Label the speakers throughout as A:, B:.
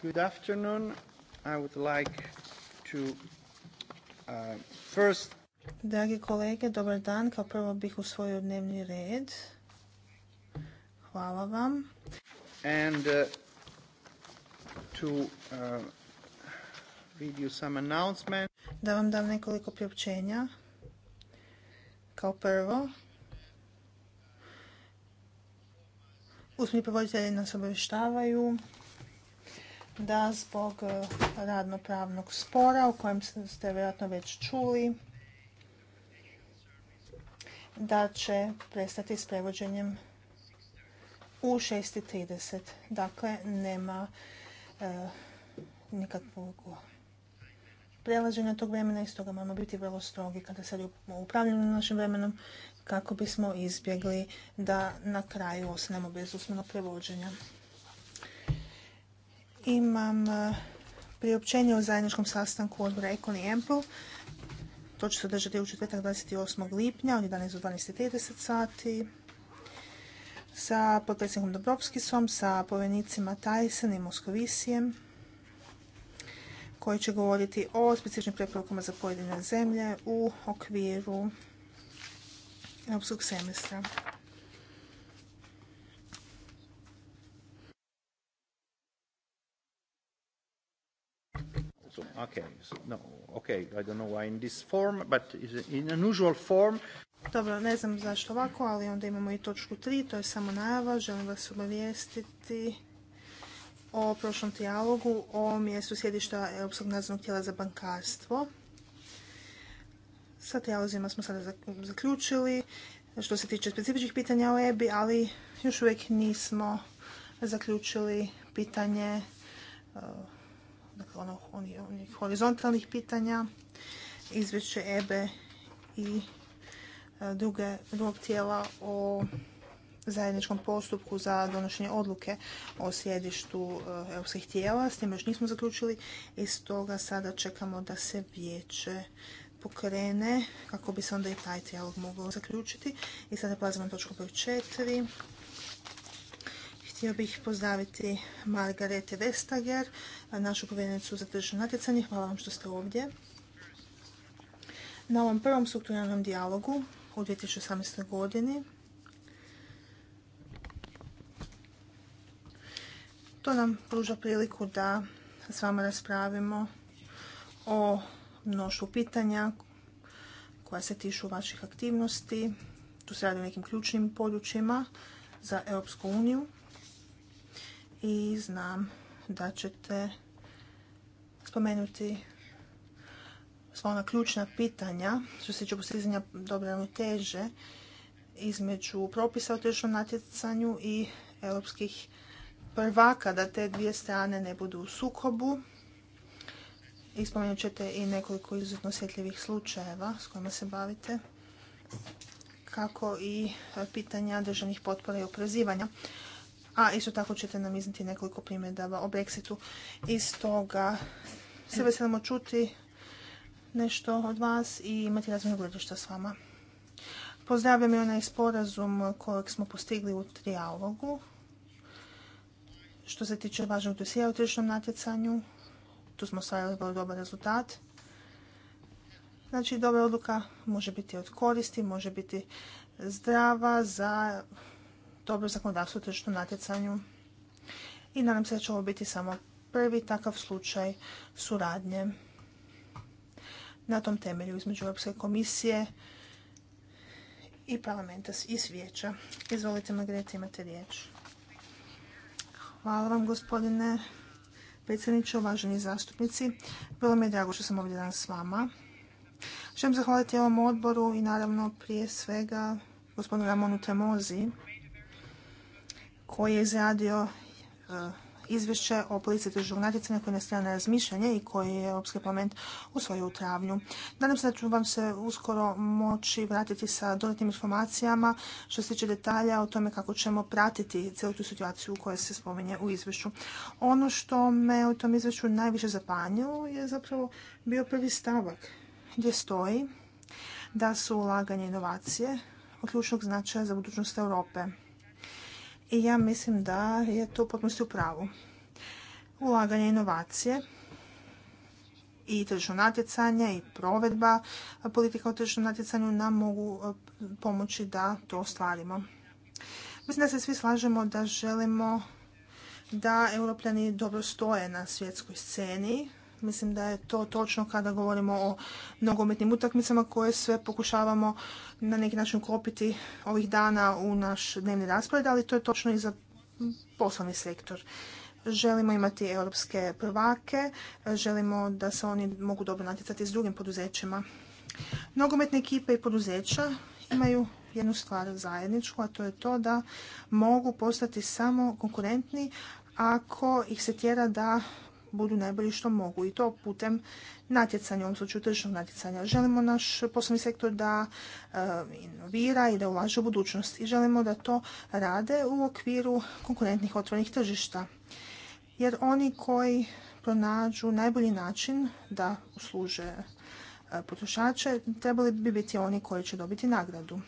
A: Good afternoon. I would like to uh, first... Dragi kolege, dobar dan. Kao prvo bih usvojio dnevni red. Hvala vam. And uh, to uh, read you some announcement. Da vam dam nekoliko priopćenja. Kao prvo, usmeni prevoditelji nas obavještavaju da zbog e, radnopravnog spora o kojem ste vjerojatno već čuli da će prestati s prevođenjem u 6.30. Dakle, nema e, nikakvog prelaženja tog vremena i stoga moramo biti vrlo strogi kada se upravljamo našim vremenom kako bismo izbjegli da na kraju osnemo bez usmenog prevođenja. Imam e, priopćenje o zajedničkom sastanku odbora Econ i Ample. To će se održati u četvrtak 28. lipnja od 11 do 12.30 sati sa potpredsjednikom Dobrovskisom, sa povjenicima Tyson i Moskovisijem koji će govoriti o specifičnim preporukama za pojedine zemlje u okviru europskog semestra. Okay. no, okay. I don't know why in this form, but in unusual form. Dobro, ne znam zašto ovako, ali onda imamo i točku 3, to je samo najava. Želim vas obavijestiti o prošlom dijalogu o mjestu sjedišta Europskog nadzornog tijela za bankarstvo. Sa trijalozima smo sada zaključili što se tiče specifičnih pitanja o EBI, ali još uvijek nismo zaključili pitanje Dakle, onih, horizontalnih pitanja, izveće EBE i e, drugog tijela o zajedničkom postupku za donošenje odluke o sjedištu e, europskih tijela. S time još nismo zaključili i stoga sada čekamo da se vijeće pokrene kako bi se onda i taj tijelog mogao zaključiti. I sada prelazimo na točku broj četiri. Htio bih pozdraviti Margarete Vestager, našu povjerenicu za tržišno natjecanje. Hvala vam što ste ovdje. Na ovom prvom strukturalnom dijalogu u 2018. godini to nam pruža priliku da s vama raspravimo o mnoštvu pitanja koja se tišu vaših aktivnosti. Tu se radi o nekim ključnim područjima za Europsku uniju i znam da ćete spomenuti sva ona ključna pitanja što se tiče postizanja dobre ravnoteže između propisa o tržišnom natjecanju i europskih prvaka da te dvije strane ne budu u sukobu. I spomenut ćete i nekoliko izuzetno osjetljivih slučajeva s kojima se bavite, kako i pitanja državnih potpora i oprezivanja a isto tako ćete nam izniti nekoliko primjedaba o Brexitu. Iz toga se veselimo čuti nešto od vas i imati razmjenu gledišta s vama. Pozdravljam i onaj sporazum kojeg smo postigli u trijalogu. Što se tiče važnog dosija u tržišnom natjecanju, tu smo stvarili vrlo dobar rezultat. Znači, dobra odluka može biti od koristi, može biti zdrava za dobro zakonodavstvo u tržišnom natjecanju i nadam se da će ovo biti samo prvi takav slučaj suradnje na tom temelju između Europske komisije i parlamenta i svijeća. Izvolite, Margareta, imate riječ. Hvala vam, gospodine predsjedniče, uvaženi zastupnici. Bilo mi je drago što sam ovdje danas s vama. Želim zahvaliti ovom odboru i naravno prije svega gospodinu Ramonu Temozi koji je izradio eh, izvješće o policiji tržnog natjecanja koje je nastavio na razmišljanje i koji je Europski parlament usvojio u travnju. Nadam se da ću vam se uskoro moći vratiti sa dodatnim informacijama što se tiče detalja o tome kako ćemo pratiti cijelu tu situaciju koja se spominje u izvješću. Ono što me u tom izvješću najviše zapanjilo je zapravo bio prvi stavak gdje stoji da su ulaganje inovacije od ključnog značaja za budućnost Europe i ja mislim da je to potpunosti u pravu. Ulaganje inovacije i tržno natjecanje i provedba politika o tržnom natjecanju nam mogu e, pomoći da to ostvarimo. Mislim da se svi slažemo da želimo da europljani dobro stoje na svjetskoj sceni Mislim da je to točno kada govorimo o nogometnim utakmicama koje sve pokušavamo na neki način ukopiti ovih dana u naš dnevni raspored, ali to je točno i za poslovni sektor. Želimo imati europske prvake, želimo da se oni mogu dobro natjecati s drugim poduzećima. Nogometne ekipe i poduzeća imaju jednu stvar zajedničku, a to je to da mogu postati samo konkurentni ako ih se tjera da budu najbolji što mogu i to putem natjecanja, u ovom slučaju tržišnog natjecanja. Želimo naš poslovni sektor da eh, inovira i da ulaže u budućnost i želimo da to rade u okviru konkurentnih otvorenih tržišta. Jer oni koji pronađu najbolji način da usluže eh, potrošače trebali bi biti oni koji će dobiti nagradu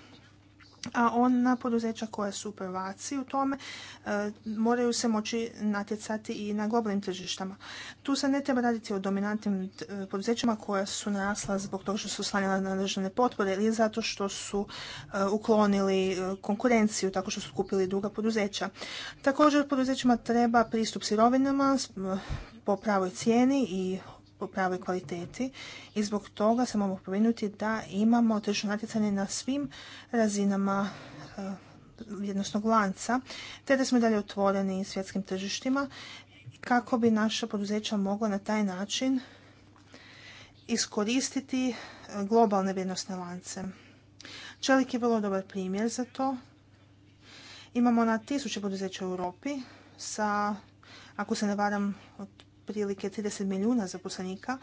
A: a ona poduzeća koja su prvaci u tome e, moraju se moći natjecati i na globalnim tržištama. Tu se ne treba raditi o dominantnim e, poduzećima koja su narasla zbog toga što su slanjala na državne potpore ili zato što su e, uklonili konkurenciju tako što su kupili druga poduzeća. Također poduzećima treba pristup sirovinama po pravoj cijeni i u pravoj kvaliteti i zbog toga se mogu povinuti da imamo tržišno natjecanje na svim razinama vrijednosnog eh, lanca, te da smo dalje otvoreni svjetskim tržištima kako bi naša poduzeća mogla na taj način iskoristiti eh, globalne vrijednosne lance. Čelik je vrlo dobar primjer za to. Imamo na tisuće poduzeća u Europi sa, ako se ne varam, od otprilike 30 milijuna zaposlenika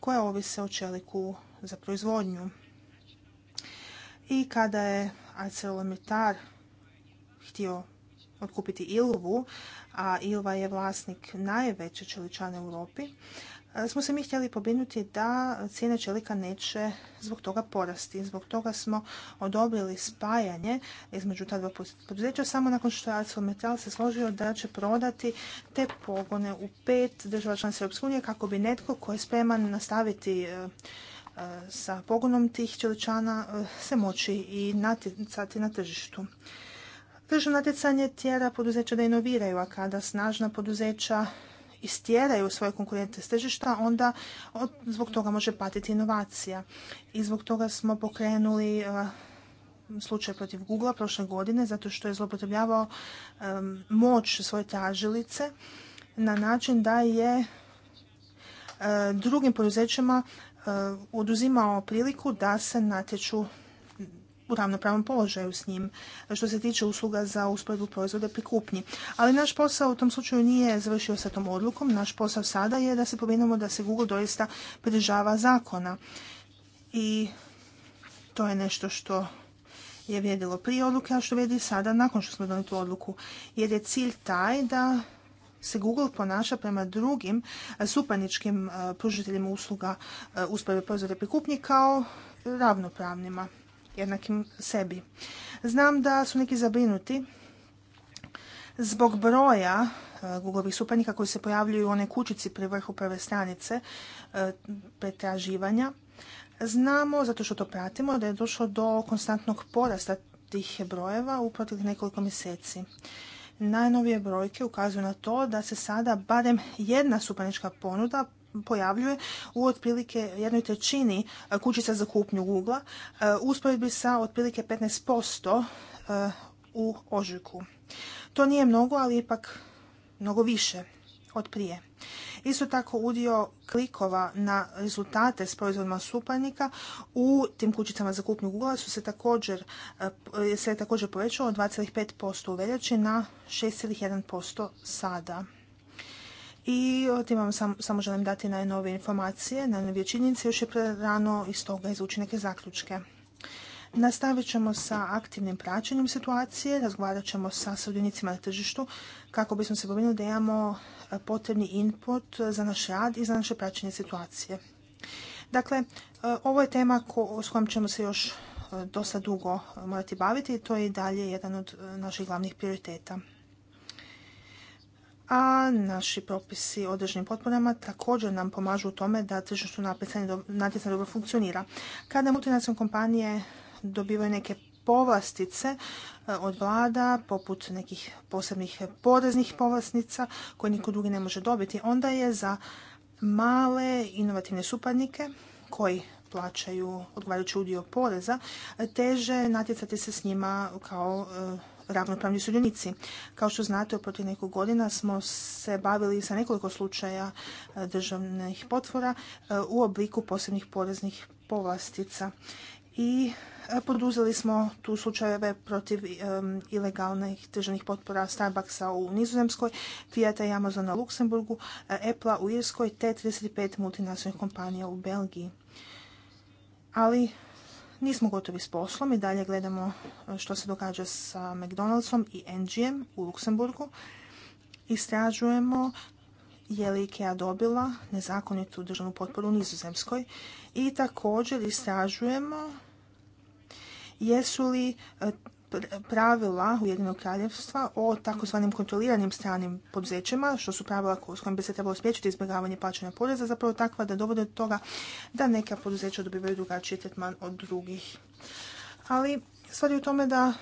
A: koja ovise o čeliku za proizvodnju. I kada je ArcelorMittal htio otkupiti Ilvu, a Ilva je vlasnik najveće čeličane u Europi, E, smo se mi htjeli pobinuti da cijene čelika neće zbog toga porasti. Zbog toga smo odobrili spajanje između ta dva poduzeća samo nakon što je metal se složio da će prodati te pogone u pet država članica EU kako bi netko tko je spreman nastaviti e, e, sa pogonom tih čeličana se moći i natjecati na tržištu. Tržno natjecanje tjera poduzeća da inoviraju, a kada snažna poduzeća istjeraju svoje konkurente s tržišta, onda zbog toga može patiti inovacija. I zbog toga smo pokrenuli eh, slučaj protiv Google prošle godine zato što je zloupotrebljavao moć svoje tražilice na način da je eh, drugim poduzećima eh, oduzimao priliku da se natječu u ravnopravnom položaju s njim što se tiče usluga za usporedbu proizvoda pri kupnji. Ali naš posao u tom slučaju nije završio sa tom odlukom. Naš posao sada je da se pobrinemo da se Google doista pridržava zakona. I to je nešto što je vrijedilo prije odluke, a što vrijedi sada nakon što smo donijeli tu odluku. Jer je cilj taj da se Google ponaša prema drugim supaničkim pružiteljima usluga usporedbe proizvoda pri kupnji kao ravnopravnima jednakim sebi. Znam da su neki zabrinuti zbog broja e, Google-ovih supanika koji se pojavljuju u one kućici pri vrhu prve stranice e, pretraživanja. Znamo, zato što to pratimo, da je došlo do konstantnog porasta tih brojeva u proteklih nekoliko mjeseci. Najnovije brojke ukazuju na to da se sada barem jedna supanička ponuda pojavljuje u otprilike jednoj trećini e, kućica za kupnju Google-a, e, usporedbi sa otprilike 15% e, u ožujku. To nije mnogo, ali ipak mnogo više od prije. Isto tako udio klikova na rezultate s proizvodima suparnika u tim kućicama za kupnju Google su se također, se također povećao od 2,5% u veljači na 6,1% sada i o vam samo želim dati najnove informacije, najnovije činjenice, još je pre rano iz toga izvući neke zaključke. Nastavit ćemo sa aktivnim praćenjem situacije, razgovarat ćemo sa sudionicima na tržištu kako bismo se pobrinuli da imamo e, potrebni input za naš rad i za naše praćenje situacije. Dakle, e, ovo je tema s kojom ćemo se još e, dosta dugo morati baviti i to je i dalje jedan od naših glavnih prioriteta a naši propisi o državnim potporama također nam pomažu u tome da tržištu natjecanje dobro funkcionira. Kada multinacionalne kompanije dobivaju neke povlastice e, od vlada, poput nekih posebnih poreznih povlastnica koje niko drugi ne može dobiti, onda je za male inovativne supadnike koji plaćaju odgovarajući udio poreza, teže natjecati se s njima kao e, ravnopravni sudionici. Kao što znate, protiv nekog godina smo se bavili sa nekoliko slučaja e, državnih potvora e, u obliku posebnih poreznih povlastica. I e, poduzeli smo tu slučajeve protiv ilegalnih državnih potpora Starbucksa u Nizozemskoj, Fiata i Amazona u Luksemburgu, Apple-a u Irskoj te 35 multinacionalnih kompanija u Belgiji. Ali Nismo gotovi s poslom i dalje gledamo e, što se događa sa McDonald'som i NGM u Luksemburgu. Istražujemo je li IKEA dobila nezakonitu državnu potporu u Nizozemskoj i također istražujemo jesu li e, pravila Ujedinog kraljevstva o takozvanim kontroliranim stranim poduzećima, što su pravila s kojim bi se trebalo spriječiti izbjegavanje plaćanja poreza, zapravo takva da dovode do toga da neka poduzeća dobivaju drugačiji tretman od drugih. Ali stvar u tome da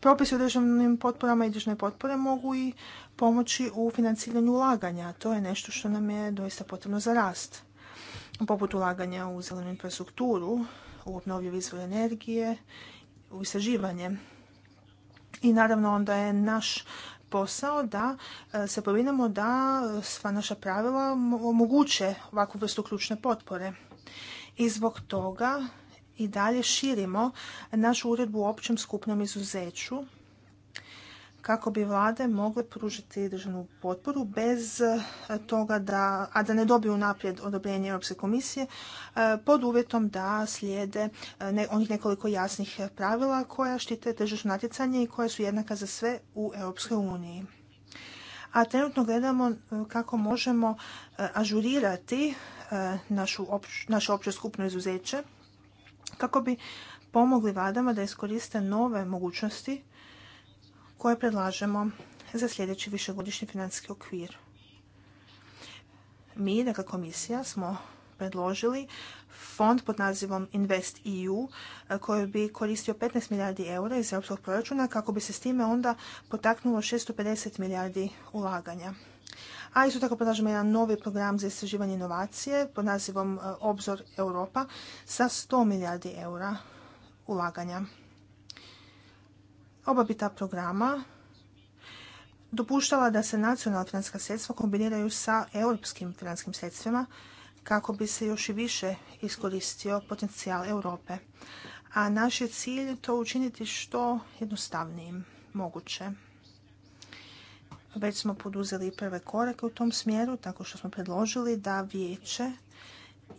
A: propisi o državnim potporama i državne potpore mogu i pomoći u financiranju ulaganja. To je nešto što nam je doista potrebno za rast. Poput ulaganja u zelenu infrastrukturu, u obnovljive izvore energije u istraživanje. I naravno onda je naš posao da e, se pobrinemo da sva naša pravila omoguće ovakvu vrstu ključne potpore. I zbog toga i dalje širimo našu uredbu u općem skupnom izuzeću kako bi vlade mogle pružiti državnu potporu bez e, toga da, a da ne dobiju naprijed odobrenje Europske komisije e, pod uvjetom da slijede e, onih nekoliko jasnih pravila koja štite tržišno natjecanje i koja su jednaka za sve u Europskoj uniji. A trenutno gledamo kako možemo ažurirati naše opće skupno izuzeće kako bi pomogli vladama da iskoriste nove mogućnosti koje predlažemo za sljedeći višegodišnji financijski okvir. Mi, dakle komisija, smo predložili fond pod nazivom Invest EU koji bi koristio 15 milijardi eura iz europskog proračuna kako bi se s time onda potaknulo 650 milijardi ulaganja. A isto tako predlažemo jedan novi program za istraživanje inovacije pod nazivom e, Obzor Europa sa 100 milijardi eura ulaganja. Oba bi ta programa dopuštala da se nacionalna financijska sredstva kombiniraju sa europskim financijskim sredstvima kako bi se još i više iskoristio potencijal Europe. A naš je cilj to učiniti što jednostavnijim moguće. Već smo poduzeli prve korake u tom smjeru tako što smo predložili da vijeće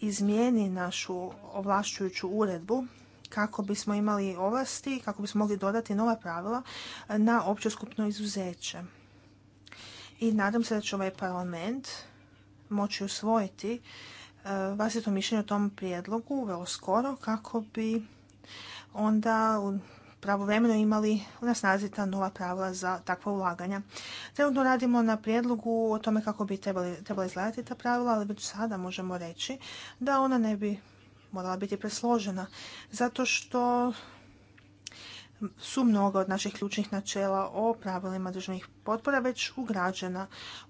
A: izmijeni našu ovlašćujuću uredbu kako bismo imali ovlasti, kako bismo mogli dodati nova pravila eh, na opće skupno izuzeće. I nadam se da će ovaj parlament moći usvojiti eh, to mišljenje o tom prijedlogu vrlo skoro kako bi onda pravovremeno imali u nas nazita nova pravila za takva ulaganja. Trenutno radimo na prijedlogu o tome kako bi trebali izgledati ta pravila, ali već sada možemo reći da ona ne bi morala biti presložena, zato što su mnoga od naših ključnih načela o pravilima državnih potpora već ugrađena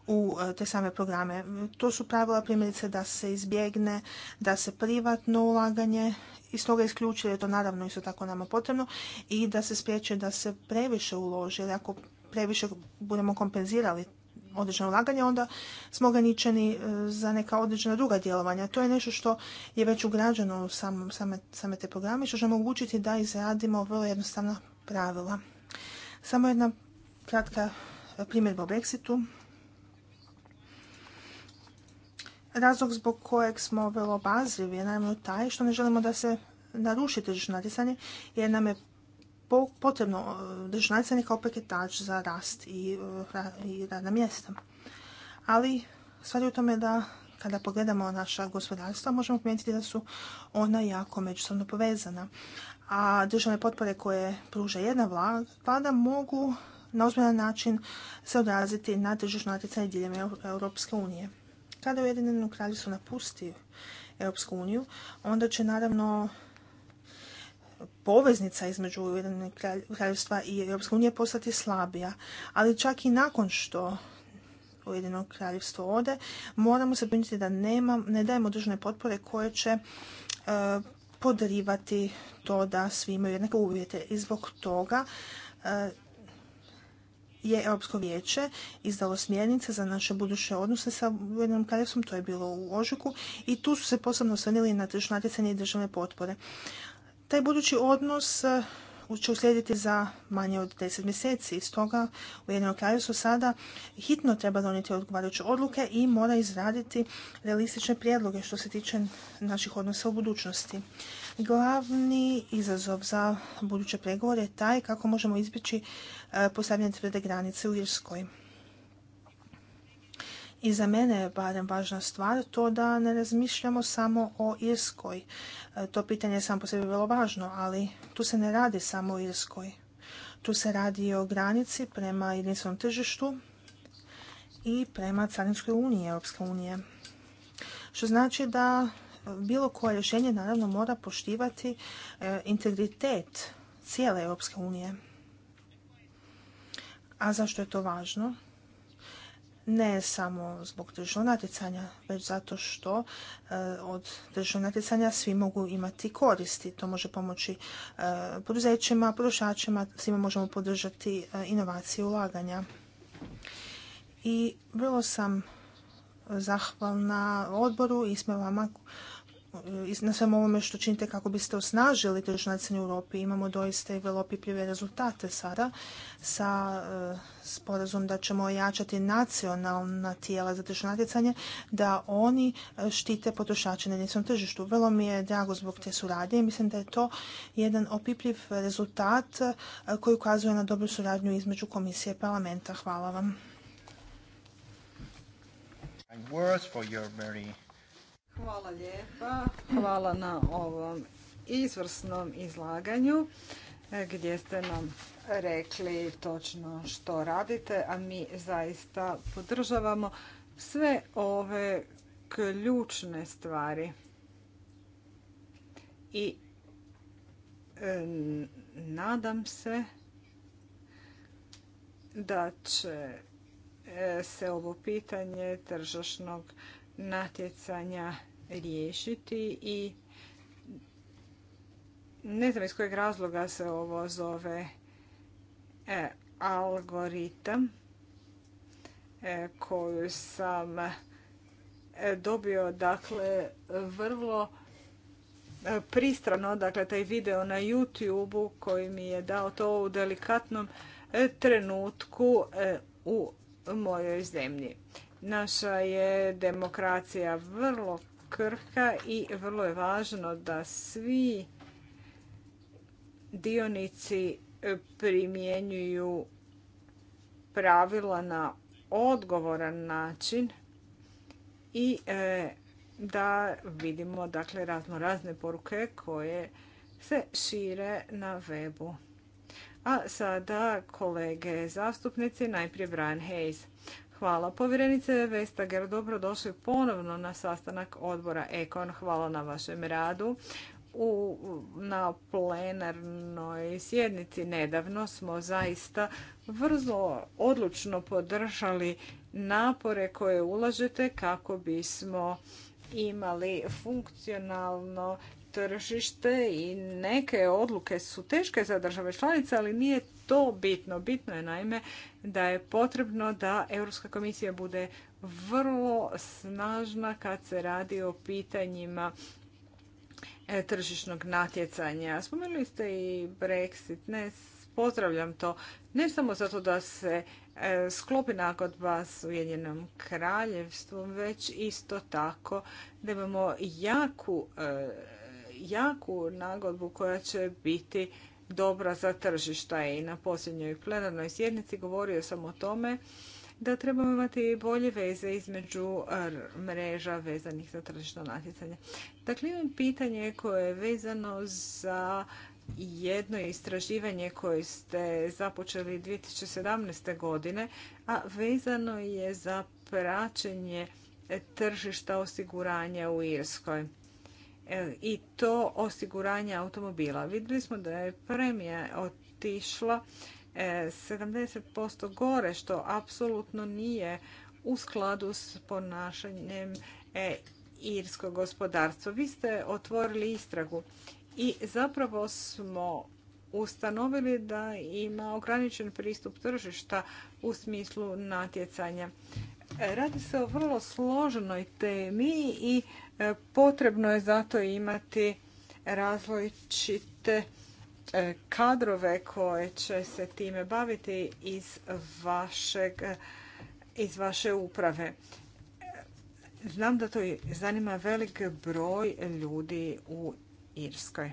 A: u e, te same programe. To su pravila primjerice da se izbjegne, da se privatno ulaganje iz toga isključi, jer je to naravno isto tako nama potrebno, i da se spriječe da se previše uloži, jer ako previše budemo kompenzirali određena ulaganje, onda smo ograničeni e, za neka određena druga djelovanja. To je nešto što je već ugrađeno u same, te programe što ćemo omogućiti da izradimo vrlo jednostavna pravila. Samo jedna kratka e, primjedba o Brexitu. Razlog zbog kojeg smo vrlo obazljivi je naravno taj što ne želimo da se naruši tržišno natjecanje jer nam je potrebno e, državna kao peketač za rast i, e, i radna mjesta. Ali stvar je u tome da kada pogledamo naša gospodarstva možemo primijetiti da su ona jako međusobno povezana. A državne potpore koje pruža jedna vlada mogu na ozbiljan način se odraziti na tržišno natjecanje diljem Europske unije. Kada Ujedinjeno kraljevstvo napusti Europsku uniju, onda će naravno poveznica između ujedinjenog kraljevstva i Europske unije postati slabija. Ali čak i nakon što Ujedinjeno kraljevstvo ode, moramo se brinuti da nema, ne dajemo državne potpore koje će e, podrivati to da svi imaju jednake uvjete. I zbog toga e, je Europsko vijeće izdalo smjernice za naše buduće odnose sa Ujedinom kraljevstvom, to je bilo u ožujku, i tu su se posebno osvrnili na tržišno natjecanje i državne potpore. Taj budući odnos e, će uslijediti za manje od 10 mjeseci. Stoga u jednom kraju su sada hitno treba donijeti odgovarajuće odluke i mora izraditi realistične prijedloge što se tiče naših odnosa u budućnosti. Glavni izazov za buduće pregovore je taj kako možemo izbjeći e, postavljanje tvrde granice u Irskoj. I za mene je barem važna stvar to da ne razmišljamo samo o Irskoj. E, to pitanje je sam po sebi vrlo važno, ali tu se ne radi samo o Irskoj. Tu se radi o granici prema jedinstvenom tržištu i prema Carinskoj uniji Europske unije. Što znači da bilo koje rješenje naravno mora poštivati e, integritet cijele Europske unije. A zašto je to važno? ne samo zbog tržišnog natjecanja, već zato što e, od tržišnog natjecanja svi mogu imati koristi. To može pomoći e, poduzećima, potrošačima, svima možemo podržati e, inovacije ulaganja. I vrlo sam zahvalna odboru i smjelama vama na svemu ovome što činite kako biste osnažili tržišno natjecanje u Europi. Imamo doista i vrlo opipljive rezultate sada sa e, sporazum da ćemo ojačati nacionalna tijela za tržišno natjecanje, da oni e, štite potrošače na jedinstvenom tržištu. Vrlo mi je drago zbog te suradnje i mislim da je to jedan opipljiv rezultat e, koji ukazuje na dobru suradnju između komisije i parlamenta. Hvala vam.
B: Hvala lijepa.
A: Hvala na
B: ovom izvrsnom izlaganju e, gdje ste nam rekli točno što radite, a mi zaista podržavamo sve ove ključne stvari. I e, nadam se da će e, se ovo pitanje tržišnog natjecanja riješiti i ne znam iz kojeg razloga se ovo zove e, algoritam e, koju sam e, dobio dakle vrlo pristrano dakle taj video na YouTube koji mi je dao to u delikatnom trenutku u mojoj zemlji. Naša je demokracija vrlo krhka i vrlo je važno da svi dionici e, primjenjuju pravila na odgovoran način i e, da vidimo dakle razno razne poruke koje se šire na webu. A sada kolege zastupnici, najprije Brian Hayes. Hvala. Povjerenice Vestager, dobrodošli ponovno na sastanak odbora Ekon. Hvala na vašem radu. U, na plenarnoj sjednici nedavno smo zaista vrlo odlučno podržali napore koje ulažete kako bismo imali funkcionalno tržište i neke odluke su teške za države članice, ali nije to bitno. Bitno je naime da je potrebno da Europska komisija bude vrlo snažna kad se radi o pitanjima e, tržišnog natjecanja. Spomenuli ste i Brexit. Ne pozdravljam to. Ne samo zato da se e, sklopi nagodba s Ujedinjenom kraljevstvom, već isto tako da imamo jaku e, jaku nagodbu koja će biti dobra za tržišta. I na posljednjoj plenarnoj sjednici govorio sam o tome da trebamo imati bolje veze između mreža vezanih za tržišno natjecanje. Dakle, imam pitanje koje je vezano za jedno istraživanje koje ste započeli 2017. godine, a vezano je za praćenje tržišta osiguranja u Irskoj. E, i to osiguranje automobila. Vidjeli smo da je premija otišla 70% e, gore, što apsolutno nije u skladu s ponašanjem e, irskog gospodarstva. Vi ste otvorili istragu i zapravo smo ustanovili da ima ograničen pristup tržišta u smislu natjecanja. Radi se o vrlo složenoj temi i E, potrebno je zato imati različite e, kadrove koje će se time baviti iz, vašeg, iz vaše uprave. Znam da to zanima velik broj ljudi u Irskoj.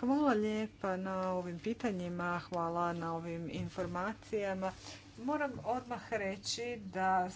B: Hvala lijepa na ovim pitanjima, hvala na ovim informacijama. Moram odmah reći da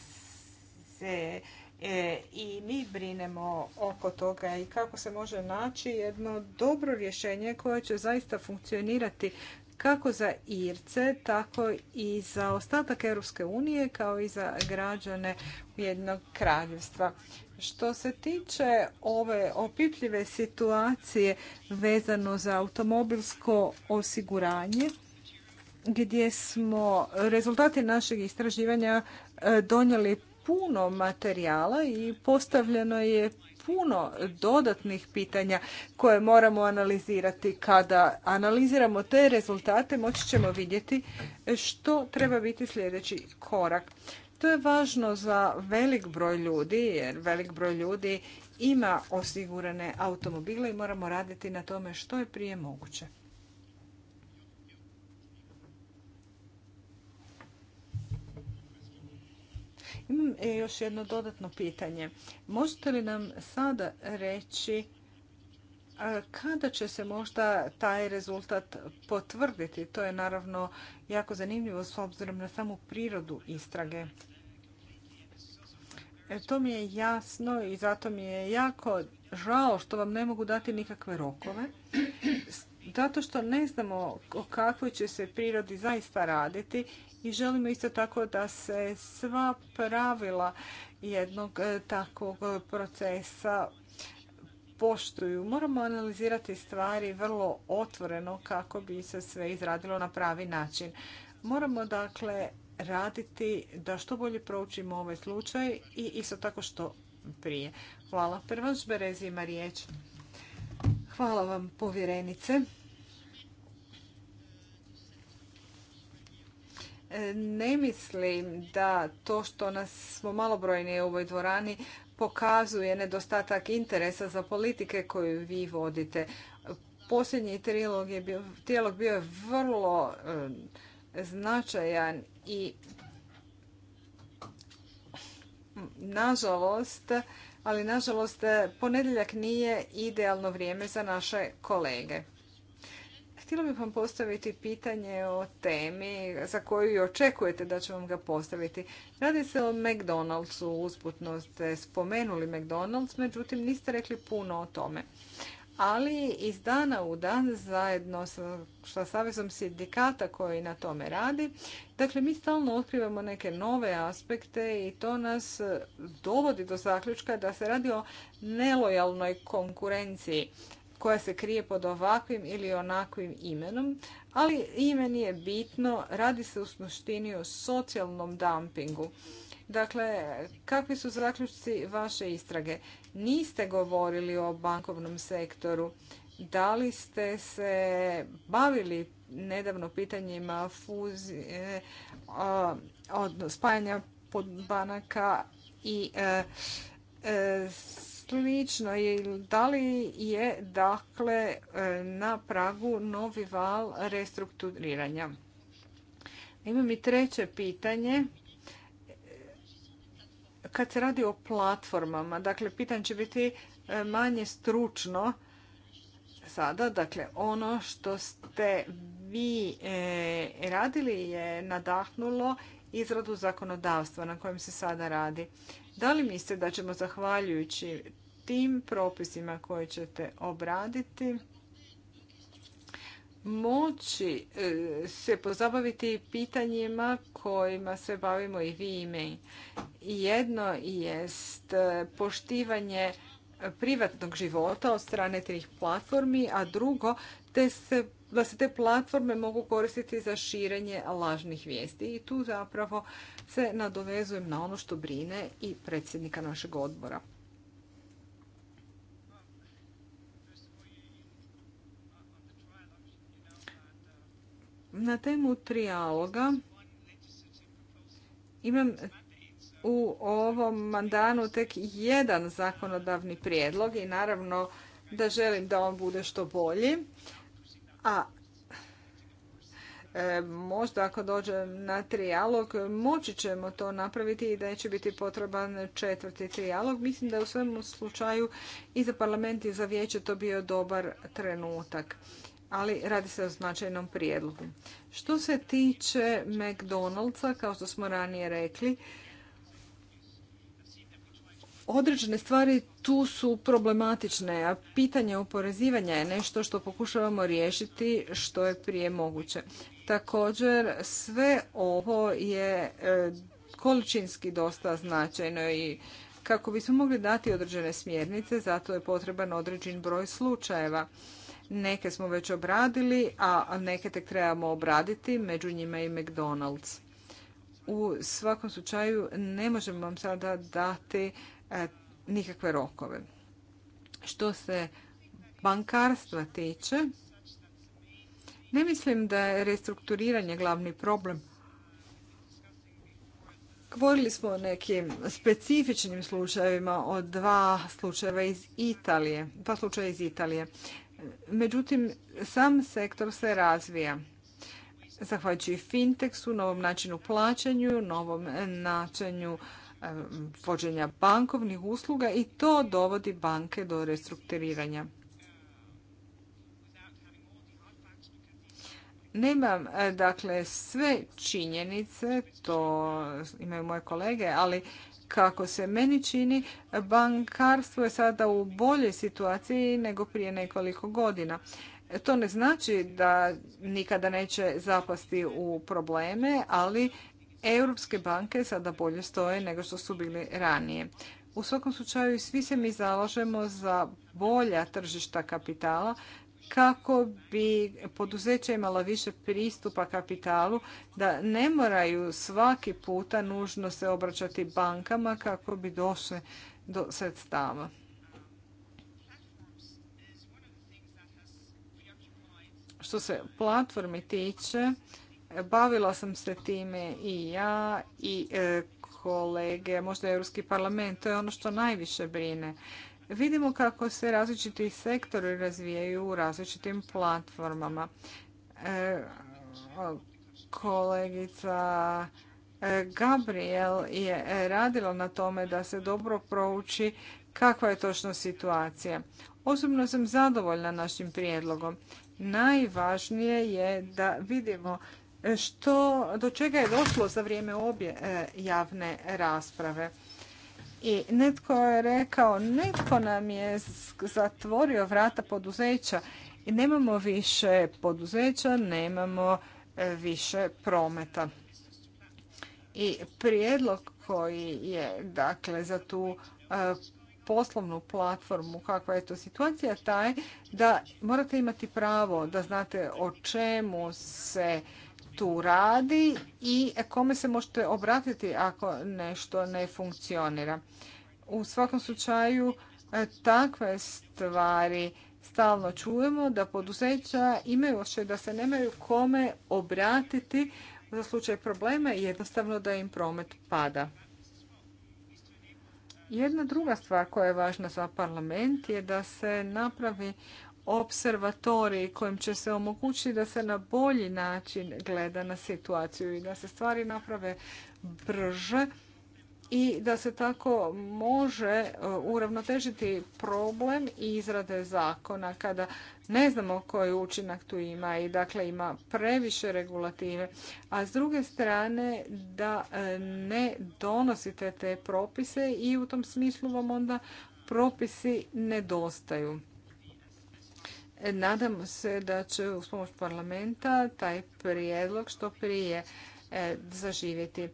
B: se E, i mi brinemo oko toga i kako se može naći jedno dobro rješenje koje će zaista funkcionirati kako za Irce, tako i za ostatak Europske unije, kao i za građane jednog kraljevstva. Što se tiče ove opipljive situacije vezano za automobilsko osiguranje, gdje smo rezultati našeg istraživanja e, donijeli puno materijala i postavljeno je puno dodatnih pitanja koje moramo analizirati. Kada analiziramo te rezultate moći ćemo vidjeti što treba biti sljedeći korak. To je važno za velik broj ljudi jer velik broj ljudi ima osigurane automobile i moramo raditi na tome što je prije moguće. Imam još jedno dodatno pitanje. Možete li nam sada reći e, kada će se možda taj rezultat potvrditi? To je naravno jako zanimljivo s obzirom na samu prirodu istrage. E, to mi je jasno i zato mi je jako žao što vam ne mogu dati nikakve rokove. S zato što ne znamo o kakvoj će se prirodi zaista raditi i želimo isto tako da se sva pravila jednog e, takvog procesa poštuju. Moramo analizirati stvari vrlo otvoreno kako bi se sve izradilo na pravi način. Moramo dakle raditi da što bolje proučimo ovaj slučaj i isto tako što prije. Hvala. Prvo, žberezima riječ. Hvala vam povjerenice. E, ne mislim da to što nas smo malobrojni u ovoj dvorani pokazuje nedostatak interesa za politike koju vi vodite. Posljednji trilog bio, bio je vrlo e, značajan i nažalost ali nažalost ponedjeljak nije idealno vrijeme za naše kolege. Htjela bih vam postaviti pitanje o temi za koju očekujete da ću vam ga postaviti. Radi se o McDonald'su, usputno ste spomenuli McDonald's, međutim niste rekli puno o tome ali iz dana u dan zajedno sa Savezom sindikata koji na tome radi. Dakle, mi stalno otkrivamo neke nove aspekte i to nas e, dovodi do zaključka da se radi o nelojalnoj konkurenciji koja se krije pod ovakvim ili onakvim imenom, ali ime nije bitno, radi se u suštini o socijalnom dumpingu. Dakle, kakvi su zaključci vaše istrage? Niste govorili o bankovnom sektoru. Da li ste se bavili nedavno pitanjima fuzije, eh, spajanja pod banaka i eh, eh, slično. Da li je dakle na pragu novi val restrukturiranja? Imam i treće pitanje kad se radi o platformama, dakle, pitanje će biti e, manje stručno sada. Dakle, ono što ste vi e, radili je nadahnulo izradu zakonodavstva na kojem se sada radi. Da li mislite da ćemo zahvaljujući tim propisima koje ćete obraditi moći e, se pozabaviti pitanjima kojima se bavimo i vi i mi. Jedno jest e, poštivanje privatnog života od strane tih platformi, a drugo te da se te platforme mogu koristiti za širenje lažnih vijesti. I tu zapravo se nadovezujem na ono što brine i predsjednika našeg odbora. Na temu trijaloga imam u ovom mandanu tek jedan zakonodavni prijedlog i naravno da želim da on bude što bolji. A e, možda ako dođe na trijalog moći ćemo to napraviti i da će biti potreban četvrti trijalog. Mislim da je u svemu slučaju i za parlament i za vijeće to bio dobar trenutak ali radi se o značajnom prijedlogu. Što se tiče McDonald'sa, kao što smo ranije rekli, određene stvari tu su problematične, a pitanje oporezivanja je nešto što pokušavamo riješiti što je prije moguće. Također, sve ovo je e, količinski dosta značajno i kako bismo mogli dati određene smjernice, zato je potreban određen broj slučajeva. Neke smo već obradili, a neke tek trebamo obraditi, među njima i McDonald's. U svakom slučaju ne možemo vam sada dati e, nikakve rokove. Što se bankarstva tiče, ne mislim da je restrukturiranje glavni problem. Govorili smo o nekim specifičnim slučajevima, od dva slučajeva iz Italije, dva slučaja iz Italije. Međutim, sam sektor se razvija. Zahvaljujući FinTechsu, novom načinu plaćanju, novom načinu vođenja bankovnih usluga i to dovodi banke do restrukturiranja. Nemam, e, dakle, sve činjenice, to imaju moje kolege, ali kako se meni čini, bankarstvo je sada u boljoj situaciji nego prije nekoliko godina. To ne znači da nikada neće zapasti u probleme, ali europske banke sada bolje stoje nego što su bili ranije. U svakom slučaju svi se mi zalažemo za bolja tržišta kapitala kako bi poduzeća imala više pristupa kapitalu, da ne moraju svaki puta nužno se obraćati bankama kako bi došle do sredstava. Što se platformi tiče, bavila sam se time i ja i e, kolege, možda Europski parlament, to je ono što najviše brine. Vidimo kako se različiti sektori razvijaju u različitim platformama. E, kolegica e, Gabriel je radila na tome da se dobro prouči kakva je točno situacija. Osobno sam zadovoljna našim prijedlogom. Najvažnije je da vidimo e, što, do čega je došlo za vrijeme obje javne rasprave. I netko je rekao, netko nam je zatvorio vrata poduzeća i nemamo više poduzeća, nemamo e, više prometa. I prijedlog koji je dakle za tu e, poslovnu platformu, kakva je to situacija, taj da morate imati pravo da znate o čemu se tu radi i kome se možete obratiti ako nešto ne funkcionira. U svakom slučaju e, takve stvari stalno čujemo da poduzeća imaju da se nemaju kome obratiti za slučaj problema i jednostavno da im promet pada. Jedna druga stvar koja je važna za parlament je da se napravi observatorij kojim će se omogućiti da se na bolji način gleda na situaciju i da se stvari naprave brže i da se tako može e, uravnotežiti problem izrade zakona kada ne znamo koji učinak tu ima i dakle ima previše regulative, a s druge strane da e, ne donosite te propise i u tom smislu vam onda propisi nedostaju. E, nadamo se da će uz pomoć parlamenta taj prijedlog što prije e, zaživjeti.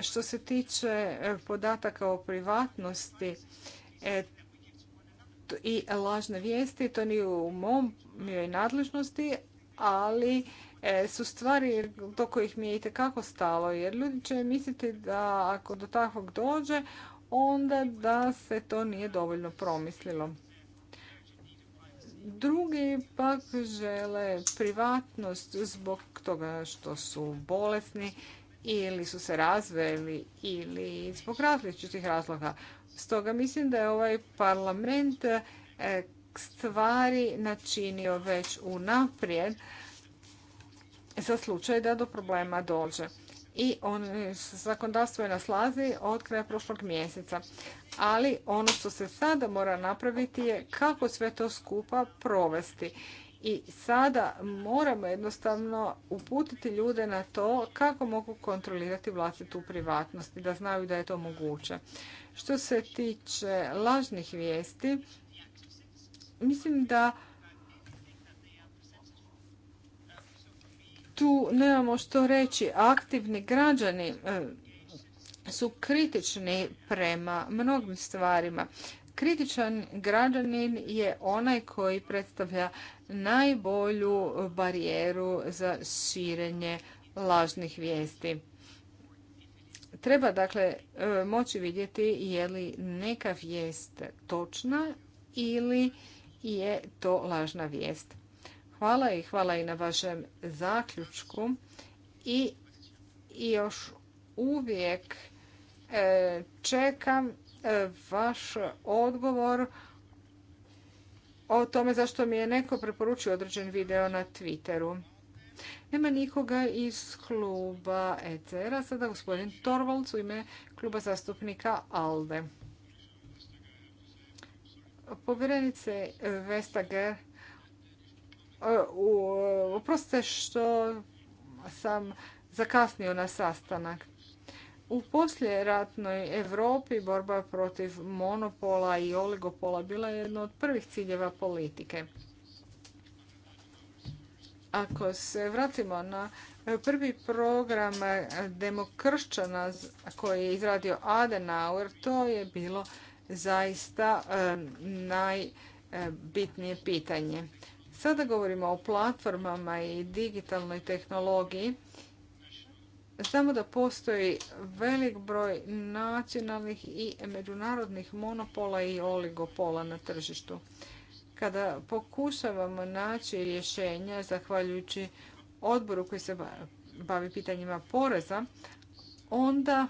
B: Što se tiče e, podataka o privatnosti i lažne vijesti, to nije u mom nadležnosti, ali su stvari do kojih mi je itekako stalo, jer ljudi će misliti da ako do takvog dođe, onda da se to nije dovoljno promislilo. Drugi pak žele privatnost zbog toga što su bolesni ili su se razveli ili zbog različitih razloga. Stoga mislim da je ovaj parlament e, stvari načinio već unaprijed za slučaj da do problema dođe i on, zakonodavstvo je na slazi od kraja prošlog mjeseca. Ali ono što se sada mora napraviti je kako sve to skupa provesti. I sada moramo jednostavno uputiti ljude na to kako mogu kontrolirati vlastitu privatnost i da znaju da je to moguće. Što se tiče lažnih vijesti, mislim da tu nemamo što reći. Aktivni građani e, su kritični prema mnogim stvarima. Kritičan građanin je onaj koji predstavlja najbolju barijeru za širenje lažnih vijesti. Treba dakle e, moći vidjeti je li neka vijest točna ili je to lažna vijest. Hvala i hvala i na vašem zaključku. I, još uvijek e, čekam e, vaš odgovor o tome zašto mi je neko preporučio određen video na Twitteru. Nema nikoga iz kluba ECR-a. Sada gospodin Torvalds u ime kluba zastupnika ALDE. Povjerenice Vestager, E, oprostite što sam zakasnio na sastanak. U posljeratnoj Europi borba protiv monopola i oligopola bila je jedna od prvih ciljeva politike. Ako se vratimo na prvi program demokršćana koji je izradio Adenauer, to je bilo zaista e, najbitnije pitanje. Sada govorimo o platformama i digitalnoj tehnologiji. Znamo da postoji velik broj nacionalnih i međunarodnih monopola i oligopola na tržištu. Kada pokušavamo naći rješenja, zahvaljujući odboru koji se bavi pitanjima poreza, onda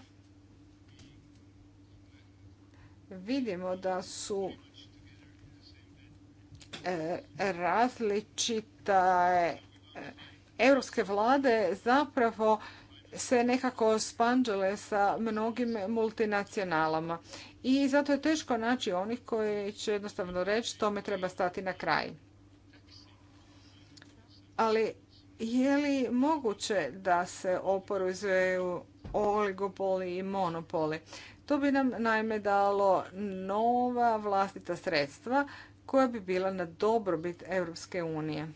B: vidimo da su različita eh, europske vlade zapravo se nekako spanđale sa mnogim multinacionalama. I zato je teško naći onih koji će jednostavno reći tome treba stati na kraj. Ali je li moguće da se oporuzuju oligopoli i monopoli? To bi nam naime dalo nova vlastita sredstva koja bi bila na dobrobit Europske unije.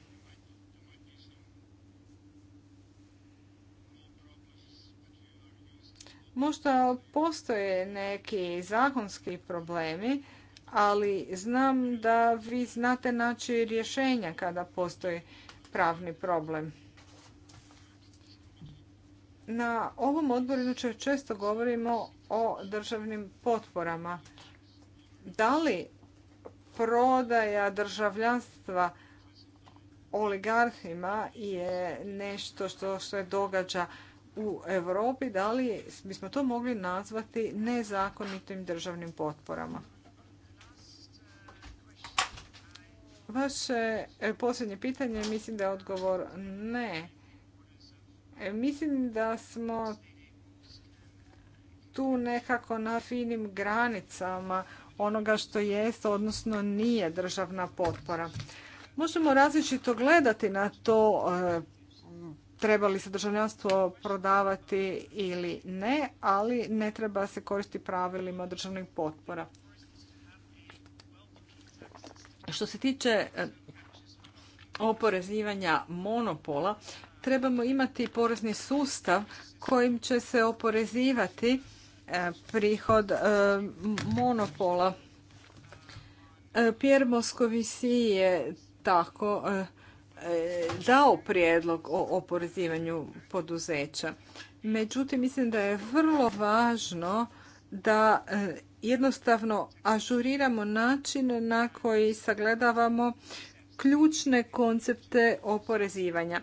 B: Možda postoje neki zakonski problemi, ali znam da vi znate naći rješenja kada postoji pravni problem. Na ovom odboru inače često govorimo o državnim potporama. Da li prodaja državljanstva oligarhima je nešto što se događa u Europi, da li bismo to mogli nazvati nezakonitim državnim potporama? Vaše posljednje pitanje, mislim da je odgovor ne. Mislim da smo tu nekako na finim granicama onoga što jest, odnosno nije državna potpora. Možemo različito gledati na to e, treba li se državljanstvo prodavati ili ne, ali ne treba se koristiti pravilima državnih potpora. Što se tiče e, oporezivanja monopola, trebamo imati porezni sustav kojim će se oporezivati E, prihod e, monopola. E, Pierre Moscovici je tako dao prijedlog o oporezivanju poduzeća. Međutim, mislim da je vrlo važno da jednostavno ažuriramo način na koji sagledavamo ključne koncepte oporezivanja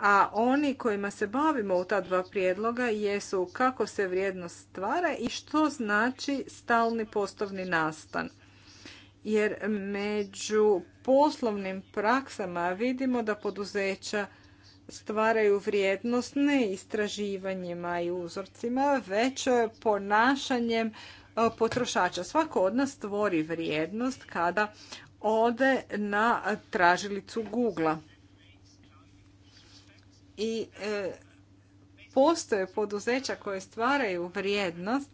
B: a oni kojima se bavimo u ta dva prijedloga jesu kako se vrijednost stvara i što znači stalni postovni nastan. Jer među poslovnim praksama vidimo da poduzeća stvaraju vrijednost ne istraživanjima i uzorcima, već ponašanjem e, potrošača. Svako od nas stvori vrijednost kada ode na tražilicu Google-a i e, postoje poduzeća koje stvaraju vrijednost,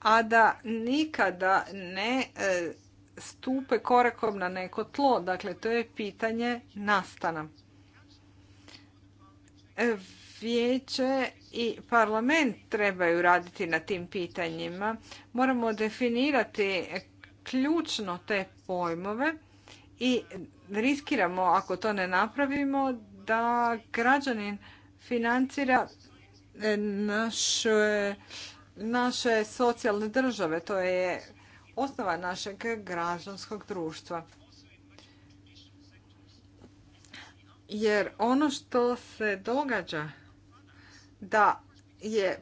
B: a da nikada ne e, stupe korakom na neko tlo. Dakle, to je pitanje nastana. E, vijeće i parlament trebaju raditi na tim pitanjima. Moramo definirati ključno te pojmove i riskiramo, ako to ne napravimo, da građanin financira e, naše, socijalne države. To je osnova našeg građanskog društva. Jer ono što se događa da je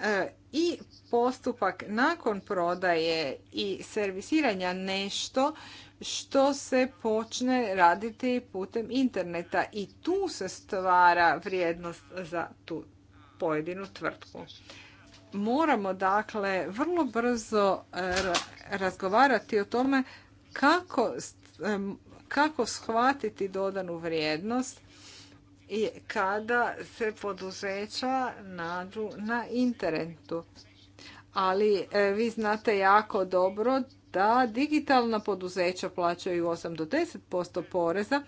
B: e, i postupak nakon prodaje i servisiranja nešto što se počne raditi putem interneta i tu se stvara vrijednost za tu pojedinu tvrtku. Moramo dakle vrlo brzo e, razgovarati o tome kako, e, kako shvatiti dodanu vrijednost i kada se poduzeća nađu na internetu. Ali e, vi znate jako dobro da digitalna poduzeća plaćaju 8 do 10% poreza,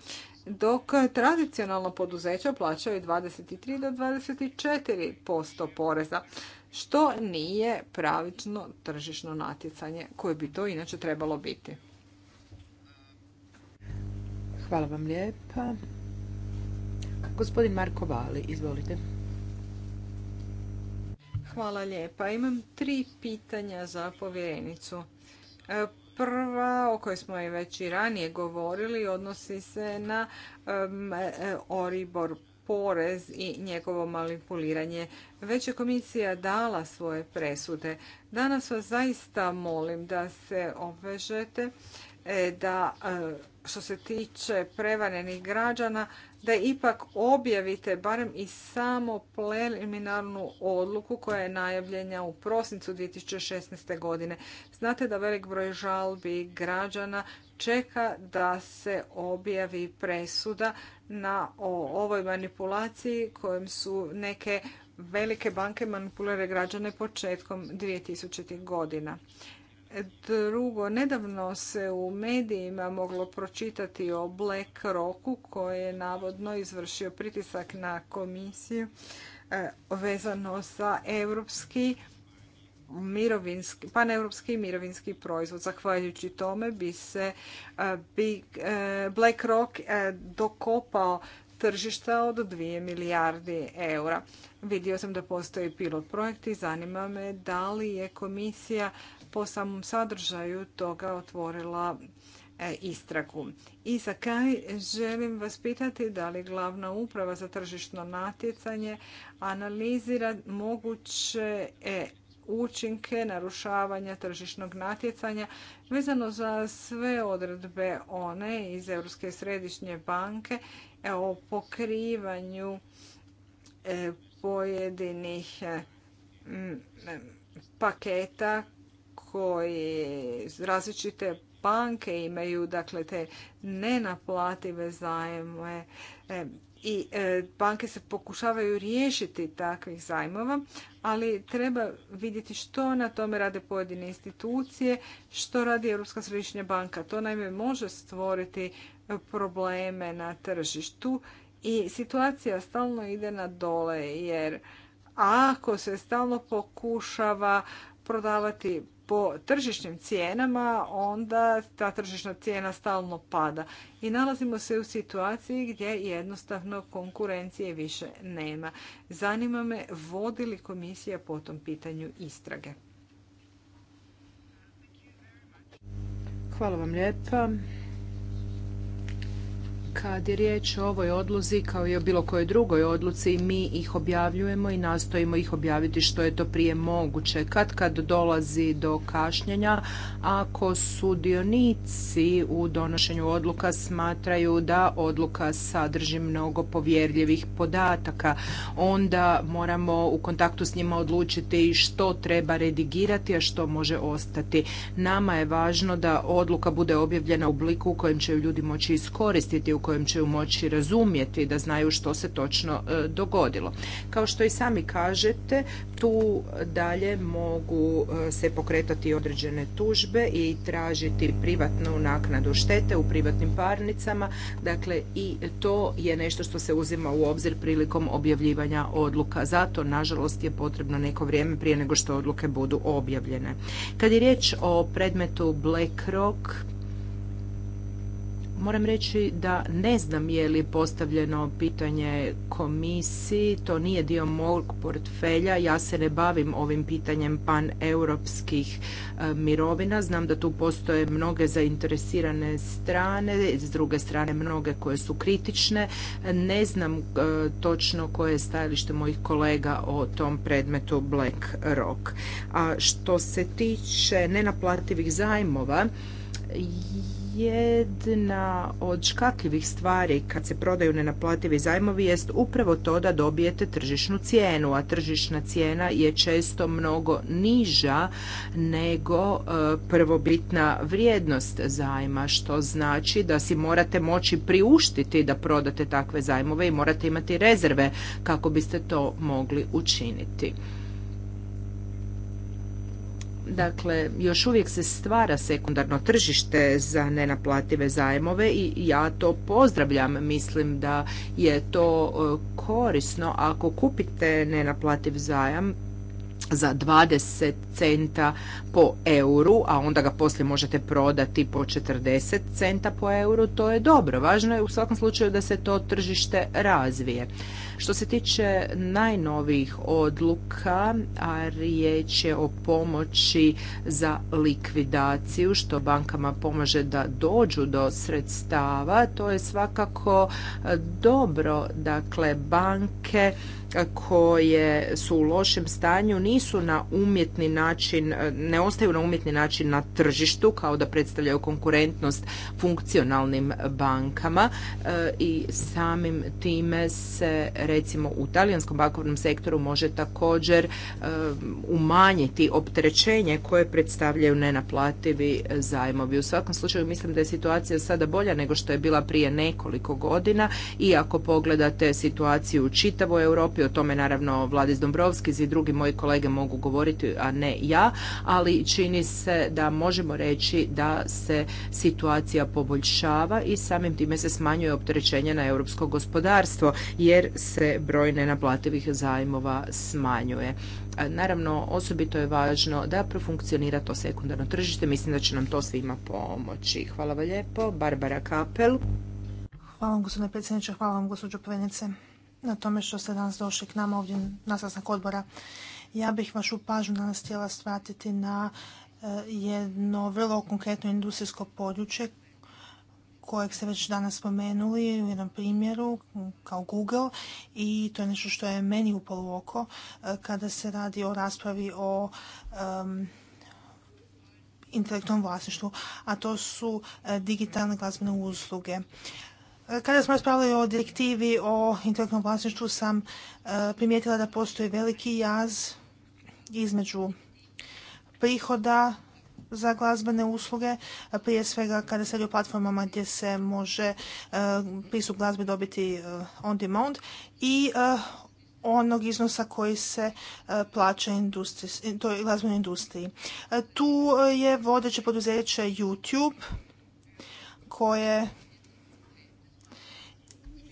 B: dok tradicionalna poduzeća plaćaju 23 do 24% poreza, što nije pravično tržišno natjecanje koje bi to inače trebalo biti.
C: Hvala vam lijepa. Gospodin Marko Vali,
B: izvolite. Hvala lijepa. Imam tri pitanja za povjerenicu. E, prva, o kojoj smo i već i ranije govorili, odnosi se na e, oribor porez i njegovo manipuliranje. Već je komisija dala svoje presude. Danas vas zaista molim da se obvežete e, da što se tiče prevarenih građana da ipak objavite barem i samo preliminarnu odluku koja je najavljenja u prosincu 2016. godine. Znate da velik broj žalbi građana čeka da se objavi presuda na ovoj manipulaciji kojom su neke velike banke manipulirale građane početkom 2000. godina. Drugo, nedavno se u medijima moglo pročitati o Black Rocku koji je navodno izvršio pritisak na komisiju eh, vezano za europski mirovinski, paneuropski mirovinski proizvod. Zahvaljujući tome bi se eh, eh, Black Rock dokopao tržišta od 2 milijardi eura. Vidio sam da postoji pilot projekt i zanima me da li je komisija po samom sadržaju toga otvorila e, istragu. I za kraj želim vas pitati da li glavna uprava za tržišno natjecanje analizira moguće e, učinke narušavanja tržišnog natjecanja vezano za sve odredbe one iz Europske središnje banke e, o pokrivanju pojedinih paketa koji različite banke imaju, dakle te nenaplative zajmove e, i e, banke se pokušavaju riješiti takvih zajmova, ali treba vidjeti što na tome rade pojedine institucije, što radi Europska središnja banka. To naime može stvoriti e, probleme na tržištu i situacija stalno ide na dole jer ako se stalno pokušava prodavati po tržišnim cijenama, onda ta tržišna cijena stalno pada. I nalazimo se u situaciji gdje jednostavno konkurencije više nema. Zanima me vodi li komisija po tom pitanju istrage.
C: Hvala vam lijepa. Kad je riječ o ovoj odluzi kao i o bilo kojoj drugoj odluci mi ih objavljujemo i nastojimo ih objaviti što je to prije moguće. Kad kad dolazi do kašnjenja, ako sudionici u donošenju odluka smatraju da odluka sadrži mnogo povjerljivih podataka, onda moramo u kontaktu s njima odlučiti što treba redigirati, a što može ostati. Nama je važno da odluka bude objavljena u obliku u kojem će ju ljudi moći iskoristiti, u kojem će moći razumjeti, da znaju što se točno e, dogodilo. Kao što i sami kažete, tu dalje mogu e, se pokretati određene tužbe i tražiti privatnu naknadu štete u privatnim parnicama, dakle i to je nešto što se uzima u obzir prilikom objavljivanja odluka. Zato, nažalost, je potrebno neko vrijeme prije nego što odluke budu objavljene. Kad je riječ o predmetu BlackRock, Moram reći da ne znam je li postavljeno pitanje komisiji, to nije dio mog portfelja, ja se ne bavim ovim pitanjem paneuropskih e, mirovina, znam da tu postoje mnoge zainteresirane strane, s druge strane mnoge koje su kritične, ne znam e, točno koje je stajalište mojih kolega o tom predmetu Black Rock. A što se tiče nenaplativih zajmova, jedna od škakljivih stvari kad se prodaju nenaplativi zajmovi jest upravo to da dobijete tržišnu cijenu, a tržišna cijena je često mnogo niža nego e, prvobitna vrijednost zajma, što znači da si morate moći priuštiti da prodate takve zajmove i morate imati rezerve kako biste to mogli učiniti. Dakle, još uvijek se stvara sekundarno tržište za nenaplative zajmove i ja to pozdravljam. Mislim da je to e, korisno ako kupite nenaplativ zajam za 20 centa po euru, a onda ga poslije možete prodati po 40 centa po euru, to je dobro. Važno je u svakom slučaju da se to tržište razvije. Što se tiče najnovijih odluka, a riječ je o pomoći za likvidaciju, što bankama pomaže da dođu do sredstava, to je svakako dobro. Dakle, banke koje su u lošem stanju nisu na umjetni način, ne ostaju na umjetni način na tržištu kao da predstavljaju konkurentnost funkcionalnim bankama eh, i samim time se recimo u talijanskom bankovnom sektoru može također eh, umanjiti opterećenje koje predstavljaju nenaplativi zajmovi. U svakom slučaju mislim da je situacija sada bolja nego što je bila prije nekoliko godina i ako pogledate situaciju u čitavoj Europi o tome naravno Vladis Dombrovskis i drugi moji kolege mogu govoriti, a ne ja, ali čini se da možemo reći da se situacija poboljšava i samim time se smanjuje opterećenje na europsko gospodarstvo jer se broj nenaplativih zajmova smanjuje. Naravno, osobito je važno da profunkcionira to sekundarno tržište. Mislim da će nam to svima pomoći. Hvala vam lijepo. Barbara Kapel.
A: Hvala vam, gospodine predsjedniče. Hvala vam, gospođo Povenice na tome što ste danas došli k nama ovdje na sastanak odbora. Ja bih vašu pažnju danas htjela stratiti na e, jedno vrlo konkretno industrijsko područje kojeg ste već danas spomenuli u jednom primjeru kao Google i to je nešto što je meni upalo u oko e, kada se radi o raspravi o intelektualnom vlasništvu, a to su e, digitalne glazbene usluge. Kada smo raspravljali o direktivi o intelektualnom vlasništvu sam e, primijetila da postoji veliki jaz između prihoda za glazbene usluge, prije svega kada se radi o platformama gdje se može e, pristup glazbi dobiti e, on demand i onog iznosa koji se plaća glazbenoj industriji. Tu je vodeće poduzeće YouTube koje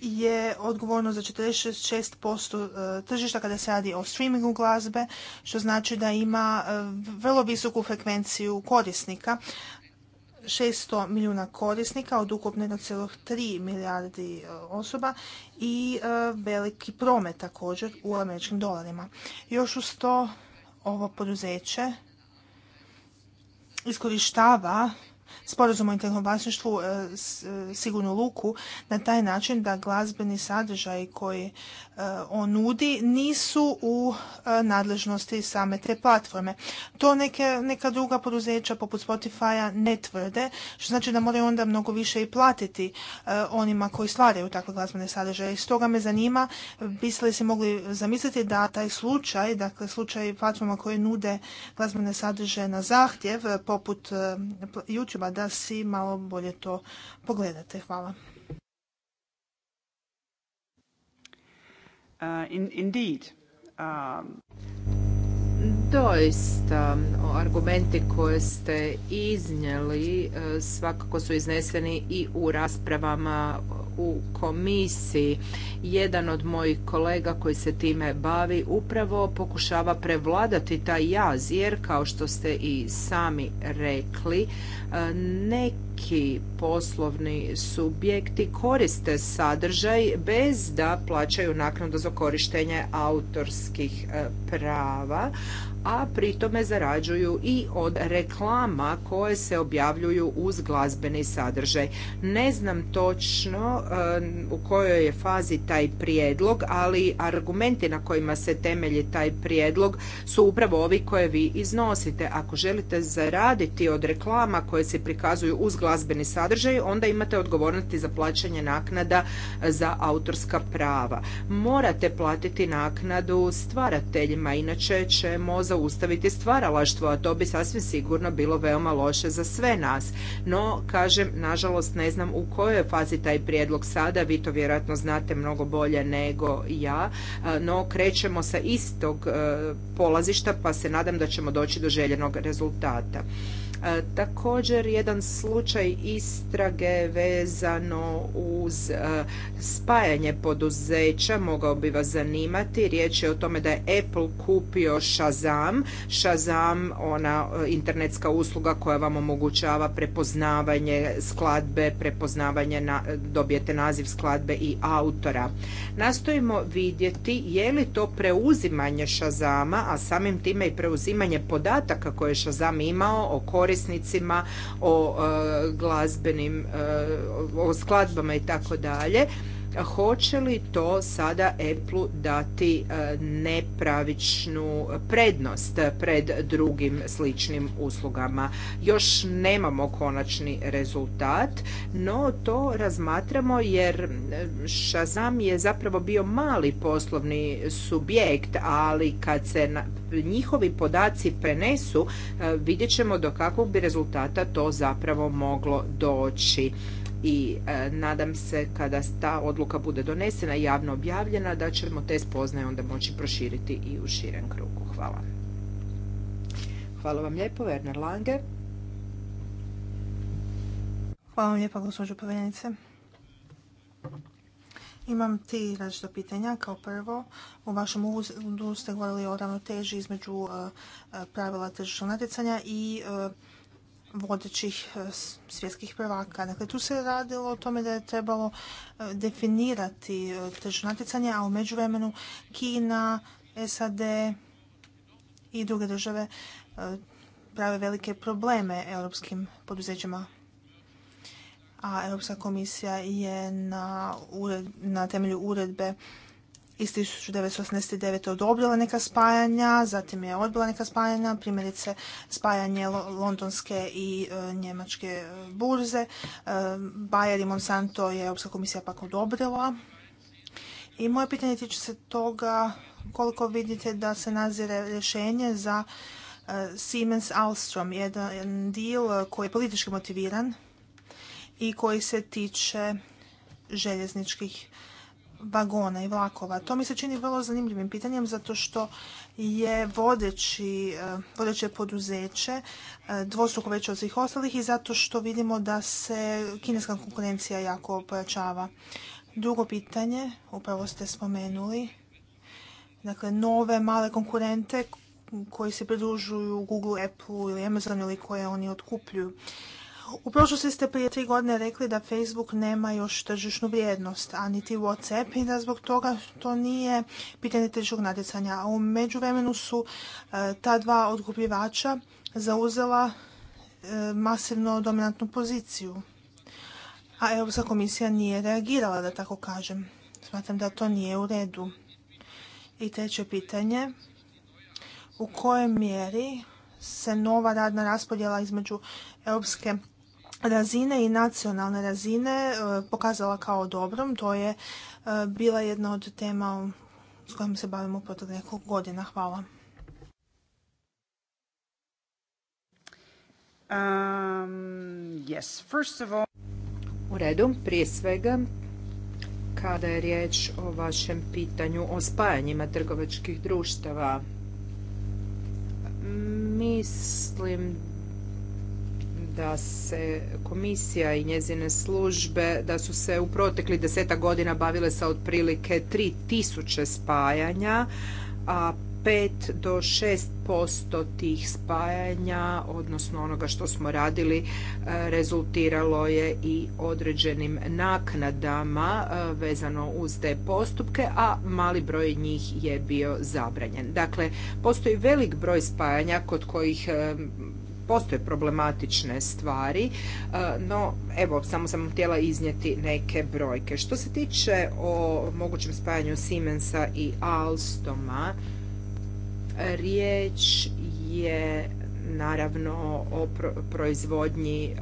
A: je odgovorno za 46% e, tržišta kada se radi o streamingu glazbe, što znači da ima e, vrlo visoku frekvenciju korisnika. 600 milijuna korisnika od ukupne 1,3 milijardi e, osoba i veliki promet također u američkim dolarima. Još uz to ovo poduzeće iskorištava sporazum o intelektualnom vlasništvu e, e, sigurnu luku na taj način da glazbeni sadržaj koji Eh, on nudi nisu u eh, nadležnosti same te platforme. To neke, neka druga poduzeća poput Spotify-a ne tvrde, što znači da moraju onda mnogo više i platiti eh, onima koji stvaraju takve glazbene sadržaje. I stoga me zanima, biste li se mogli zamisliti da taj slučaj, dakle slučaj platforma koje nude glazbene sadržaje na zahtjev, poput YouTube-a, da si malo bolje to pogledate. Hvala.
B: Uh in,
C: indeed um... Doista, argumenti koje ste iznijeli e, svakako su izneseni i u raspravama u komisiji. Jedan od mojih kolega koji se time bavi upravo pokušava prevladati taj jaz jer kao što ste i sami rekli e, neki poslovni subjekti koriste sadržaj bez da plaćaju naknadu za korištenje autorskih e, prava, a pri tome zarađuju i od reklama koje se objavljuju uz glazbeni sadržaj. Ne znam točno eh, u kojoj je fazi taj prijedlog, ali argumenti na kojima se temelji taj prijedlog su upravo ovi koje vi iznosite. Ako želite zaraditi od reklama koje se prikazuju uz glazbeni sadržaj, onda imate odgovornosti za plaćanje naknada eh, za autorska prava. Morate platiti naknadu stvarateljima, inače ćemo zaustaviti stvaralaštvo, a to bi sasvim sigurno bilo veoma loše za sve nas. No, kažem, nažalost ne znam u kojoj je fazi taj prijedlog sada, vi to vjerojatno znate mnogo bolje nego ja, no krećemo sa istog e, polazišta pa se nadam da ćemo doći do željenog rezultata. E, također jedan slučaj istrage vezano uz e, spajanje poduzeća mogao bi vas zanimati. Riječ je o tome da je Apple kupio Shazam. Shazam, ona e, internetska usluga koja vam omogućava prepoznavanje skladbe, prepoznavanje, dobijete naziv skladbe i autora. Nastojimo vidjeti je li to preuzimanje Shazama, a samim time i preuzimanje podataka koje je Shazam imao o korisnicima, o e, glazbenim, e, o skladbama i tako dalje hoće li to sada Apple dati e, nepravičnu prednost pred drugim sličnim uslugama. Još nemamo konačni rezultat, no to razmatramo jer Shazam je zapravo bio mali poslovni subjekt, ali kad se njihovi podaci prenesu, e, vidjet ćemo do kakvog bi rezultata to zapravo moglo doći i e, nadam se kada ta odluka bude donesena i javno objavljena da ćemo te spoznaje onda moći proširiti i u širem krugu. Hvala. Hvala vam
A: lijepo, Werner Lange. Hvala vam lijepa, gospođo povjerenice. Imam tri različita pitanja. Kao prvo, u vašem uvodu ste govorili o ravnoteži između e, e, pravila tržišnog natjecanja i vodećih e, svjetskih prvaka. Dakle, tu se radilo o tome da je trebalo e, definirati e, tržno natjecanje, a u međuvremenu Kina, SAD i druge države prave velike probleme europskim poduzećima. A Europska komisija je na temelju uredbe iz 1989. odobrila neka spajanja, zatim je odbila neka spajanja, primjerice spajanje londonske i e, njemačke e, burze. E, Bayer i Monsanto je Europska komisija pak odobrila. I moje pitanje tiče se toga koliko vidite da se nazire rješenje za Siemens Alstrom, jedan dil koji je politički motiviran i koji se tiče željezničkih vagona i vlakova. To mi se čini vrlo zanimljivim pitanjem zato što je e, vodeće poduzeće e, dvostruko veće od svih ostalih i zato što vidimo da se kineska konkurencija jako pojačava. Drugo pitanje, upravo ste spomenuli, dakle nove male konkurente koji se pridružuju Google, Apple ili Amazon ili koje oni otkupljuju. U prošlosti ste prije tri godine rekli da Facebook nema još tržišnu vrijednost, a niti WhatsApp i da zbog toga to nije pitanje tržišnog natjecanja. A u međuvremenu su e, ta dva odgubljivača zauzela e, masivno dominantnu poziciju. A Europska komisija nije reagirala, da tako kažem. Smatram da to nije u redu. I treće pitanje, u kojoj mjeri se nova radna raspodjela između Europske razine i nacionalne razine e, pokazala kao dobrom. To je e, bila jedna od tema s kojom se bavimo potom nekog godina. Hvala.
C: Um, U redu, prije svega, kada je riječ o vašem pitanju o spajanjima trgovačkih društava, mislim da se komisija i njezine službe da su se u proteklih desetak godina bavile sa otprilike 3000 spajanja, a 5 do 6% tih spajanja, odnosno onoga što smo radili, e, rezultiralo je i određenim naknadama e, vezano uz te postupke, a mali broj njih je bio zabranjen. Dakle, postoji velik broj spajanja kod kojih e, postoje problematične stvari, e, no evo, samo sam htjela iznijeti neke brojke. Što se tiče o mogućem spajanju Siemensa i Alstoma, riječ je naravno o proizvodnji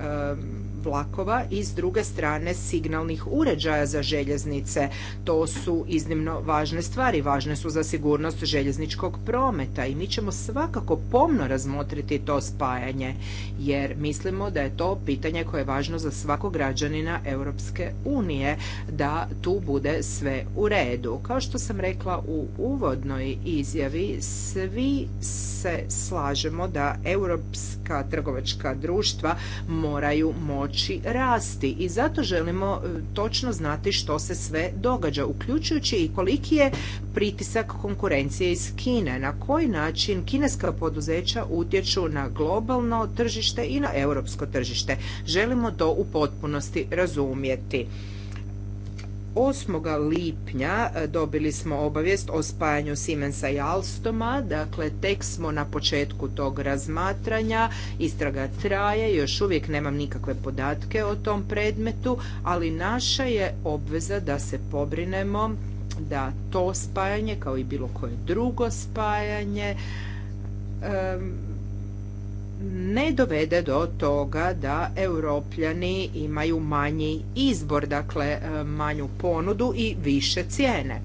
C: vlakova i s druge strane signalnih uređaja za željeznice. To su iznimno važne stvari, važne su za sigurnost željezničkog prometa i mi ćemo svakako pomno razmotriti to spajanje jer mislimo da je to pitanje koje je važno za svakog građanina Europske unije da tu bude sve u redu. Kao što sam rekla u uvodnoj izjavi, svi se slažemo da europska trgovačka društva moraju moći moći rasti i zato želimo e, točno znati što se sve događa, uključujući i koliki je pritisak konkurencije iz Kine, na koji način kineska poduzeća utječu na globalno tržište i na europsko tržište. Želimo to u potpunosti razumjeti. 8. lipnja e, dobili smo obavijest o spajanju Siemensa i Alstoma, dakle tek smo na početku tog razmatranja, istraga traje, još uvijek nemam nikakve podatke o tom predmetu, ali naša je obveza da se pobrinemo da to spajanje kao i bilo koje drugo spajanje ne dovede do toga da europljani imaju manji izbor, dakle e, manju ponudu i više cijene.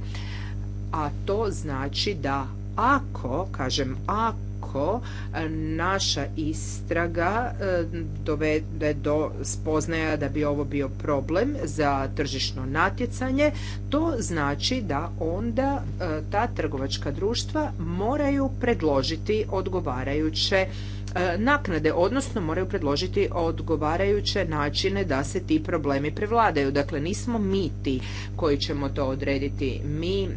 C: A to znači da ako, kažem ako, e, naša istraga e, dovede do spoznaja da bi ovo bio problem za tržišno natjecanje, to znači da onda ta trgovačka društva moraju predložiti odgovarajuće E, naknade, odnosno moraju predložiti odgovarajuće načine da se ti problemi prevladaju. Dakle, nismo mi ti koji ćemo to odrediti. Mi e,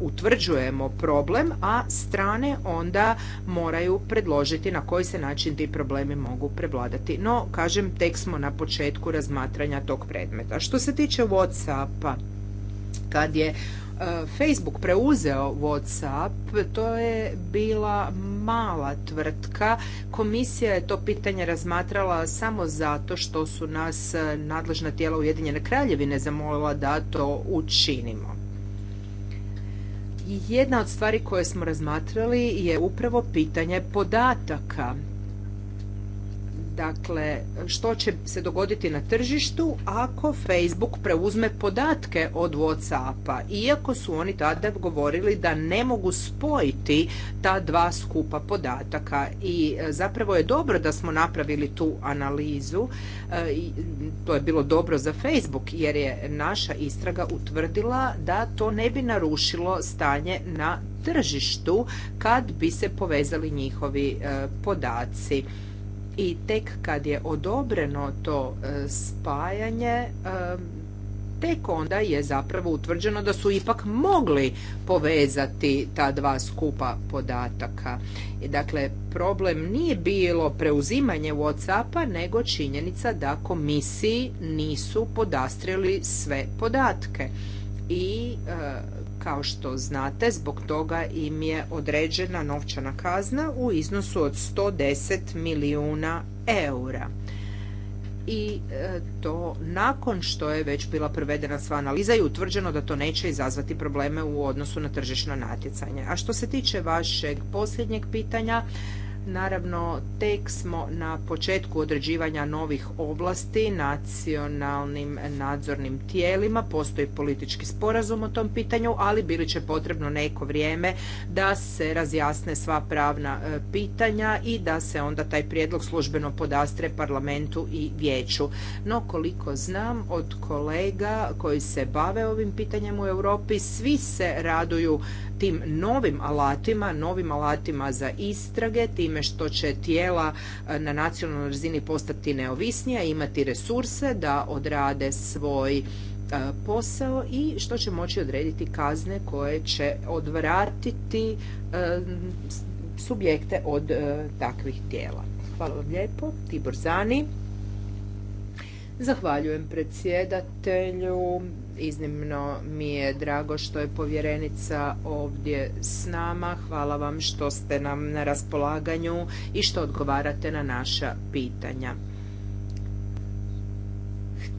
C: utvrđujemo problem, a strane onda moraju predložiti na koji se način ti problemi mogu prevladati. No, kažem, tek smo na početku razmatranja tog predmeta. Što se tiče Whatsappa, kad je E, Facebook preuzeo WhatsApp, to je bila mala tvrtka. Komisija je to pitanje razmatrala samo zato što su nas e, nadležna tijela Ujedinjene kraljevine zamolila da to učinimo. Jedna od stvari koje smo razmatrali je upravo pitanje podataka Dakle, što će se dogoditi na tržištu ako Facebook preuzme podatke od Whatsappa, iako su oni tada govorili da ne mogu spojiti ta dva skupa podataka. I e, zapravo je dobro da smo napravili tu analizu, e, to je bilo dobro za Facebook jer je naša istraga utvrdila da to ne bi narušilo stanje na tržištu kad bi se povezali njihovi e, podaci i tek kad je odobreno to e, spajanje e, tek onda je zapravo utvrđeno da su ipak mogli povezati ta dva skupa podataka. dakle, problem nije bilo preuzimanje Whatsappa, nego činjenica da komisiji nisu podastrili sve podatke. I e, kao što znate, zbog toga im je određena novčana kazna u iznosu od 110 milijuna eura i e, to nakon što je već bila provedena sva analiza i utvrđeno da to neće izazvati probleme u odnosu na tržišno natjecanje. A što se tiče vašeg posljednjeg pitanja, Naravno, tek smo na početku određivanja novih oblasti nacionalnim nadzornim tijelima. Postoji politički sporazum o tom pitanju, ali bili će potrebno neko vrijeme da se razjasne sva pravna e, pitanja i da se onda taj prijedlog službeno podastre parlamentu i vijeću. No, koliko znam od kolega koji se bave ovim pitanjem u Europi, svi se raduju tim novim alatima, novim alatima za istrage, tim time što će tijela e, na nacionalnoj razini postati neovisnija, imati resurse da odrade svoj e, posao i što će moći odrediti kazne koje će odvratiti e, subjekte od takvih tijela. Hvala vam lijepo. Tibor Zani. Zahvaljujem predsjedatelju. Iznimno mi je drago što je povjerenica ovdje s nama. Hvala vam što ste nam na raspolaganju i što odgovarate na naša pitanja.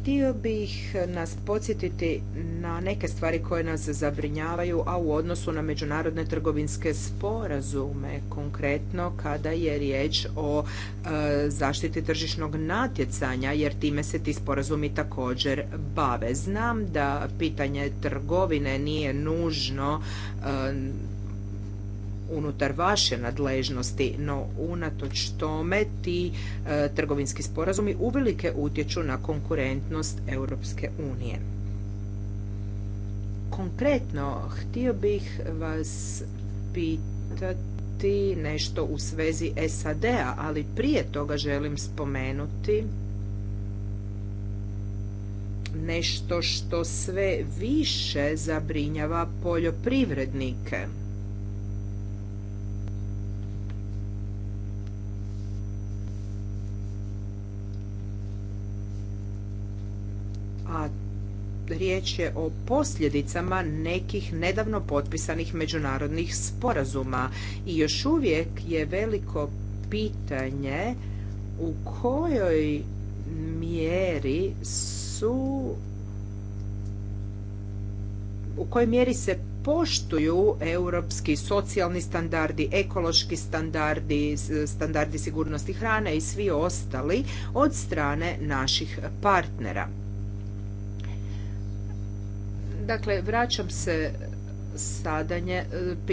C: Htio bih nas podsjetiti na neke stvari koje nas zabrinjavaju, a u odnosu na međunarodne trgovinske sporazume, konkretno kada je riječ o e, zaštiti tržišnog natjecanja, jer time se ti sporazumi također bave. Znam da pitanje trgovine nije nužno e, unutar vaše nadležnosti, no unatoč tome ti e, trgovinski sporazumi uvelike utječu na konkurentnost Europske unije. Konkretno, htio bih vas pitati nešto u svezi SAD-a, ali prije toga želim spomenuti nešto što sve više zabrinjava poljoprivrednike a riječ je o posljedicama nekih nedavno potpisanih međunarodnih sporazuma i još uvijek je veliko pitanje u kojoj mjeri su u kojoj mjeri se poštuju europski socijalni standardi, ekološki standardi, standardi sigurnosti hrane i svi ostali od strane naših partnera. Dakle, vraćam se sadanje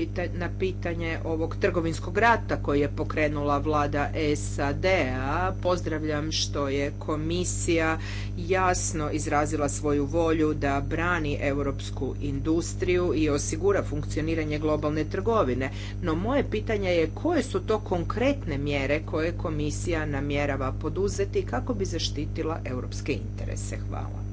C: e, na pitanje ovog trgovinskog rata koji je pokrenula vlada SAD-a. Pozdravljam što je komisija jasno izrazila svoju volju da brani europsku industriju i osigura funkcioniranje globalne trgovine. No moje pitanje je koje su to konkretne mjere koje komisija namjerava poduzeti kako bi zaštitila europske interese. Hvala.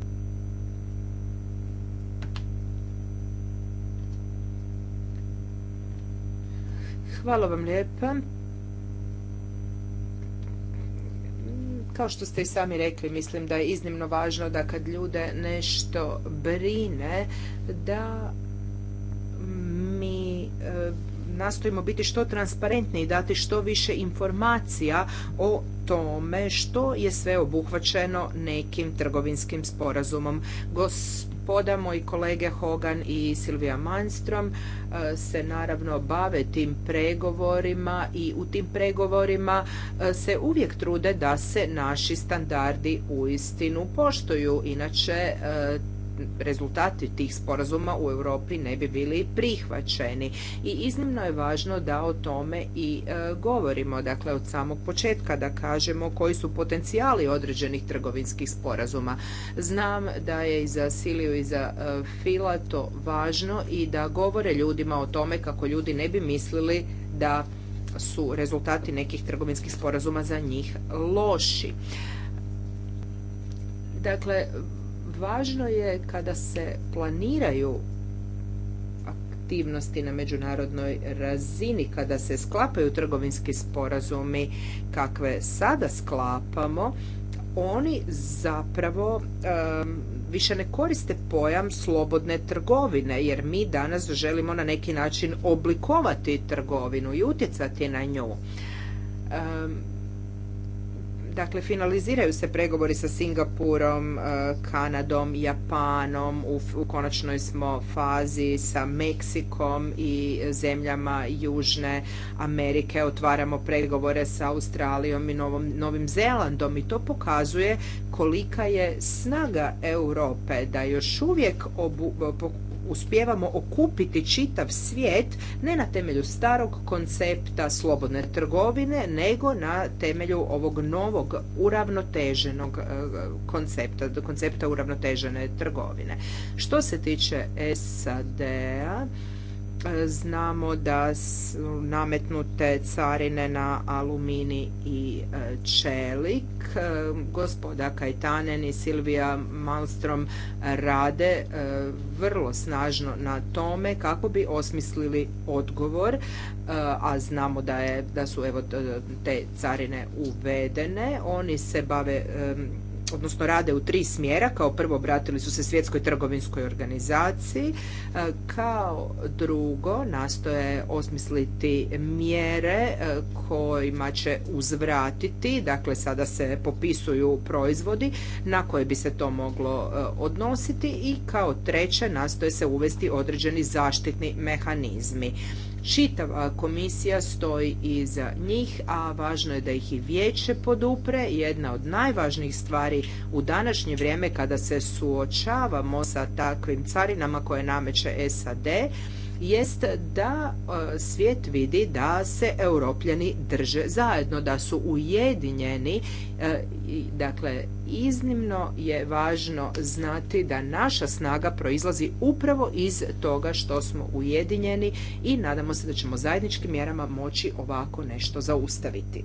C: Hvala vam lijepa. Kao što ste i sami rekli, mislim da je iznimno važno da kad ljude nešto brine, da mi e, nastojimo biti što transparentniji, dati što više informacija o tome što je sve obuhvaćeno nekim trgovinskim sporazumom. Gospod podamo i kolege Hogan i Silvija Manstrom e, se naravno bave tim pregovorima i u tim pregovorima e, se uvijek trude da se naši standardi uistinu poštuju. Inače e, rezultati tih sporazuma u Europi ne bi bili prihvaćeni. I iznimno je važno da o tome i e, govorimo, dakle od samog početka da kažemo koji su potencijali određenih trgovinskih sporazuma. Znam da je i za Siliju i za Filato e, Fila to važno i da govore ljudima o tome kako ljudi ne bi mislili da su rezultati nekih trgovinskih sporazuma za njih loši. Dakle, važno je kada se planiraju aktivnosti na međunarodnoj razini, kada se sklapaju trgovinski sporazumi kakve sada sklapamo, oni zapravo više ne koriste pojam slobodne trgovine jer mi danas želimo na neki način oblikovati trgovinu i utjecati na nju. Dakle, finaliziraju se pregovori sa Singapurom, e, Kanadom, Japanom, u, konačnoj smo fazi sa Meksikom i zemljama Južne Amerike, otvaramo pregovore sa Australijom i Novim Zelandom i to pokazuje kolika je snaga Europe da još uvijek uspijevamo okupiti čitav svijet ne na temelju starog koncepta slobodne trgovine, nego na temelju ovog novog uravnoteženog e, koncepta, koncepta uravnotežene trgovine. Što se tiče SAD-a, Znamo da su nametnute carine na alumini i e, čelik. E, gospoda Kajtanen i Silvija Malstrom rade e, vrlo snažno na tome kako bi osmislili odgovor, a znamo da, je, da su evo te carine uvedene. Oni se bave odnosno rade u tri smjera. Kao prvo obratili su se svjetskoj trgovinskoj organizaciji, e, kao drugo nastoje osmisliti mjere e, kojima će uzvratiti, dakle sada se popisuju proizvodi na koje bi se to moglo e, odnositi i kao treće nastoje se uvesti određeni zaštitni mehanizmi čitava komisija stoji iza njih, a važno je da ih i vijeće podupre. Jedna od najvažnijih stvari u današnje vrijeme kada se suočavamo sa takvim carinama koje nameće SAD jest da e, svijet vidi da se europljani drže zajedno, da su ujedinjeni. E, dakle, iznimno je važno znati da naša snaga proizlazi upravo iz toga što smo ujedinjeni i nadamo se da ćemo zajedničkim mjerama moći ovako nešto zaustaviti.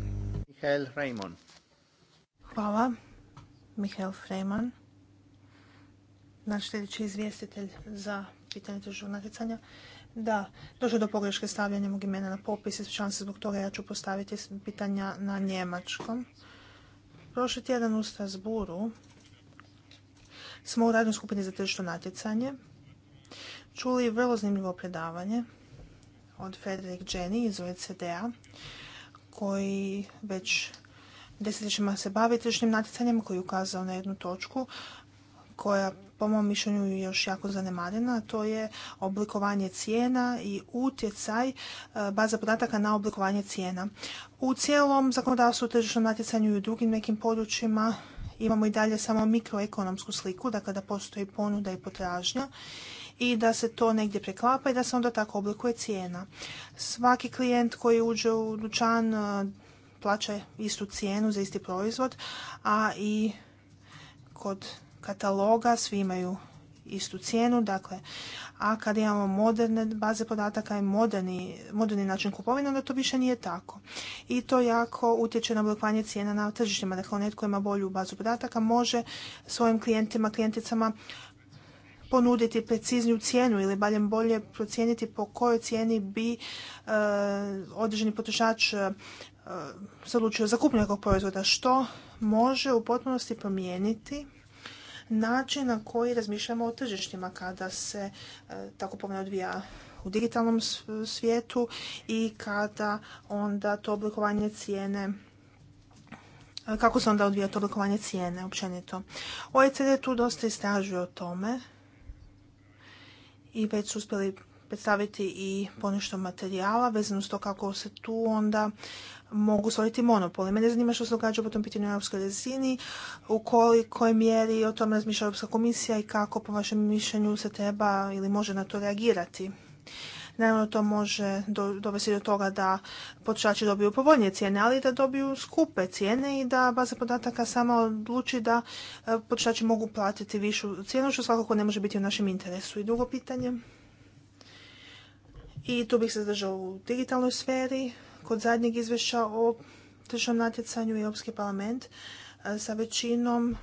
A: Hvala. Mihael Freeman, naš sljedeći izvjestitelj za pitanje tržnog natjecanja. Da, došlo do pogreške stavljanja mog imena na popis, ispričavam se zbog toga, ja ću postaviti pitanja na njemačkom. Prošli tjedan u Strasburu smo u radnoj skupini za tržišno natjecanje čuli vrlo zanimljivo predavanje od Frederik Jenny iz OECD-a koji već desetljećima se bavi tržišnim natjecanjem koji je ukazao na jednu točku koja po mom mišljenju još jako zanemarena, to je oblikovanje cijena i utjecaj e, baza podataka na oblikovanje cijena. U cijelom zakonodavstvu, tržišnom natjecanju i u drugim nekim područjima imamo i dalje samo mikroekonomsku sliku, dakle da postoji ponuda i potražnja i da se to negdje preklapa i da se onda tako oblikuje cijena. Svaki klijent koji uđe u dućan e, plaća istu cijenu za isti proizvod, a i kod kataloga, svi imaju istu cijenu, dakle, a kad imamo moderne baze podataka i moderni, moderni način kupovine, onda to više nije tako. I to jako utječe na oblikovanje cijena na tržištima. Dakle, onaj tko ima bolju bazu podataka može svojim klijentima, klijenticama ponuditi precizniju cijenu ili baljem, bolje procijeniti po kojoj cijeni bi e, određeni potrošač e, zalučio e, za nekog proizvoda, što može u potpunosti promijeniti način na koji razmišljamo o tržištima kada se e, tako pomeno odvija u digitalnom svijetu i kada onda to oblikovanje cijene e, kako se onda odvija to oblikovanje cijene općenito. OECD tu dosta istražuje o tome i već su uspjeli predstaviti i ponešto materijala vezano s to kako se tu onda mogu stvoriti monopoli. Mene zanima što se događa po tom pitanju na europskoj razini, u kojoj mjeri o tom razmišlja Europska komisija i kako po vašem mišljenju se treba ili može na to reagirati. Naravno, to može dovesti do toga da potrošači dobiju povoljnije cijene, ali da dobiju skupe cijene i da baza podataka sama odluči da e, potrošači mogu platiti višu cijenu, što svakako ne može biti u našem interesu. I drugo pitanje. I tu bih se zadržao u digitalnoj sferi. Kod zadnjeg izvješća o tržnom natjecanju i Europski parlament e, sa većinom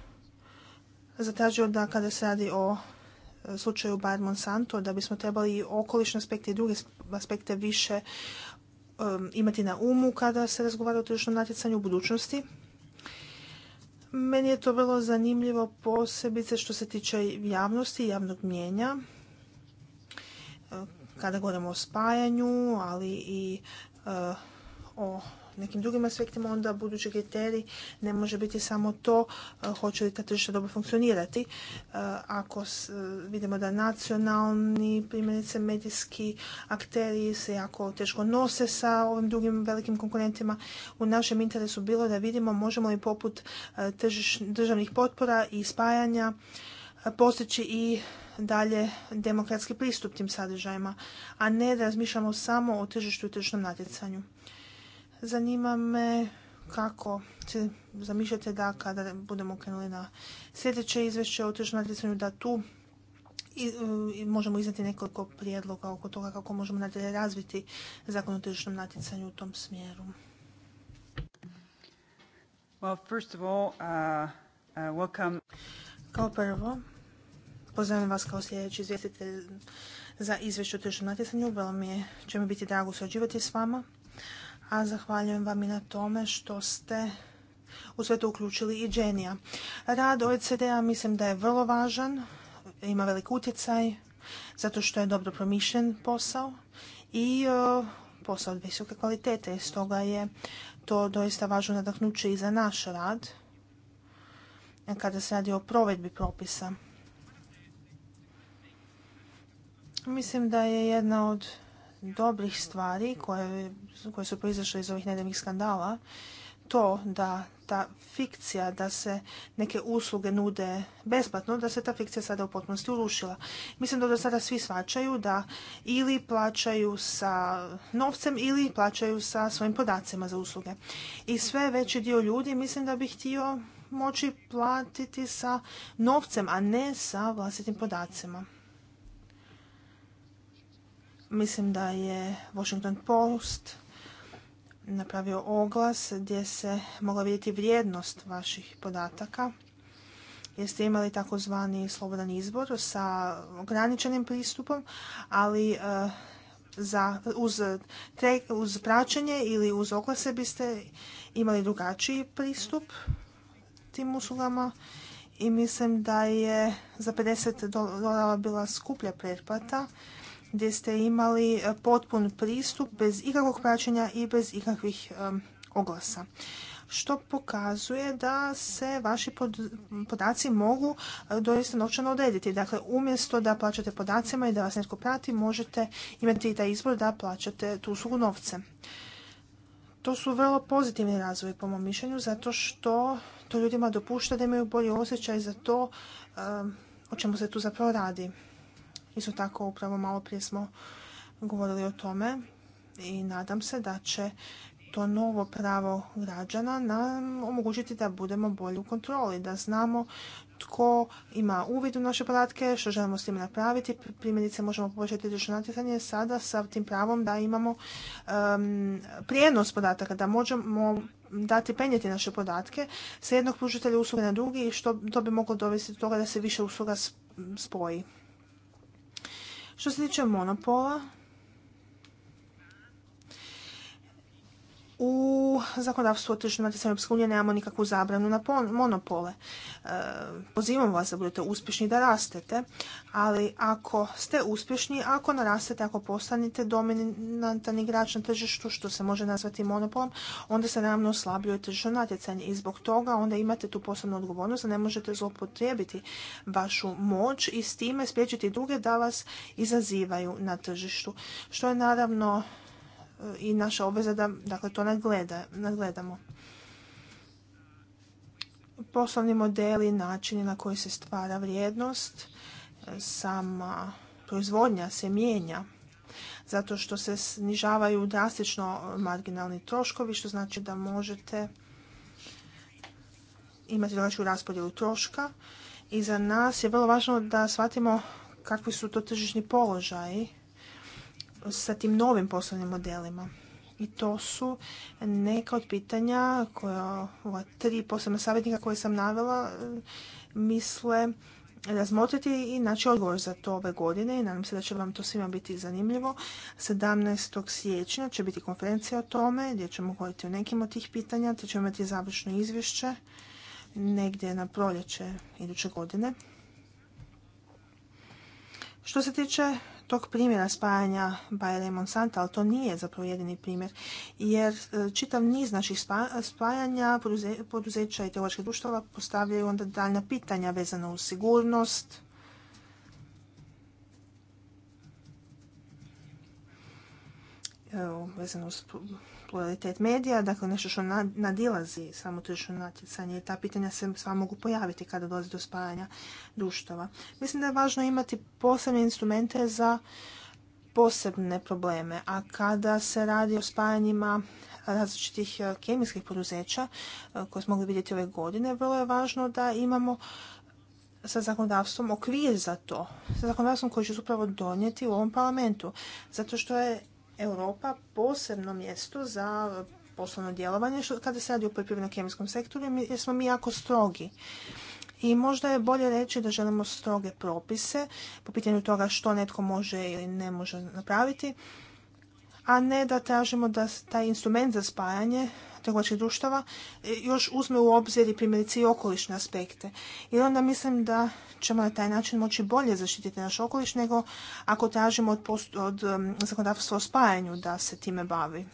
A: zatražio da kada se radi o e, slučaju Bayer Monsanto da bismo trebali i okolišne aspekte i druge aspekte više e, imati na umu kada se razgovara o tržišnom natjecanju u budućnosti. Meni je to vrlo zanimljivo posebice što se tiče javnosti i javnog mjenja. Kada govorimo o spajanju, ali i o nekim drugim aspektima, onda budući kriterij ne može biti samo to e, hoće li ta tržišta dobro funkcionirati. E, ako e, vidimo da nacionalni primjerice medijski akteri se jako teško nose sa ovim drugim velikim konkurentima, u našem interesu bilo da vidimo možemo li poput državnih potpora i spajanja postići i dalje demokratski pristup tim sadržajima, a ne da razmišljamo samo o tržištu i tržišnom natjecanju. Zanima me kako se zamišljate da kada budemo krenuli na sljedeće izvješće o tržišnom natjecanju da tu i, e, možemo iznati nekoliko prijedloga oko toga kako možemo nadalje razviti zakon o tržišnom natjecanju u tom smjeru.
B: Uh, uh,
A: kao prvo, pozdravljam vas kao sljedeći izvjestitelj za izvješće o tržišnom natjecanju. Vrlo mi je će mi biti drago surađivati s vama a zahvaljujem vam i na tome što ste u sve to uključili i Dženija. Rad OECD-a mislim da je vrlo važan, ima velik utjecaj, zato što je dobro promišljen posao i e, posao od visoke kvalitete. Stoga je to doista važno nadahnuće i za naš rad kada se radi o provedbi propisa. Mislim da je jedna od dobrih stvari koje, koje su proizašle iz ovih nedavnih skandala, to da ta fikcija da se neke usluge nude besplatno, da se ta fikcija sada u potpunosti urušila. Mislim da do sada svi svačaju da ili plaćaju sa novcem ili plaćaju sa svojim podacima za usluge. I sve veći dio ljudi mislim da bi htio moći platiti sa novcem, a ne sa vlastitim podacima. Mislim da je Washington Post napravio oglas gdje se mogla vidjeti vrijednost vaših podataka. Jeste imali takozvani slobodan izbor sa ograničenim pristupom, ali e, za, uz, uz praćenje ili uz oglase biste imali drugačiji pristup tim uslugama i mislim da je za 50 dolara bila skuplja pretplata gdje ste imali e, potpun pristup bez ikakvog praćenja i bez ikakvih e, oglasa što pokazuje da se vaši podaci mogu e, doista novčano odrediti. Dakle, umjesto da plaćate podacima i da vas netko prati, možete imati i taj izbor da plaćate tu uslugu novce. To su vrlo pozitivni razvoji po mom mišljenju, zato što to ljudima dopušta da imaju bolji osjećaj za to o čemu se tu zapravo radi. Isto tako upravo malo prije smo govorili o tome i nadam se da će to novo pravo građana nam omogućiti da budemo bolji u kontroli, da znamo tko ima uvid u naše podatke, što želimo s tim napraviti. Primjerice možemo poboljšati tržišno natjecanje sada sa tim pravom da imamo um, prijenos podataka, da možemo dati penjeti naše podatke sa jednog pružitelja usluge na drugi i što to bi moglo dovesti do toga da se više usluga spoji. Što se tiče monopola, u zakonodavstvu o tržišnom natjecanju Europske nemamo nikakvu zabranu na monopole. E, pozivam vas da budete uspješni da rastete, ali ako ste uspješni, ako narastete, ako postanete dominantan igrač na tržištu, što se može nazvati monopolom, onda se naravno oslabljuje tržišno natjecanje i zbog toga onda imate tu posebnu odgovornost da ne možete zloupotrijebiti vašu moć i s time spriječiti druge da vas izazivaju na tržištu, što je naravno i naša obveza da dakle, to nadgledamo. Poslovni modeli, načini na koji se stvara vrijednost, e, sama proizvodnja se mijenja zato što se snižavaju drastično marginalni troškovi, što znači da možete imati drugačiju raspodjelu troška. I za nas je vrlo važno da shvatimo kakvi su to tržišni položaji sa tim novim poslovnim modelima. I to su neka od pitanja koja ova tri poslovna savjetnika koje sam navela eh, misle razmotriti i naći odgovor za to ove godine i nadam se da će vam to svima biti zanimljivo. 17. siječnja će biti konferencija o tome gdje ćemo govoriti o nekim od tih pitanja te ćemo imati završno izvješće negdje na proljeće iduće godine. Što se tiče tog primjera spajanja Bayera i Monsanta, ali to nije zapravo jedini primjer, jer e, čitav niz naših spajanja poduzeća i teoloških društava postavljaju onda daljna pitanja vezana uz sigurnost, e, vezano uz pluralitet medija, dakle nešto što nadilazi samo tržišno natjecanje i ta pitanja se sva mogu pojaviti kada dolazi do spajanja društava. Mislim da je važno imati posebne instrumente za posebne probleme, a kada se radi o spajanjima različitih e, kemijskih poduzeća e, koje smo mogli vidjeti ove godine, vrlo je važno da imamo sa zakonodavstvom okvir za to, sa zakonodavstvom koji će upravo donijeti u ovom parlamentu. Zato što je Europa posebno mjesto za poslovno djelovanje kada se radi o poljoprivredno kemijskom sektoru jer smo mi jako strogi. I možda je bolje reći da želimo stroge propise po pitanju toga što netko može ili ne može napraviti, a ne da tražimo da taj instrument za spajanje trgovačkih društava e, još uzme u obzir i primjerice i okolišne aspekte. I onda mislim da ćemo na taj način moći bolje zaštititi naš okoliš nego ako tražimo od, zakonodavstva o spajanju da se time bavi.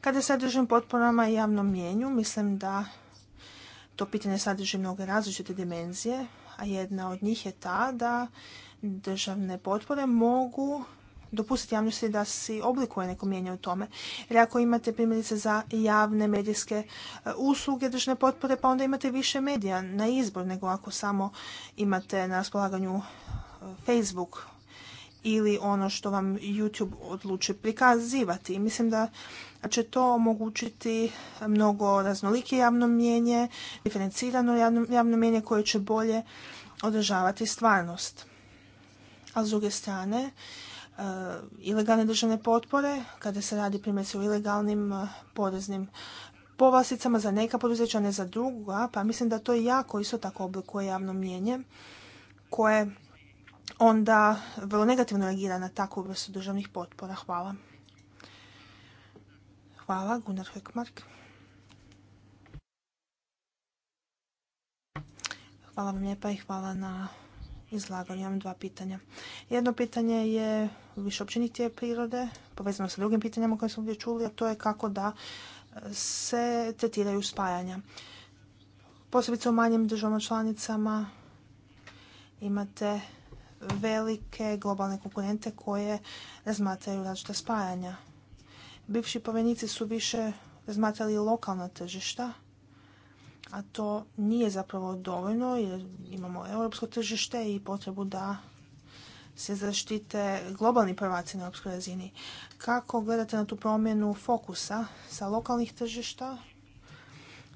A: Kada se sadržan potporama i javnom mjenju, mislim da to pitanje sadrži mnoge različite dimenzije, a jedna od njih je ta da državne potpore mogu dopustiti javnosti da si oblikuje neko mijenje u tome. Jer ako imate primjerice za javne medijske e, usluge državne potpore, pa onda imate više medija na izbor nego ako samo imate na raspolaganju e, Facebook ili ono što vam YouTube odluči prikazivati. Mislim da će to omogućiti mnogo raznolike javno mjenje, diferencirano javno, javno koje će bolje održavati stvarnost. A s druge strane, Eh, ilegalne državne potpore, kada se radi primjerice o ilegalnim eh, poreznim povlasticama za neka poduzeća, ne za druga, pa mislim da to jako isto tako oblikuje javno mjenje koje onda vrlo negativno reagira na takvu vrstu državnih potpora. Hvala. Hvala, Gunnar Hökmark. Hvala vam lijepa i hvala na izlaganju. Imam dva pitanja. Jedno pitanje je više općenitije prirode, povezano sa drugim pitanjima koje smo ovdje čuli, a to je kako da e, se tretiraju spajanja. Posebice u manjim državama članicama imate velike globalne konkurente koje razmatraju različita spajanja. Bivši povenici su više razmatrali lokalna tržišta, a to nije zapravo dovoljno jer imamo europsko tržište i potrebu da se zaštite globalni prvaci na europskoj razini. Kako gledate na tu promjenu fokusa sa lokalnih tržišta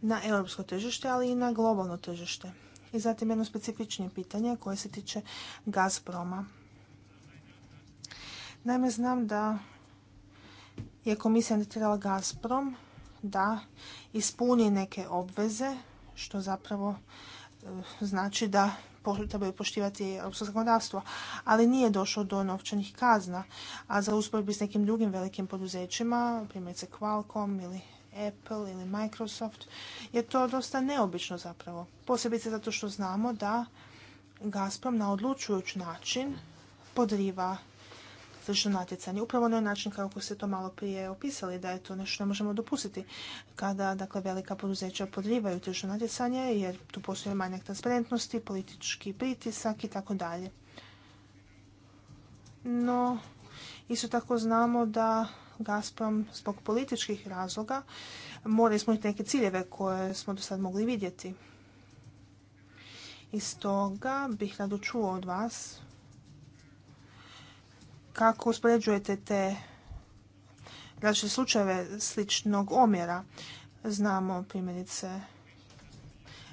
A: na europsko tržište, ali i na globalno tržište? I zatim jedno specifičnije pitanje koje se tiče Gazproma. Naime, znam da je komisija netirala Gazprom da ispuni neke obveze, što zapravo e, znači da trebaju poštivati europsko zakonodavstvo, ali nije došlo do novčanih kazna, a za usporedbi s nekim drugim velikim poduzećima, primjerice Qualcomm ili Apple ili Microsoft, je to dosta neobično zapravo. Posebice zato što znamo da Gazprom na odlučujući način podriva tržišno natjecanje. Upravo na način kako se to malo prije opisali, da je to nešto ne možemo dopustiti kada dakle, velika poduzeća podrivaju tržišno natjecanje jer tu postoji manjak transparentnosti, politički pritisak i tako dalje. No, isto tako znamo da Gazprom zbog političkih razloga mora ispuniti neke ciljeve koje smo do sad mogli vidjeti. I stoga bih rado čuo od vas kako uspoređujete te različite slučajeve sličnog omjera. Znamo primjerice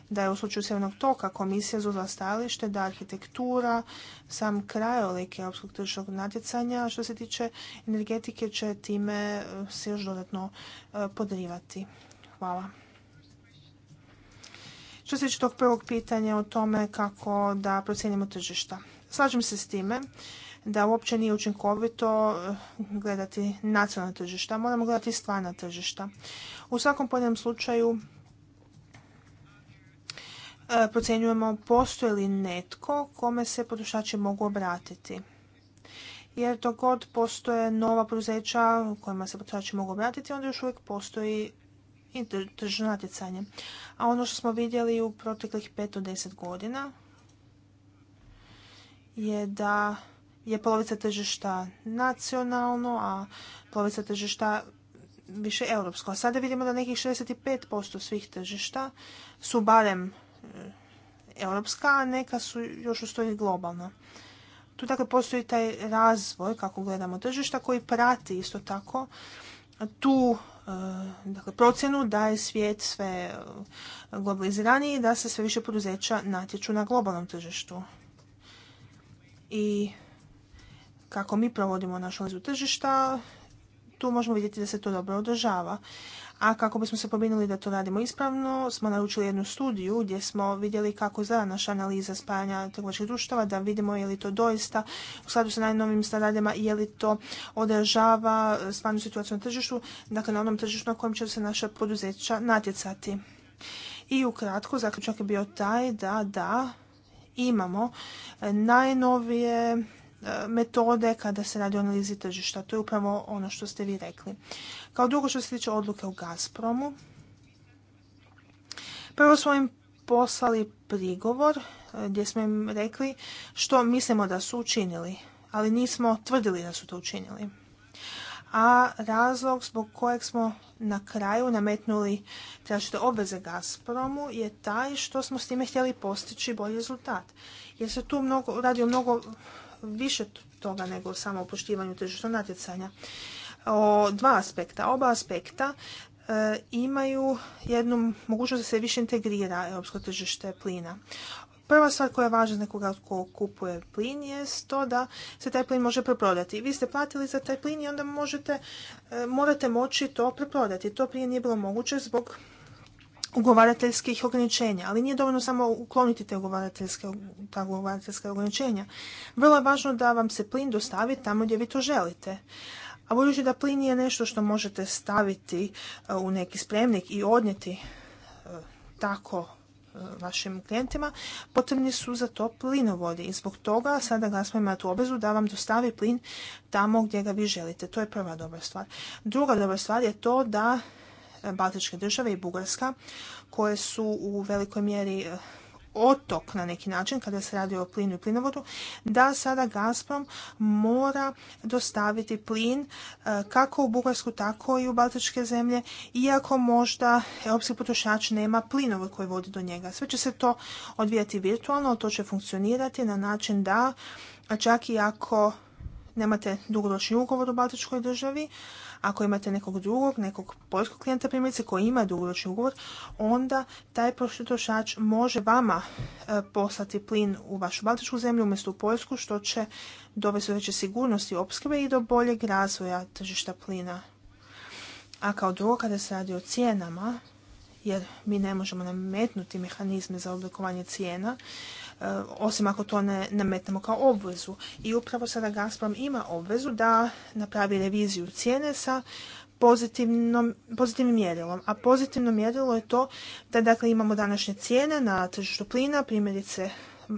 A: da je u slučaju Sjevernog toka komisija zauzela stajalište da arhitektura, sam krajolik opskog tržišnog natjecanja što se tiče energetike će time eh, se još dodatno eh, podrivati. Hvala. Što se tiče tog prvog pitanja o tome kako da procijenimo tržišta. Slažem se s time da uopće nije učinkovito eh, gledati nacionalna tržišta, moramo gledati stvarna tržišta. U svakom pojedinom slučaju eh, procjenjujemo postoji li netko kome se potrošači mogu obratiti. Jer dok god postoje nova poduzeća kojima se potrošači mogu obratiti, onda još uvijek postoji i tržno natjecanje. A ono što smo vidjeli u proteklih 5 do 10 godina je da je polovica tržišta nacionalno, a polovica tržišta više europsko. A sada vidimo da nekih 65% svih tržišta su barem e, europska, a neka su još u stoji globalna. Tu dakle postoji taj razvoj kako gledamo tržišta koji prati isto tako tu e, dakle procjenu da je svijet sve globaliziraniji i da se sve više poduzeća natječu na globalnom tržištu. I kako mi provodimo našu analizu tržišta, tu možemo vidjeti da se to dobro održava. A kako bismo se pobrinuli da to radimo ispravno, smo naručili jednu studiju gdje smo vidjeli kako zada naša analiza spajanja trgovačkih društava, da vidimo je li to doista u skladu sa najnovim standardima i je li to održava stvarnu situaciju na tržištu, dakle na onom tržištu na kojem će se naša poduzeća natjecati. I ukratko, zaključak je bio taj da, da, imamo najnovije metode kada se radi o analizi tržišta. To je upravo ono što ste vi rekli. Kao drugo što se tiče odluke u Gazpromu, prvo smo im poslali prigovor e, gdje smo im rekli što mislimo da su učinili, ali nismo tvrdili da su to učinili. A razlog zbog kojeg smo na kraju nametnuli tražite obveze Gazpromu je taj što smo s time htjeli postići bolji rezultat. Jer se tu radi o mnogo više toga nego samo o poštivanju tržišnog natjecanja. O dva aspekta. Oba aspekta e, imaju jednu mogućnost da se više integrira europsko tržište plina. Prva stvar koja je važna nekoga tko kupuje plin je to da se taj plin može preprodati. Vi ste platili za taj plin i onda možete, e, morate moći to preprodati. To prije nije bilo moguće zbog ugovarateljskih ograničenja, ali nije dovoljno samo ukloniti te ugovarateljske, ta ugovarateljska ograničenja. Vrlo je važno da vam se plin dostavi tamo gdje vi to želite. A budući da plin je nešto što možete staviti e, u neki spremnik i odnijeti e, tako e, vašim klijentima, potrebni su za to plinovodi i zbog toga sada Gazprom ima tu obvezu da vam dostavi plin tamo gdje ga vi želite. To je prva dobra stvar. Druga dobra stvar je to da Baltičke države i Bugarska koje su u velikoj mjeri eh, otok na neki način kada se radi o plinu i plinovodu, da sada Gazprom mora dostaviti plin eh, kako u Bugarsku tako i u Baltičke zemlje, iako možda europski potrošač nema plinovod koji vodi do njega. Sve će se to odvijati virtualno, to će funkcionirati na način da čak i ako nemate dugoročni ugovor u Baltičkoj državi, ako imate nekog drugog, nekog poljskog klijenta primjerice koji ima dugoročni ugovor, onda taj potrošač može vama e, poslati plin u vašu baltičku zemlju umjesto u Poljsku, što će dovesti do veće sigurnosti opskrbe i do boljeg razvoja tržišta plina. A kao drugo, kada se radi o cijenama, jer mi ne možemo nametnuti mehanizme za oblikovanje cijena, E, osim ako to ne nametnemo kao obvezu. I upravo sada Gazprom ima obvezu da napravi reviziju cijene sa pozitivnim mjerilom. A pozitivno mjerilo je to da dakle, imamo današnje cijene na tržištu plina, primjerice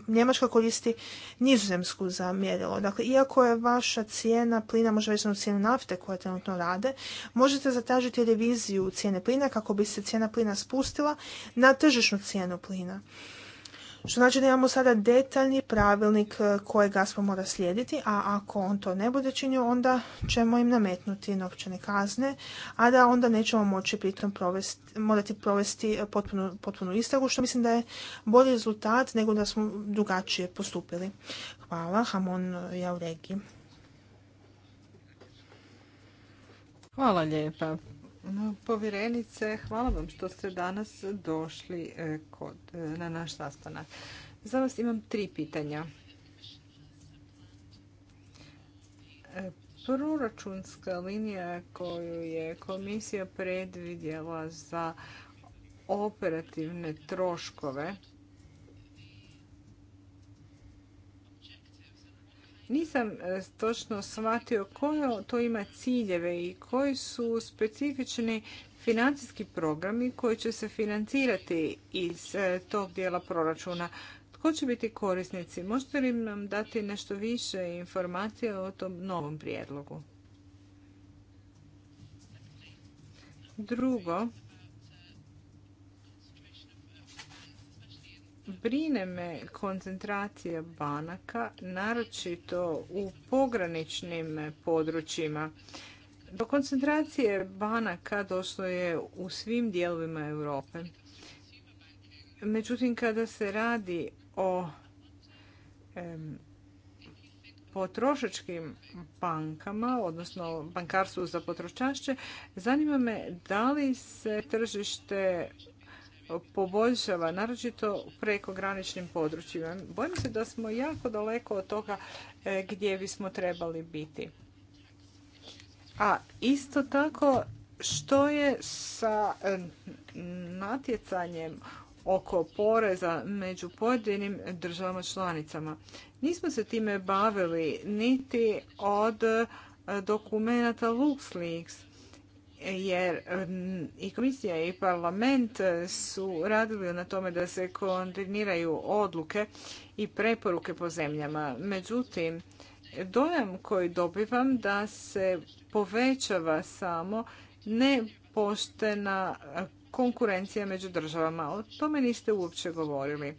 A: Njemačka koristi nizozemsku za mjerilo. Dakle, iako je vaša cijena plina možda već u cijenu nafte koja trenutno rade, možete zatražiti reviziju cijene plina kako bi se cijena plina spustila na tržišnu cijenu plina. Što znači da imamo sada detaljni pravilnik e, koje smo mora slijediti, a ako on to ne bude činio, onda ćemo im nametnuti novčane kazne, a da onda nećemo moći pritom provesti, morati provesti e, potpunu, istragu, što mislim da je bolji rezultat nego da smo drugačije postupili. Hvala, Hamon e, Jauregi.
B: Hvala lijepa. Povjerenice, hvala vam što ste danas došli e, e, na naš sastanak. Za vas imam tri pitanja. E, proračunska linija koju je komisija predvidjela za operativne troškove Nisam e, točno shvatio koje to ima ciljeve i koji su specifični financijski programi koji će se financirati iz e, tog dijela proračuna. Tko će biti korisnici? Možete li nam dati nešto više informacije o tom novom prijedlogu? Drugo, Brine me koncentracija banaka, naročito u pograničnim područjima. Do koncentracije banaka došlo je u svim dijelovima Europe. Međutim, kada se radi o potrošačkim bankama, odnosno bankarstvu za potrošače, zanima me da li se tržište poboljšava, naročito u prekograničnim područjima. Bojim se da smo jako daleko od toga e, gdje bismo trebali biti. A isto tako, što je sa e, natjecanjem oko poreza među pojedinim državama članicama? Nismo se time bavili niti od e, dokumenata LuxLeaks jer mm, i komisija i parlament e, su radili na tome da se koordiniraju odluke i preporuke po zemljama. Međutim, dojam koji dobivam da se povećava samo nepoštena konkurencija među državama. O tome niste uopće govorili.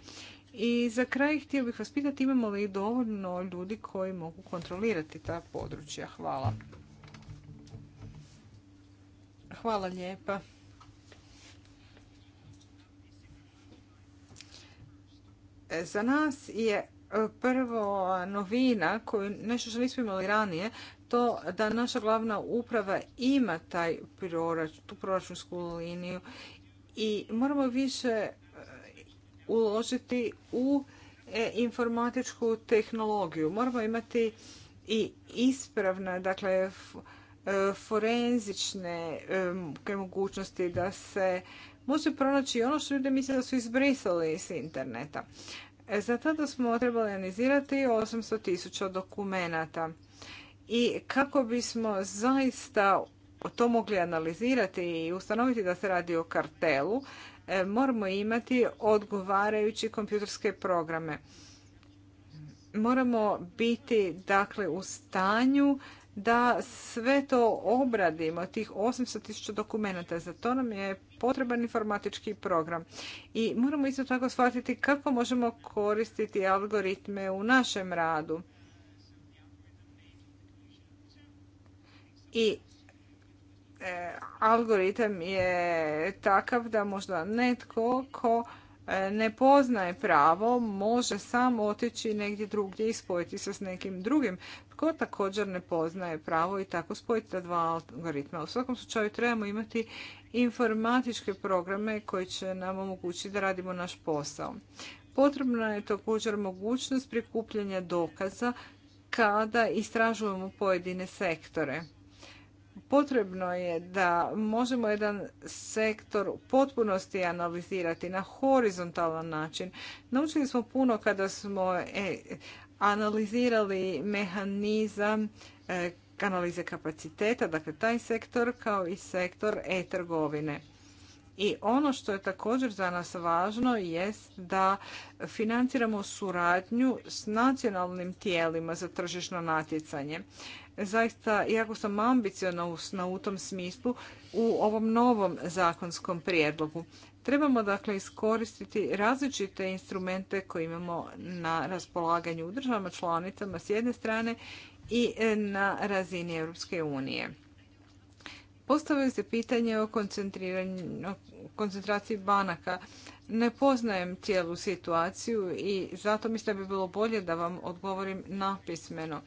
B: I za kraj htio bih vas pitati imamo li dovoljno ljudi koji mogu kontrolirati ta područja. Hvala. Hvala lijepa. E, za nas je e, prvo novina, koju, nešto što nismo imali ranije, to da naša glavna uprava ima taj tu proračunsku liniju i moramo više e, uložiti u informatičku tehnologiju. Moramo imati i ispravna, dakle, E, forenzične e, mogućnosti da se može pronaći ono što ljudi misle da su izbrisali iz interneta. E, za tada smo trebali analizirati 800 tisuća dokumenata. I kako bismo zaista to mogli analizirati i ustanoviti da se radi o kartelu, moramo imati odgovarajući kompjuterske programe. Moramo biti dakle u stanju da sve to obradimo, tih 800 tisuća dokumenta. Za to nam je potreban informatički program. I moramo isto tako shvatiti kako možemo koristiti algoritme u našem radu. I e, algoritam je takav da možda netko ko ne poznaje pravo, može sam otići negdje drugdje i spojiti se s nekim drugim tko također ne poznaje pravo i tako spojiti ta dva algoritma. U svakom slučaju trebamo imati informatičke programe koji će nam omogućiti da radimo naš posao. Potrebna je također mogućnost prikupljanja dokaza kada istražujemo pojedine sektore. Potrebno je da možemo jedan sektor u potpunosti analizirati na horizontalan način. Naučili smo puno kada smo e, analizirali mehanizam e, analize kapaciteta, dakle taj sektor kao i sektor e-trgovine. I ono što je također za nas važno jest da financiramo suradnju s nacionalnim tijelima za tržišno natjecanje zaista jako sam ambiciozna u tom smislu u ovom novom zakonskom prijedlogu. Trebamo dakle iskoristiti različite instrumente koje imamo na raspolaganju u državama članicama s jedne strane i e, na razini Europske unije. Postavili se pitanje o koncentraciji banaka ne poznajem cijelu situaciju i zato mislim da bi bilo bolje da vam odgovorim napismeno.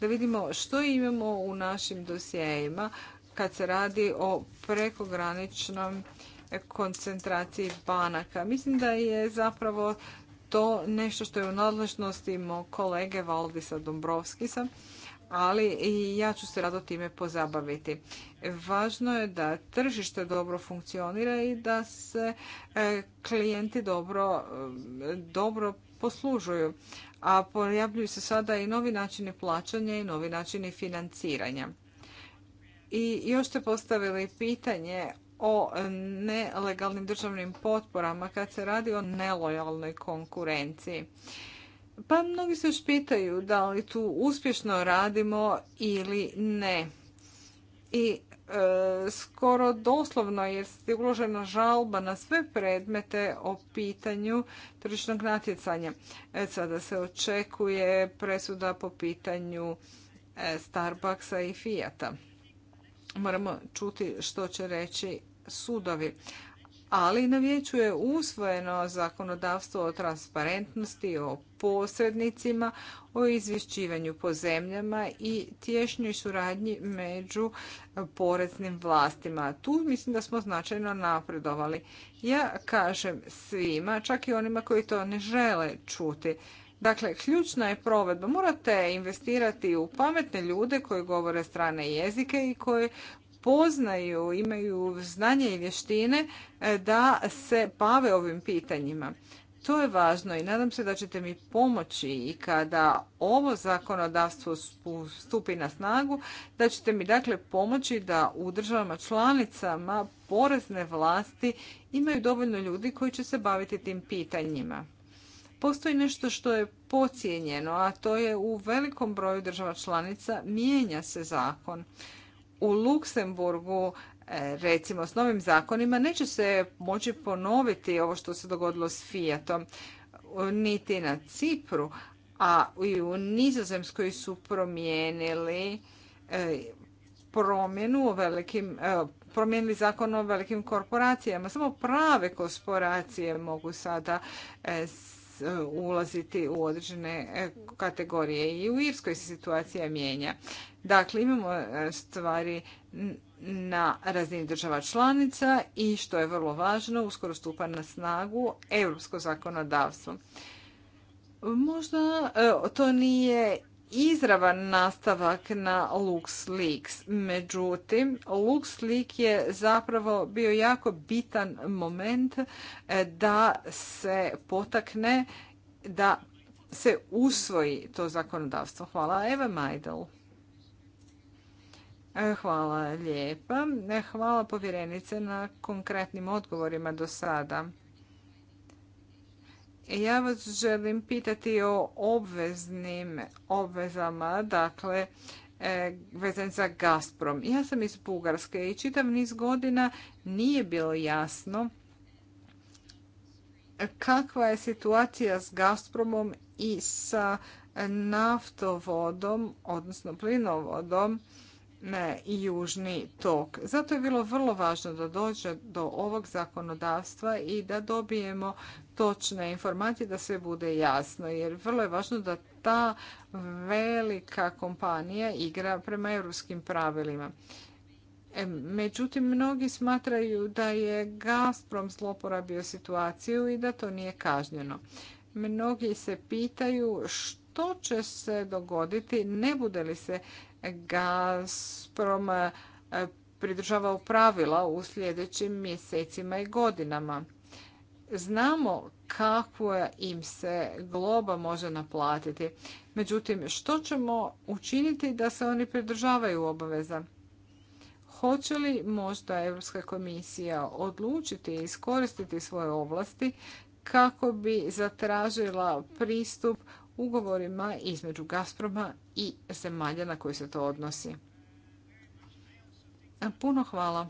B: Da vidimo što imamo u našim dosjejima kad se radi o prekograničnom koncentraciji banaka. Mislim da je zapravo to nešto što je u nadležnosti mog kolege Valdisa Dombrovskisa ali i ja ću se rado time pozabaviti. Važno je da tržište dobro funkcionira i da se e, klijenti dobro, e, dobro poslužuju. A pojavljuju se sada i novi načini plaćanja i novi načini financiranja. I još ste postavili pitanje o nelegalnim državnim potporama kad se radi o nelojalnoj konkurenciji. Pa mnogi se još pitaju da li tu uspješno radimo ili ne. I e, skoro doslovno jer je uložena žalba na sve predmete o pitanju tržišnog natjecanja. E, sada se očekuje presuda po pitanju e, Starbucksa i Fijata. Moramo čuti što će reći sudovi ali na vijeću je usvojeno zakonodavstvo o transparentnosti, o posrednicima, o izvješćivanju po zemljama i tješnjoj suradnji među poreznim vlastima. Tu mislim da smo značajno napredovali. Ja kažem svima, čak i onima koji to ne žele čuti, Dakle, ključna je provedba. Morate investirati u pametne ljude koji govore strane jezike i koji poznaju, imaju znanje i vještine e, da se bave ovim pitanjima. To je važno i nadam se da ćete mi pomoći i kada ovo zakonodavstvo stupi na snagu, da ćete mi dakle pomoći da u državama članicama porezne vlasti imaju dovoljno ljudi koji će se baviti tim pitanjima. Postoji nešto što je pocijenjeno, a to je u velikom broju država članica mijenja se zakon u Luksemburgu e, recimo s novim zakonima neće se moći ponoviti ovo što se dogodilo s Fiatom niti na Cipru, a i u Nizozemskoj su promijenili e, promjenu o velikim e, promijenili zakon o velikim korporacijama. Samo prave korporacije mogu sada ulaziti u određene e, kategorije. I u Irskoj se situacija mijenja. Dakle, imamo e, stvari na razini država članica i što je vrlo važno, uskoro stupa na snagu europsko zakonodavstvo. Možda e, to nije izravan nastavak na LuxLeaks. Međutim, LuxLeak je zapravo bio jako bitan moment e, da se potakne da se usvoji to zakonodavstvo. Hvala Eva Majdel. E, hvala lijepa. E, hvala povjerenice na konkretnim odgovorima do sada. Ja vas želim pitati o obveznim obvezama, dakle, e, vezan za Gazprom. Ja sam iz Bugarske i čitav niz godina nije bilo jasno kakva je situacija s Gazpromom i sa naftovodom, odnosno plinovodom ne, i južni tok. Zato je bilo vrlo važno da dođe do ovog zakonodavstva i da dobijemo točne informacije, da sve bude jasno. Jer vrlo je važno da ta velika kompanija igra prema europskim pravilima. E, međutim, mnogi smatraju da je Gazprom zloporabio situaciju i da to nije kažnjeno. Mnogi se pitaju što će se dogoditi ne bude li se Gazprom e, pridržavao pravila u sljedećim mjesecima i godinama. Znamo kako im se globa može naplatiti. Međutim, što ćemo učiniti da se oni pridržavaju obaveza? Hoće li možda Europska komisija odlučiti i iskoristiti svoje ovlasti kako bi zatražila pristup ugovorima između Gazproma i zemalja na koje se to odnosi? Puno hvala.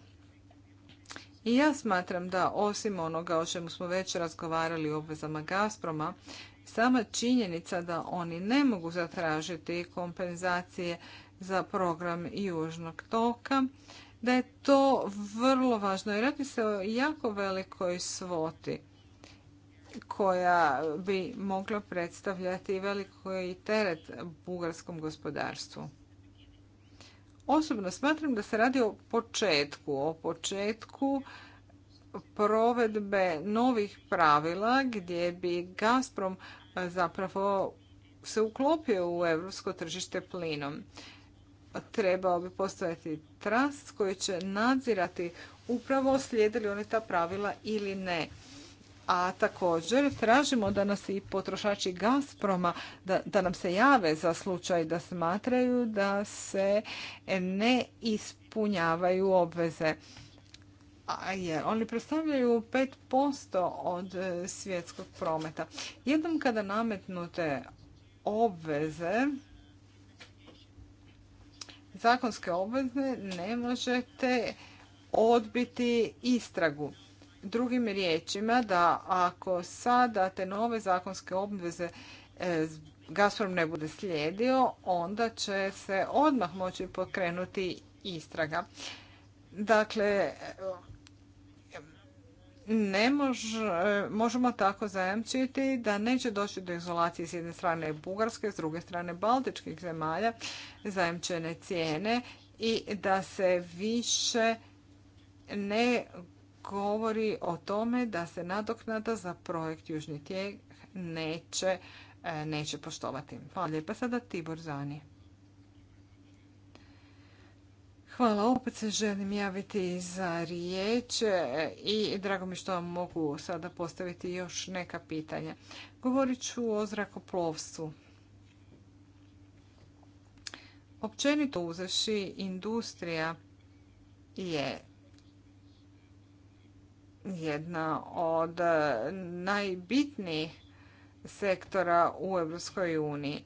B: I ja smatram da osim onoga o čemu smo već razgovarali o obvezama Gazproma, sama činjenica da oni ne mogu zatražiti kompenzacije za program Južnog toka, da je to vrlo važno i radi se o jako velikoj svoti koja bi mogla predstavljati veliki teret bugarskom gospodarstvu. Osobno smatram da se radi o početku, o početku provedbe novih pravila gdje bi Gazprom e, zapravo se uklopio u europsko tržište plinom. Trebao bi postojati trast koji će nadzirati upravo slijedili oni ta pravila ili ne a također tražimo da nas i potrošači Gazproma da, da nam se jave za slučaj da smatraju da se ne ispunjavaju obveze. jer oni predstavljaju 5% od e, svjetskog prometa. Jednom kada nametnute obveze, zakonske obveze, ne možete odbiti istragu. Drugim riječima da ako sada te nove zakonske obveze e, Gazprom ne bude slijedio, onda će se odmah moći pokrenuti istraga. Dakle, ne e, možemo tako zajamčiti da neće doći do izolacije s jedne strane Bugarske, s druge strane Baltičkih zemalja, zajamčene cijene i da se više ne govori o tome da se nadoknada za projekt Južni tijek neće, e, neće poštovati. Hvala lijepa sada Tibor Zani. Hvala, opet se želim javiti za riječ e, i drago mi što vam mogu sada postaviti još neka pitanja. Govorit ću o zrakoplovstvu. Općenito uzeši industrija je jedna od e, najbitnijih sektora u Europskoj uniji.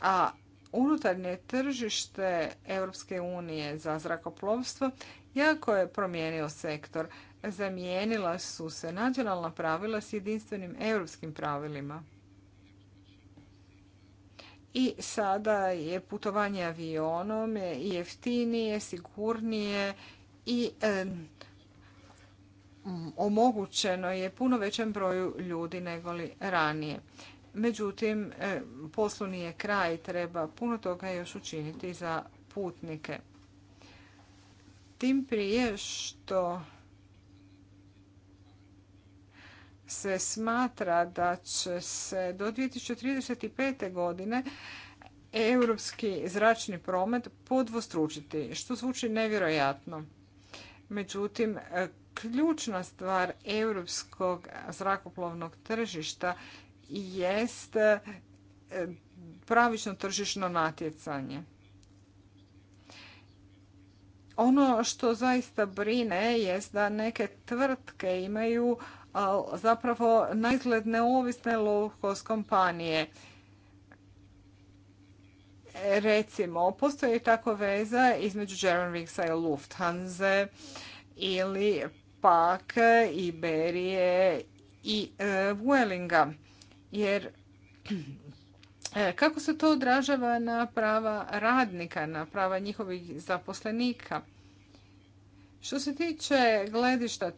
B: A unutarnje tržište Europske unije za zrakoplovstvo jako je promijenio sektor. Zamijenila su se nacionalna pravila s jedinstvenim europskim pravilima. I sada je putovanje avionom jeftinije, sigurnije i e, omogućeno je puno većem broju ljudi nego li ranije. Međutim, e, poslu nije kraj, treba puno toga još učiniti za putnike. Tim prije što se smatra da će se do 2035. godine europski zračni promet podvostručiti, što zvuči nevjerojatno. Međutim, e, ključna stvar europskog zrakoplovnog tržišta jest e, pravično tržišno natjecanje. Ono što zaista brine jest da neke tvrtke imaju zapravo najgled neovisne low kompanije. Recimo, postoji tako veza između German i Lufthansa ili pak e, Iberije i e, Vuelinga. Jer e, kako se to odražava na prava radnika, na prava njihovih zaposlenika? Što se tiče gledišta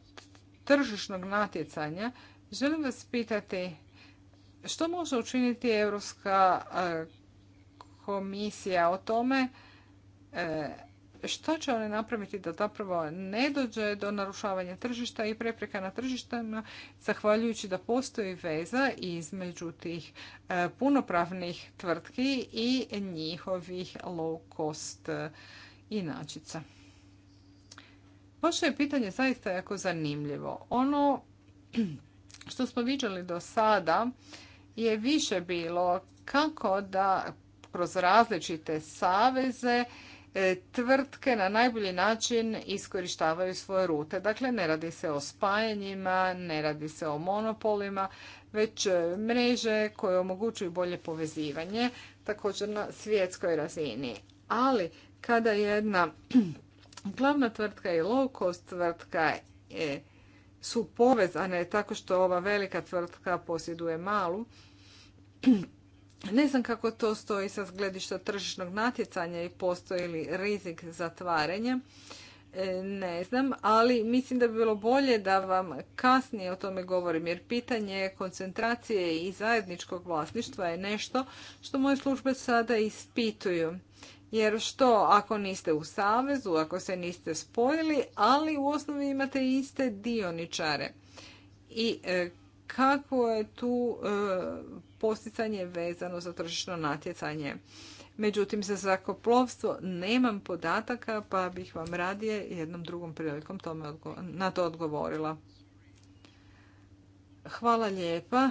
B: tržišnog natjecanja, želim vas pitati što može učiniti Europska komisija o tome što će one napraviti da zapravo ne dođe do narušavanja tržišta i prepreka na tržištama, zahvaljujući da postoji veza između tih e, punopravnih tvrtki i njihovih low cost e, inačica. Vaše je pitanje zaista jako zanimljivo. Ono što smo viđali do sada je više bilo kako da kroz različite saveze E, tvrtke na najbolji način iskorištavaju svoje rute. Dakle, ne radi se o spajanjima, ne radi se o monopolima, već e, mreže koje omogućuju bolje povezivanje, također na svjetskoj razini. Ali, kada jedna glavna tvrtka i low cost tvrtka e, su povezane tako što ova velika tvrtka posjeduje malu, Ne znam kako to stoji sa zgledišta tržišnog natjecanja i postoji li rizik zatvaranja. E, ne znam, ali mislim da bi bilo bolje da vam kasnije o tome govorim, jer pitanje koncentracije i zajedničkog vlasništva je nešto što moje službe sada ispituju. Jer što ako niste u savezu, ako se niste spojili, ali u osnovi imate iste dioničare. I e, kako je tu e, posticanje vezano za tržišno natjecanje. Međutim, za zrakoplovstvo nemam podataka, pa bih vam radije jednom drugom prilikom tome na to odgovorila. Hvala lijepa.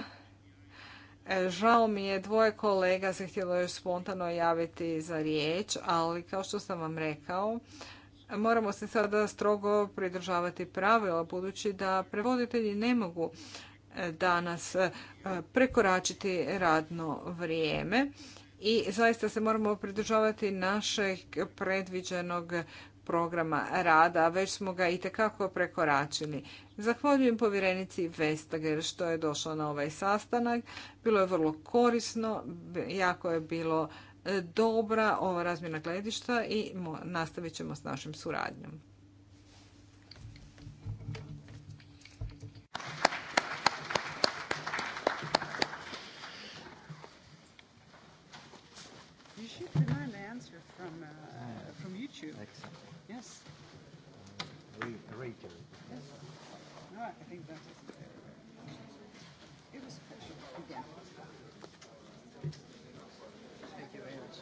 B: E, žao mi je, dvoje kolega se htjelo još spontano javiti za riječ, ali kao što sam vam rekao, moramo se sada strogo pridržavati pravila, budući da prevoditelji ne mogu danas e, prekoračiti radno vrijeme i zaista se moramo pridržavati našeg predviđenog programa rada, a već smo ga i tekako prekoračili. Zahvaljujem povjerenici Vestager što je došla na ovaj sastanak. Bilo je vrlo korisno, jako je bilo e, dobra ova razmjena gledišta i nastavit ćemo s našim suradnjom.
A: reach you. Excellent. Yes. Reiterate. Yes. All right, I think that is it.
B: It was a pleasure. Again.
C: Thank you very much.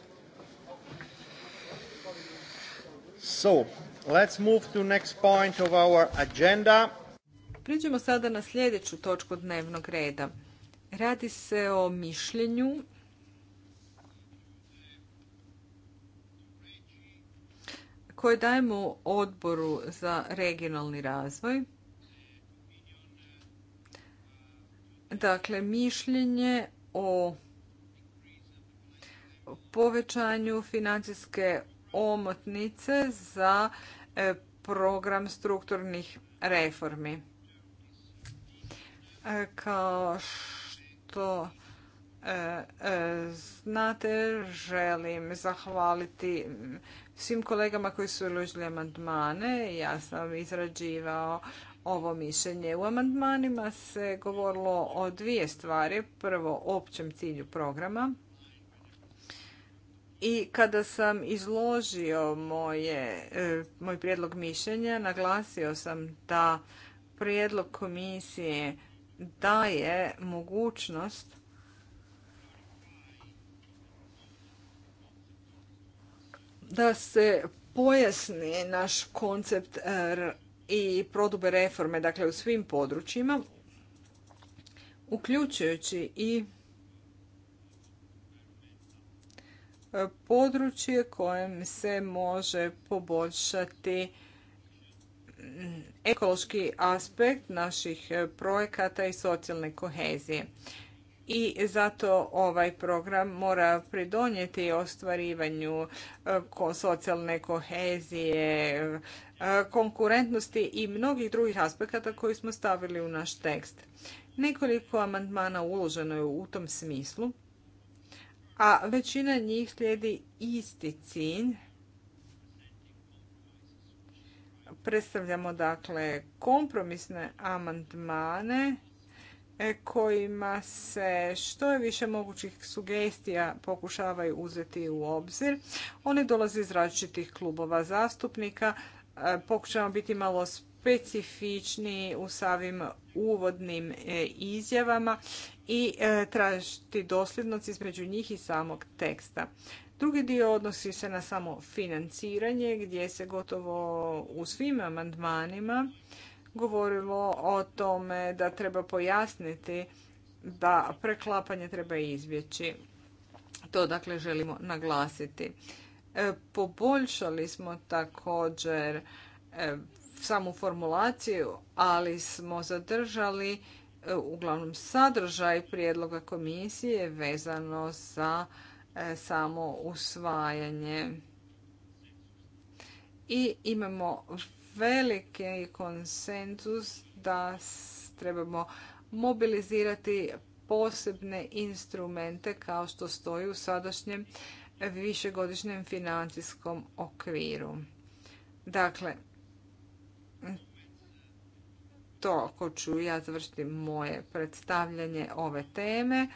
A: So, let's move to next point of our agenda.
B: Priđemo sada na sljedeću točku dnevnog reda. Radi se o mišljenju koje dajemo odboru za regionalni razvoj. Dakle, mišljenje o povećanju financijske omotnice za e, program strukturnih reformi. E, kao što e, znate, želim zahvaliti svim kolegama koji su uložili amandmane. Ja sam izrađivao ovo mišljenje. U amandmanima se govorilo o dvije stvari. Prvo, općem cilju programa. I kada sam izložio moje, e, moj prijedlog mišljenja, naglasio sam da prijedlog komisije daje mogućnost da se pojasni naš koncept eh, i prodube reforme, dakle u svim područjima, uključujući i eh, područje kojem se može poboljšati mm, ekološki aspekt naših eh, projekata i socijalne kohezije i zato ovaj program mora pridonijeti ostvarivanju e, socijalne kohezije, e, konkurentnosti i mnogih drugih aspekata koji smo stavili u naš tekst. Nekoliko amandmana uloženo je u tom smislu, a većina njih slijedi isti cilj. Predstavljamo dakle kompromisne amandmane E, kojima se što je više mogućih sugestija pokušavaju uzeti u obzir. One dolaze iz različitih klubova zastupnika. E, pokušavamo biti malo specifičniji u samim uvodnim e, izjavama i tražiti dosljednost između njih i samog teksta. Drugi dio odnosi se na samo financiranje gdje se gotovo u svim amandmanima govorilo o tome da treba pojasniti da preklapanje treba izbjeći. To dakle želimo naglasiti. E, poboljšali smo također e, samu formulaciju, ali smo zadržali e, uglavnom sadržaj prijedloga komisije vezano za samo usvajanje. I imamo veliki konsenzus da trebamo mobilizirati posebne instrumente kao što stoji u sadašnjem višegodišnjem financijskom okviru. Dakle, ako ću ja završiti moje predstavljanje ove teme.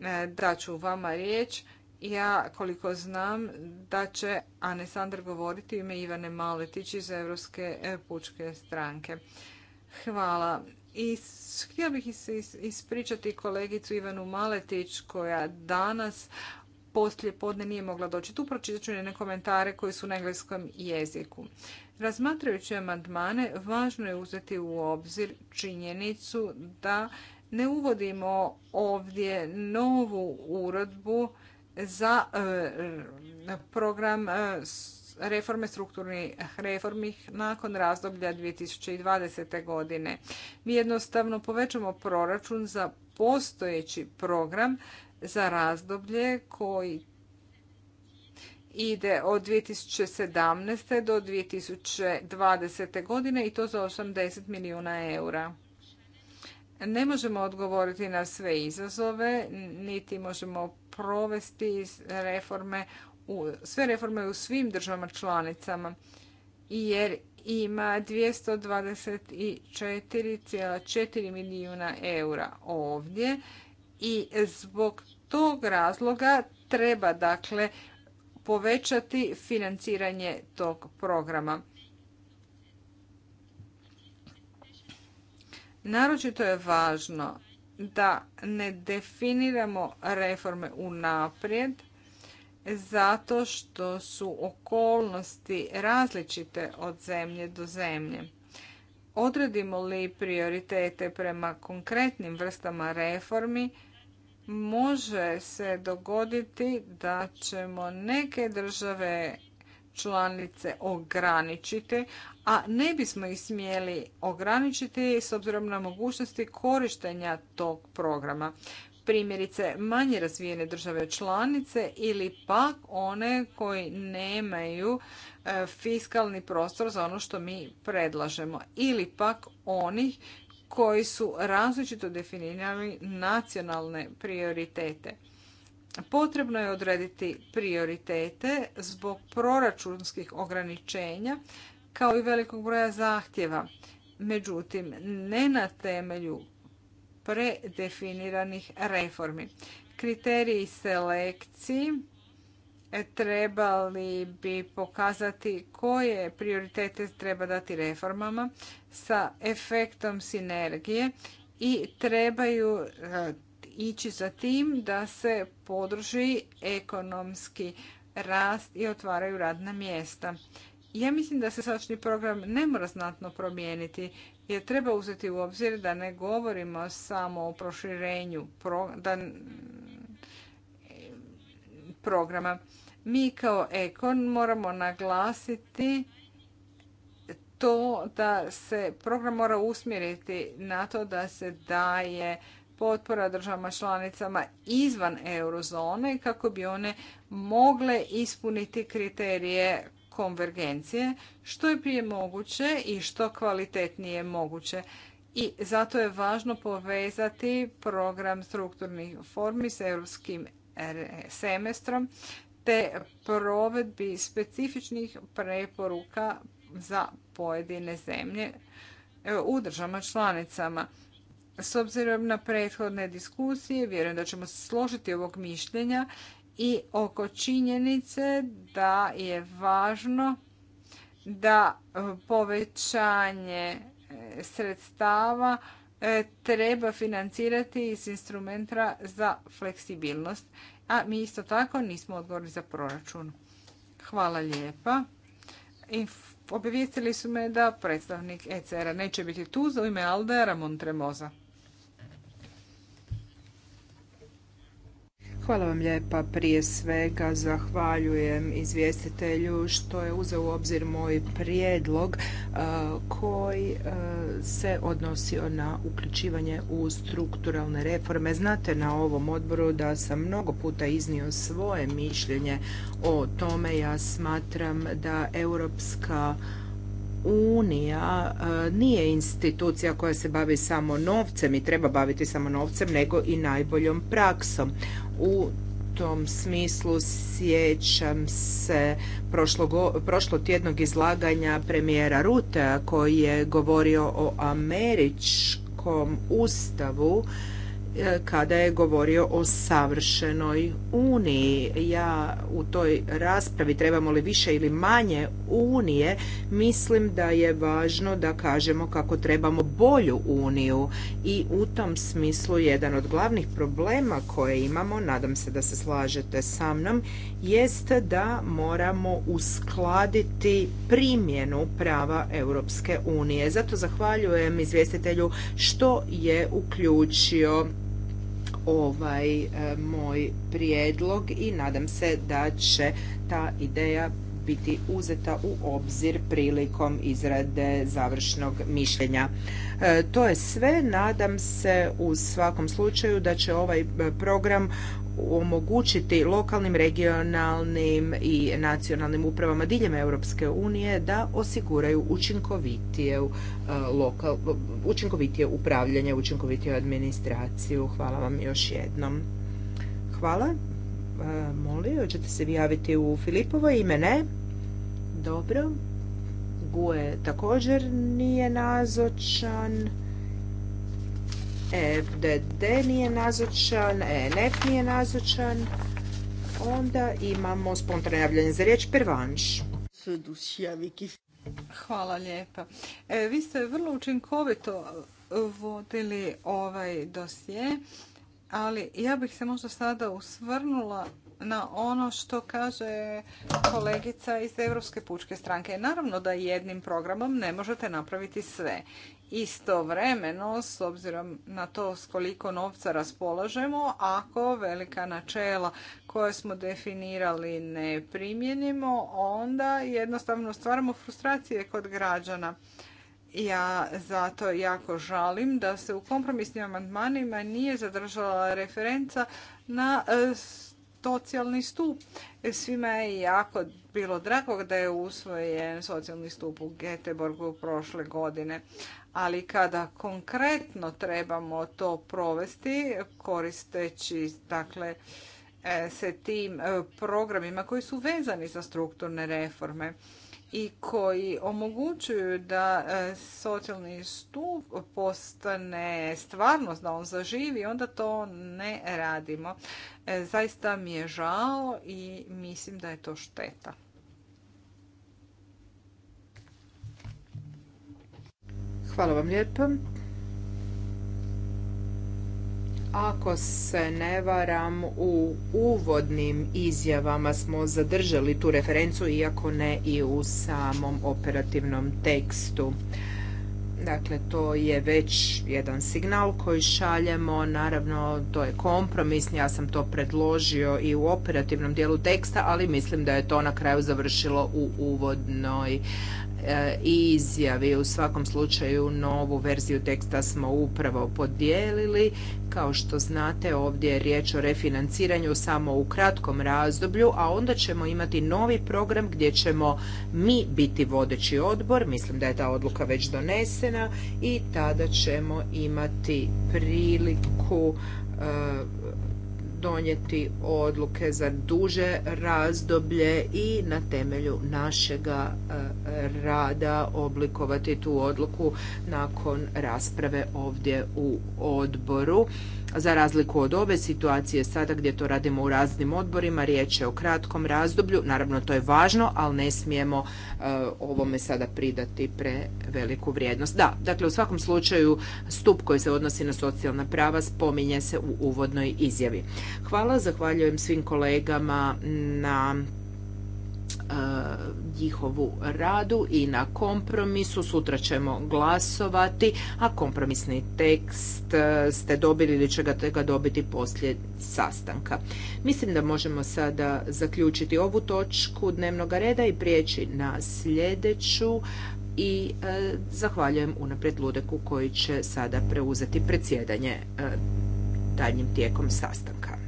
B: E, Daću vama riječ ja, koliko znam, da će Anesandar govoriti ime Ivane Maletić iz Europske e, pučke stranke. Hvala. I htio bih ispričati kolegicu Ivanu Maletić koja danas poslije podne nije mogla doći. Tu pročitat ću njene komentare koji su na engleskom jeziku. Razmatrajući amandmane, važno je uzeti u obzir činjenicu da ne uvodimo ovdje novu urodbu za e, program e, reforme strukturnih reformi nakon razdoblja 2020. godine. Mi jednostavno povećamo proračun za postojeći program za razdoblje koji ide od 2017. do 2020. godine i to za 80 milijuna eura. Ne možemo odgovoriti na sve izazove, niti možemo provesti reforme u, sve reforme u svim državama članicama, jer ima 224,4 milijuna eura ovdje i zbog tog razloga treba dakle povećati financiranje tog programa. Naročito je važno da ne definiramo reforme unaprijed zato što su okolnosti različite od zemlje do zemlje. Odredimo li prioritete prema konkretnim vrstama reformi, može se dogoditi da ćemo neke države članice ograničite, a ne bismo ih smjeli ograničiti s obzirom na mogućnosti korištenja tog programa. Primjerice, manje razvijene države članice ili pak one koji nemaju e, fiskalni prostor za ono što mi predlažemo ili pak onih koji su različito definirali nacionalne prioritete. Potrebno je odrediti prioritete zbog proračunskih ograničenja kao i velikog broja zahtjeva. Međutim, ne na temelju predefiniranih reformi. Kriteriji selekciji e, trebali bi pokazati koje prioritete treba dati reformama sa efektom sinergije i trebaju e, ići za tim da se podrži ekonomski rast i otvaraju radna mjesta. Ja mislim da se sadašnji program ne mora znatno promijeniti jer treba uzeti u obzir da ne govorimo samo o proširenju programa. Mi kao Ekon moramo naglasiti to da se program mora usmjeriti na to da se daje potpora državama članicama izvan eurozone kako bi one mogle ispuniti kriterije konvergencije što je prije moguće i što kvalitetnije moguće. I zato je važno povezati program strukturnih formi s europskim semestrom te provedbi specifičnih preporuka za pojedine zemlje e, u državama članicama. S obzirom na prethodne diskusije, vjerujem da ćemo se složiti ovog mišljenja i oko činjenice da je važno da povećanje e, sredstava e, treba financirati iz instrumenta za fleksibilnost, a mi isto tako nismo odgovorni za proračun. Hvala lijepa. Obavijestili su me da predstavnik ECR-a neće biti tu, za ime Aldera Montremoza.
C: Hvala vam lijepa. Prije svega zahvaljujem izvjestitelju što je uzeo u obzir moj prijedlog koji se odnosio na uključivanje u strukturalne reforme. Znate na ovom odboru da sam mnogo puta iznio svoje mišljenje o tome. Ja smatram da Europska unija nije institucija koja se bavi samo novcem i treba baviti samo novcem nego i najboljom praksom. U tom smislu sjećam se prošlotjednog izlaganja premijera Rutea koji je govorio o američkom ustavu E, kada je govorio o savršenoj uniji. Ja u toj raspravi trebamo li više ili manje unije, mislim da je važno da kažemo kako trebamo bolju uniju i u tom smislu jedan od glavnih problema koje imamo, nadam se da se slažete sa mnom, jest da moramo uskladiti primjenu prava Europske unije. Zato zahvaljujem izvjestitelju što je uključio ovaj e, moj prijedlog i nadam se da će ta ideja biti uzeta u obzir prilikom izrade završnog mišljenja. E, to je sve. Nadam se u svakom slučaju da će ovaj e, program omogućiti lokalnim, regionalnim i nacionalnim upravama diljem Europske unije da osiguraju učinkovitije, uh, lokal, učinkovitije upravljanje, učinkovitiju administraciju. Hvala vam još jednom. Hvala. Uh, Molio, hoćete se vi javiti u Filipovo ime? Ne? Dobro. Gue također nije nazočan. FDD e nije nazočan, ENF nije nazočan. Onda imamo spontano javljanje za riječ, pervanš.
A: Hvala lijepa.
B: E, vi ste vrlo učinkovito vodili ovaj dosje, ali ja bih se možda sada usvrnula na ono što kaže kolegica iz Europske pučke stranke. Naravno da jednim programom ne možete napraviti sve istovremeno s obzirom na to s koliko novca raspolažemo ako velika načela koje smo definirali ne primjenimo onda jednostavno stvaramo frustracije kod građana. Ja zato jako žalim da se u kompromisnim amandmanima nije zadržala referenca na e, socijalni stup. E, svima je jako bilo drago da je usvojen socijalni stup u Geteborgu prošle godine. Ali kada konkretno trebamo to provesti koristeći dakle, e, se tim e, programima koji su vezani za strukturne reforme i koji omogućuju da e, socijalni stup postane stvarnost, da on zaživi, onda to ne radimo. E, zaista mi je žao i mislim da je to šteta.
C: Hvala vam lijepa. Ako se ne varam, u uvodnim izjavama smo zadržali tu referencu, iako ne i u samom operativnom tekstu. Dakle, to je već jedan signal koji šaljemo. Naravno, to je kompromis. Ja sam to predložio i u operativnom dijelu teksta, ali mislim da je to na kraju završilo u uvodnoj E, izjavi. U svakom slučaju novu verziju teksta smo upravo podijelili. Kao što znate ovdje je riječ o refinanciranju samo u kratkom razdoblju, a onda ćemo imati novi program gdje ćemo mi biti vodeći odbor, mislim da je ta odluka već donesena i tada ćemo imati priliku e, donijeti odluke za duže razdoblje i na temelju našega eh, rada oblikovati tu odluku nakon rasprave ovdje u odboru. Za razliku od ove situacije sada gdje to radimo u raznim odborima, riječ je o kratkom razdoblju, naravno to je važno, ali ne smijemo e, ovome sada pridati preveliku vrijednost. Da, dakle u svakom slučaju stup koji se odnosi na socijalna prava spominje se u uvodnoj izjavi. Hvala, zahvaljujem svim kolegama na njihovu radu i na kompromisu. Sutra ćemo glasovati, a kompromisni tekst ste dobili ili će ga dobiti poslije sastanka. Mislim da možemo sada zaključiti ovu točku dnevnog reda i prijeći na sljedeću i zahvaljujem unaprijed Ludeku koji će sada preuzeti predsjedanje e, tijekom sastanka.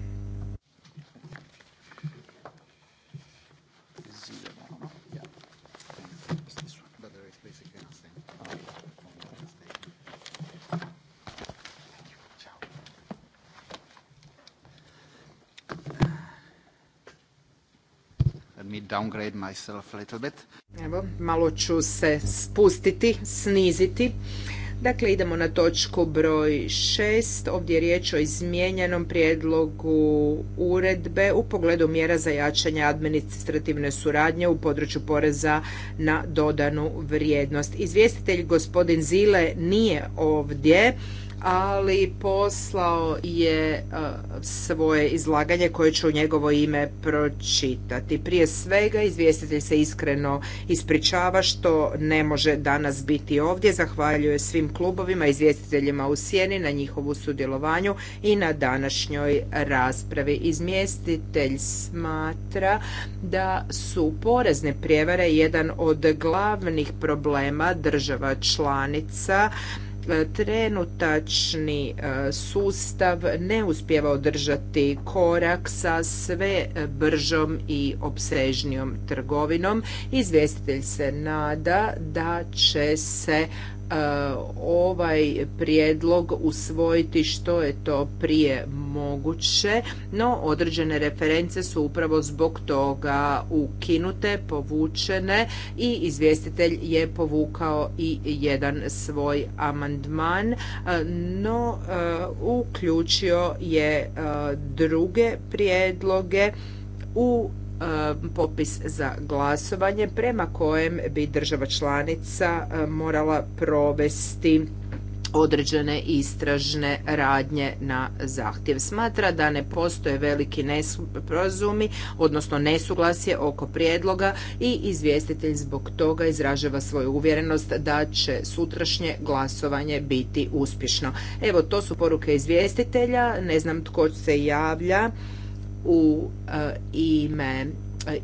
A: me downgrade myself
C: Evo, malo ću se spustiti, sniziti. Dakle, idemo na točku broj 6. Ovdje je riječ o izmijenjenom prijedlogu uredbe u pogledu mjera za jačanje administrativne suradnje u području poreza na dodanu vrijednost. Izvjestitelj gospodin Zile nije ovdje ali poslao je e, svoje izlaganje koje ću u njegovo ime pročitati. Prije svega izvjestitelj se iskreno ispričava što ne može danas biti ovdje. Zahvaljuje svim klubovima, izvjestiteljima u sjeni na njihovu sudjelovanju i na današnjoj raspravi. Izvjestitelj smatra da su porezne prijevare jedan od glavnih problema država članica trenutačni e, sustav ne uspjeva održati korak sa sve bržom i opsežnijom trgovinom. Izvjestitelj se nada da će se E, ovaj prijedlog usvojiti što je to prije moguće, no određene reference su upravo zbog toga ukinute, povučene i izvjestitelj je povukao i jedan svoj amandman, e, no e, uključio je druge prijedloge u E, popis za glasovanje prema kojem bi država članica e, morala provesti određene istražne radnje na zahtjev. Smatra da ne postoje veliki nesporazumi, odnosno nesuglasje oko prijedloga i izvjestitelj zbog toga izražava svoju uvjerenost da će sutrašnje glasovanje biti uspješno. Evo, to su poruke izvjestitelja. Ne znam tko se javlja u e, ime e,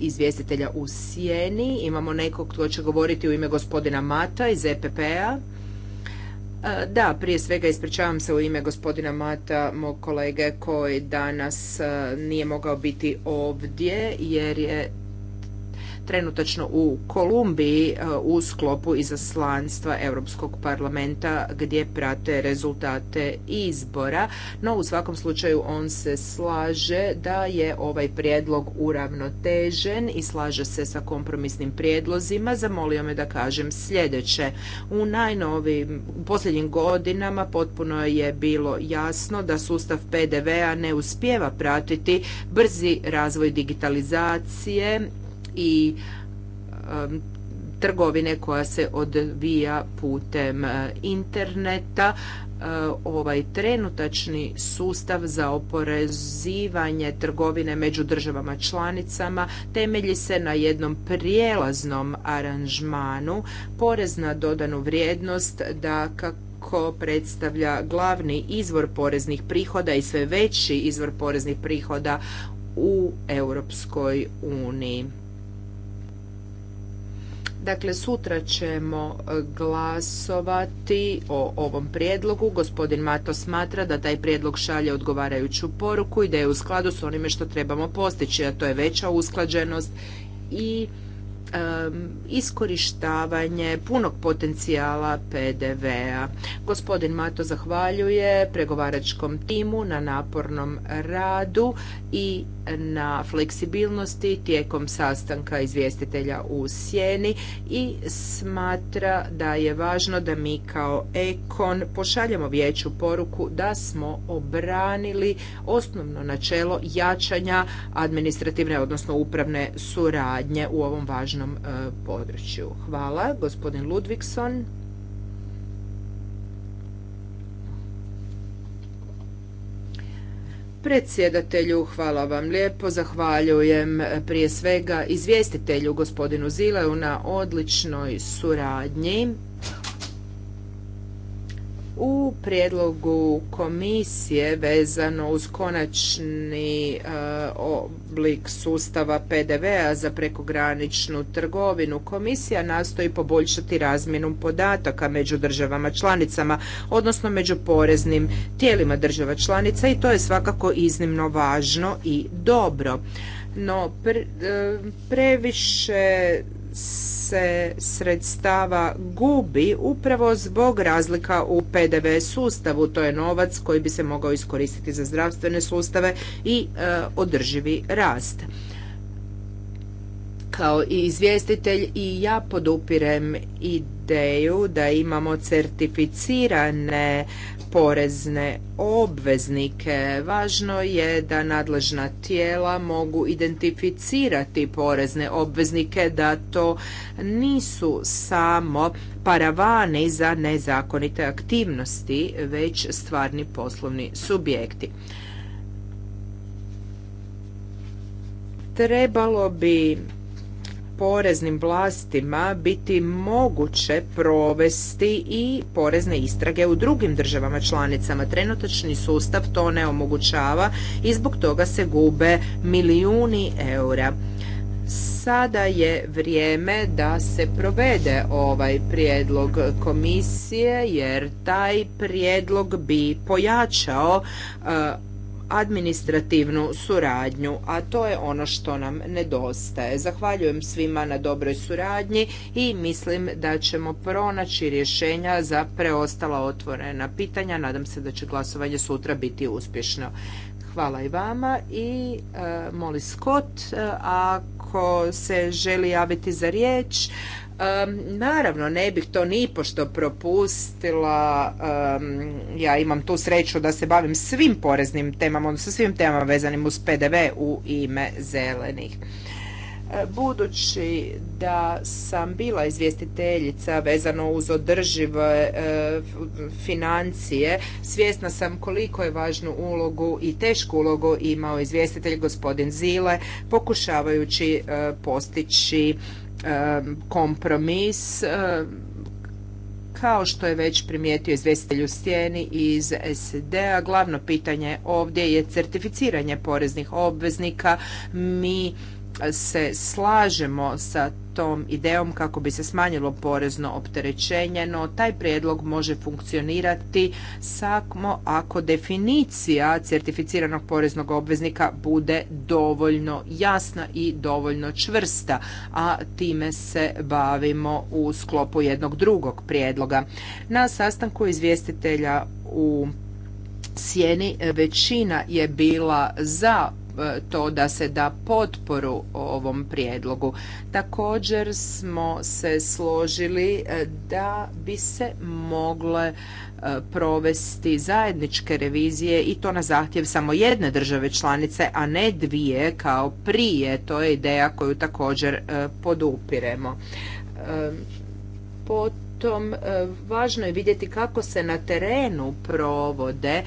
C: izvjestitelja u sjeni. Imamo nekog tko će govoriti u ime gospodina Mata iz EPP-a. E, da, prije svega ispričavam se u ime gospodina Mata, mog kolege koji danas nije mogao biti ovdje jer je trenutačno u Kolumbiji e, u sklopu izaslanstva Europskog parlamenta gdje prate rezultate izbora, no u svakom slučaju on se slaže da je ovaj prijedlog uravnotežen i slaže se sa kompromisnim prijedlozima. Zamolio me da kažem sljedeće. U najnovim, u posljednjim godinama potpuno je bilo jasno da sustav PDV-a ne uspijeva pratiti brzi razvoj digitalizacije i trgovine koja se odvija putem e, interneta. E, ovaj trenutačni sustav za oporezivanje trgovine među državama članicama temelji se na jednom prijelaznom aranžmanu porez na dodanu vrijednost da kako predstavlja glavni izvor poreznih prihoda i sve veći izvor poreznih prihoda u Europskoj uniji. Dakle, sutra ćemo e, glasovati o ovom prijedlogu. Gospodin Mato smatra da taj prijedlog šalje odgovarajuću poruku i da je u skladu s onime što trebamo postići, a to je veća usklađenost i iskorištavanje punog potencijala PDV-a. Gospodin Mato zahvaljuje pregovaračkom timu na napornom radu i na fleksibilnosti tijekom sastanka izvjestitelja u sjeni i smatra da je važno da mi kao ekon pošaljemo vijeću poruku da smo obranili osnovno načelo jačanja administrativne odnosno upravne suradnje u ovom važnom E, području. Hvala, gospodin Ludvigson. Predsjedatelju, hvala vam lijepo. Zahvaljujem e, prije svega izvjestitelju gospodinu Zileu na odličnoj suradnji. U prijedlogu komisije vezano uz konačni e, oblik sustava PDV-a za prekograničnu trgovinu komisija nastoji poboljšati razmjenu podataka među državama članicama, odnosno među poreznim tijelima država članica i to je svakako iznimno važno i dobro. No e, previše se sredstava gubi upravo zbog razlika u PDV sustavu. To je novac koji bi se mogao iskoristiti za zdravstvene sustave i e, održivi rast. Kao i izvjestitelj i ja podupirem ideju da imamo certificirane porezne obveznike. Važno je da nadležna tijela mogu identificirati porezne obveznike da to nisu samo paravani za nezakonite aktivnosti, već stvarni poslovni subjekti. Trebalo bi poreznim vlastima biti moguće provesti i porezne istrage u drugim državama članicama. Trenutačni sustav to ne omogućava i zbog toga se gube milijuni eura. Sada je vrijeme da se provede ovaj prijedlog komisije jer taj prijedlog bi pojačao e, administrativnu suradnju, a to je ono što nam nedostaje. Zahvaljujem svima na dobroj suradnji i mislim da ćemo pronaći rješenja za preostala otvorena pitanja. Nadam se da će glasovanje sutra biti uspješno. Hvala i vama i e, moli Scott, e, ako se želi javiti za riječ, naravno, ne bih to nipošto propustila. ja imam tu sreću da se bavim svim poreznim temama, odnosno svim temama vezanim uz PDV u ime zelenih. E, budući da sam bila izvjestiteljica vezano uz održive e, financije, svjesna sam koliko je važnu ulogu i tešku ulogu imao izvjestitelj gospodin Zile, pokušavajući e, postići kompromis kao što je već primijetio izvjestitelj u stijeni iz SED-a, glavno pitanje ovdje je certificiranje poreznih obveznika. Mi se slažemo sa ovom idejom kako bi se smanjilo porezno opterećenje, no taj prijedlog može funkcionirati samo ako definicija certificiranog poreznog obveznika bude dovoljno jasna i dovoljno čvrsta, a time se bavimo u sklopu jednog drugog prijedloga. Na sastanku izvjestitelja u sjeni većina je bila za to da se da potporu ovom prijedlogu. Također smo se složili e, da bi se mogle e, provesti zajedničke revizije i to na zahtjev samo jedne države članice, a ne dvije kao prije. To je ideja koju također e, podupiremo. Potom važno je vidjeti kako se na terenu provode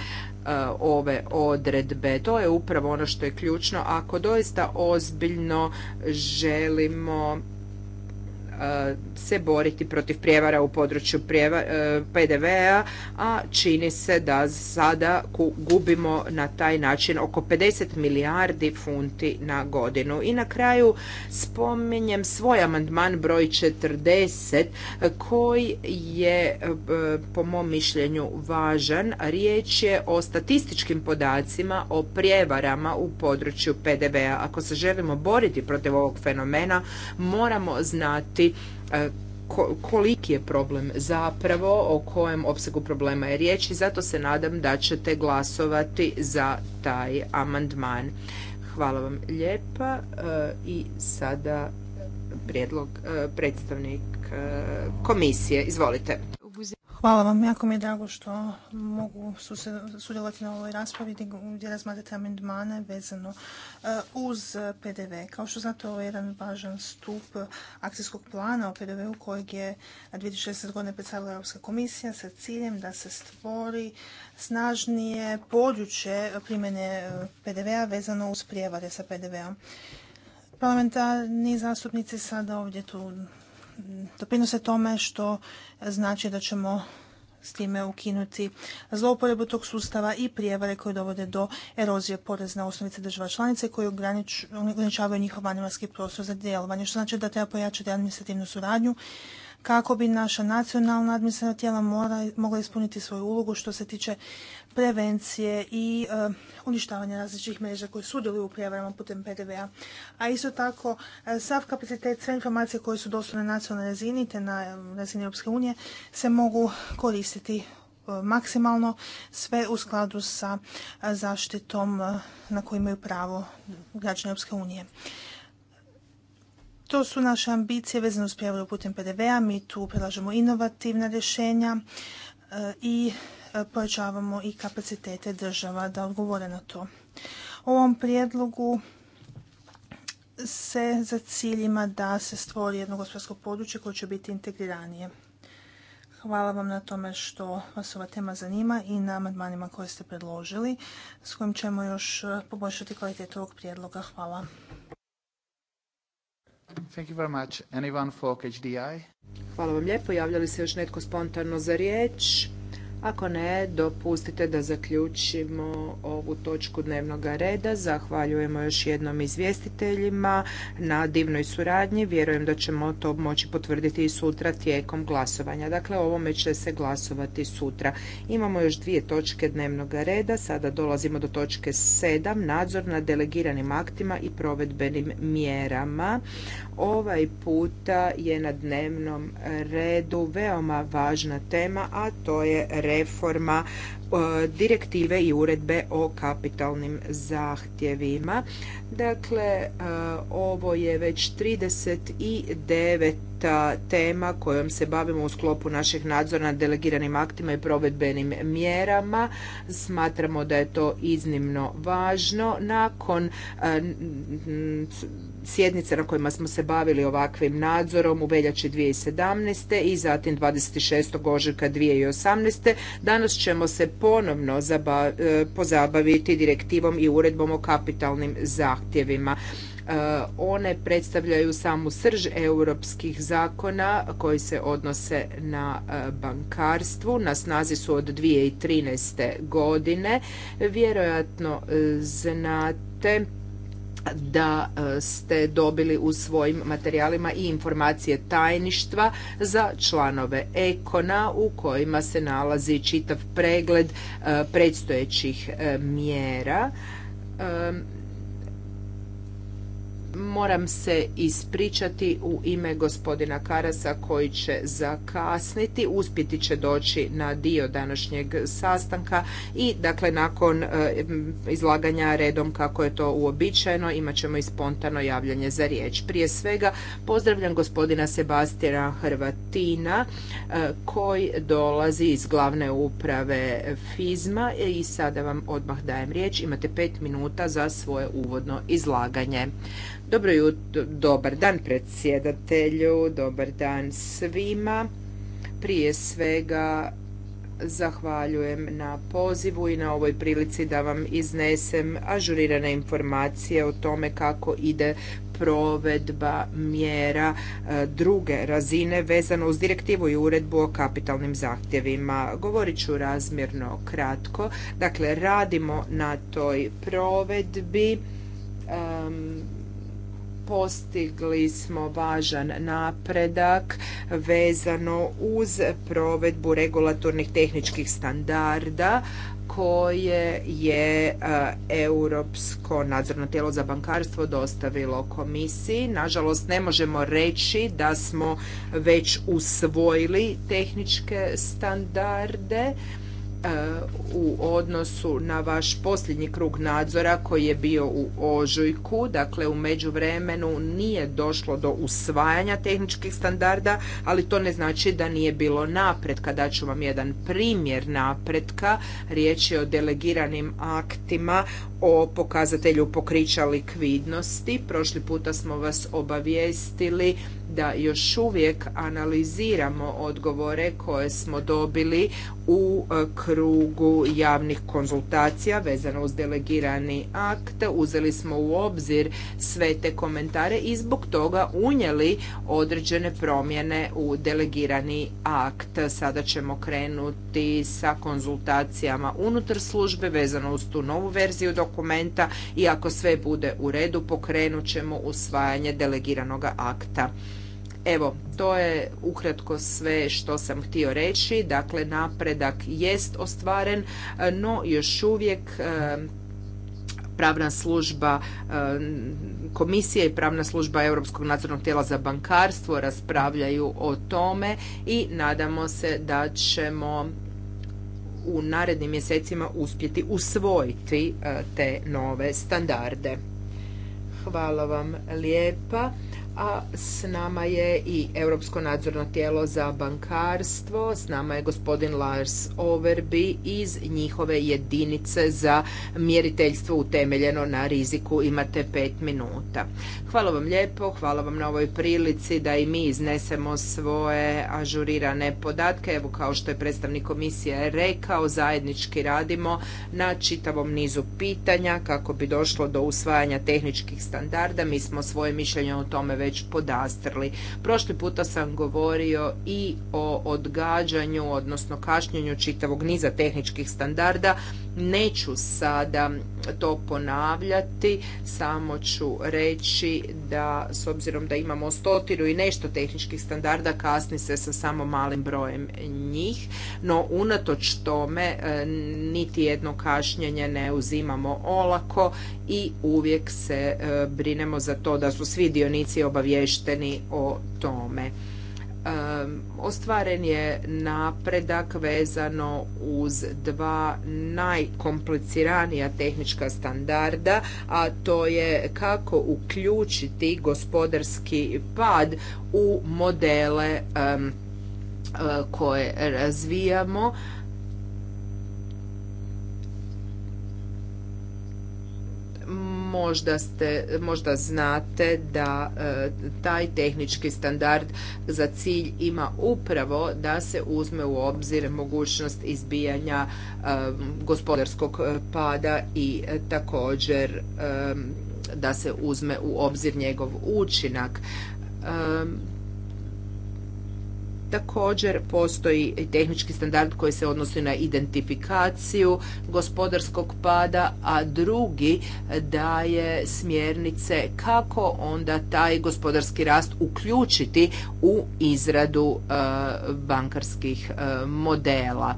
C: E, ove odredbe. To je upravo ono što je ključno. Ako doista ozbiljno želimo Eh, se boriti protiv prijevara u području PDV-a, eh, a čini se da sada gubimo na taj način oko 50 milijardi funti na godinu. I na kraju spominjem svoj amandman broj 40 eh, koji je po mom mišljenju važan. Riječ je o statističkim podacima o prijevarama u području PDV-a. Ako se želimo boriti protiv ovog fenomena, moramo znati E, kolik koliki je problem zapravo, o kojem opsegu problema je riječ i zato se nadam da ćete glasovati za taj amandman. Hvala vam lijepa e, i sada prijedlog e, predstavnik komisije. Izvolite.
A: Hvala vam. Jako mi je drago što mogu sudjelovati na ovoj raspravi gdje razmatrate amendmane vezano e, uz PDV. Kao što znate, ovo je jedan važan stup akcijskog plana o PDV-u kojeg je 2016. godine predstavila Europska komisija sa ciljem da se stvori snažnije područje primjene e, PDV-a vezano uz prijevare sa PDV-om. Parlamentarni zastupnici sada ovdje tu doprinose tome što znači da ćemo s time ukinuti zlouporabu tog sustava i prijevare koje dovode do erozije porezne osnovice država članice koje ograničavaju njihov manevarski prostor za djelovanje, što znači da treba pojačati administrativnu suradnju kako bi naša nacionalna administrativna tijela mora, mogla ispuniti svoju ulogu što se tiče prevencije i e, uništavanja različitih mreža koje sudjeluju u prijevarama putem PDV-a. A isto tako, e, sav kapacitet, sve informacije koje su dostupne na nacionalnoj razini te na e, razini Europske unije se mogu koristiti maksimalno sve u skladu sa zaštitom na koju imaju pravo građani Europske unije. To su naše ambicije vezane uz prijavu putem PDV-a. Mi tu predlažemo inovativna rješenja e, i e, pojačavamo i kapacitete država da odgovore na to. U ovom prijedlogu se za ciljima da se stvori jedno gospodarsko područje koje će biti integriranije. Hvala vam na tome što vas ova tema zanima i na amandmanima koje ste predložili s kojim ćemo još e, poboljšati kvalitetu ovog prijedloga. Hvala.
C: Thank you very Hvala vam lijepo. Javlja li se još netko spontano za riječ? Ako ne, dopustite da zaključimo ovu točku dnevnog reda. Zahvaljujemo još jednom izvjestiteljima na divnoj suradnji. Vjerujem da ćemo to moći potvrditi i sutra tijekom glasovanja. Dakle, ovome će se glasovati sutra. Imamo još dvije točke dnevnog reda. Sada dolazimo do točke 7. Nadzor nad delegiranim aktima i provedbenim mjerama. Ovaj puta je na dnevnom redu veoma važna tema, a to je reforma e, direktive i uredbe o kapitalnim zahtjevima. Dakle, e, ovo je već 39 tema kojom se bavimo u sklopu našeg nadzora nad delegiranim aktima i provedbenim mjerama. Smatramo da je to iznimno važno. Nakon e, sjednice na kojima smo se bavili ovakvim nadzorom u veljači 2017. i zatim 26. ožujka 2018. Danas ćemo se ponovno e, pozabaviti direktivom i uredbom o kapitalnim zahtjevima. E, one predstavljaju samu srž europskih zakona koji se odnose na e, bankarstvu. Na snazi su od 2013. godine. Vjerojatno znate da e, ste dobili u svojim materijalima i informacije tajništva za članove Ekona u kojima se nalazi čitav pregled e, predstojećih e, mjera Moram se ispričati u ime gospodina Karasa koji će zakasniti, uspjeti će doći na dio današnjeg sastanka i dakle nakon e, izlaganja redom kako je to uobičajeno imat ćemo i spontano javljanje za riječ. Prije svega pozdravljam gospodina Sebastijana Hrvatina e, koji dolazi iz glavne uprave FIZMA i sada vam odmah dajem riječ. Imate pet minuta za svoje uvodno izlaganje. Dobro jutro, dobar dan predsjedatelju, dobar dan svima. Prije svega zahvaljujem na pozivu i na ovoj prilici da vam iznesem ažurirane informacije o tome kako ide provedba mjera e, druge razine vezano uz direktivu i uredbu o kapitalnim zahtjevima. Govorit ću razmjerno kratko. Dakle, radimo na toj provedbi postigli smo važan napredak vezano uz provedbu regulatornih tehničkih standarda koje je e, Europsko nadzorno tijelo za bankarstvo dostavilo komisiji. Nažalost, ne možemo reći da smo već usvojili tehničke standarde E, u odnosu na vaš posljednji krug nadzora koji je bio u ožujku, dakle u međuvremenu nije došlo do usvajanja tehničkih standarda, ali to ne znači da nije bilo napretka. ću vam jedan primjer napretka, riječ je o delegiranim aktima o pokazatelju pokrića likvidnosti. Prošli puta smo vas obavijestili da još uvijek analiziramo odgovore koje smo dobili u e, krugu javnih konzultacija vezano uz delegirani akt. Uzeli smo u obzir sve te komentare i zbog toga unijeli određene promjene u delegirani akt. Sada ćemo krenuti sa konzultacijama unutar službe vezano uz tu novu verziju dokumenta i ako sve bude u redu pokrenut ćemo usvajanje delegiranog akta. Evo, to je ukratko sve što sam htio reći. Dakle, napredak jest ostvaren, no još uvijek e, pravna služba e, komisije i pravna služba Europskog nadzornog tijela za bankarstvo raspravljaju o tome i nadamo se da ćemo u narednim mjesecima uspjeti usvojiti e, te nove standarde. Hvala vam lijepa a s nama je i Europsko nadzorno tijelo za bankarstvo, s nama je gospodin Lars Overby iz njihove jedinice za mjeriteljstvo utemeljeno na riziku. Imate pet minuta. Hvala vam lijepo, hvala vam na ovoj prilici da i mi iznesemo svoje ažurirane podatke. Evo kao što je predstavnik komisije rekao, zajednički radimo na čitavom nizu pitanja kako bi došlo do usvajanja tehničkih standarda. Mi smo svoje mišljenje o tome već podastrli. Prošli puta sam govorio i o odgađanju, odnosno kašnjenju čitavog niza tehničkih standarda. Neću sada to ponavljati, samo ću reći da s obzirom da imamo stotinu i nešto tehničkih standarda, kasni se sa samo malim brojem njih, no unatoč tome e, niti jedno kašnjenje ne uzimamo olako i uvijek se e, brinemo za to da su svi dionici obaviješteni o tome. Ostvaren je napredak vezano uz dva najkompliciranija tehnička standarda, a to je kako uključiti gospodarski pad u modele e, koje razvijamo Možda, znate da e, taj tehnički standard za cilj ima upravo da se uzme u obzir mogućnost izbijanja e, gospodarskog e, pada i također da se uzme u obzir njegov učinak. Također postoji tehnički standard koji se odnosi na identifikaciju gospodarskog pada, a drugi daje smjernice kako onda taj gospodarski rast uključiti u izradu e, bankarskih e, modela.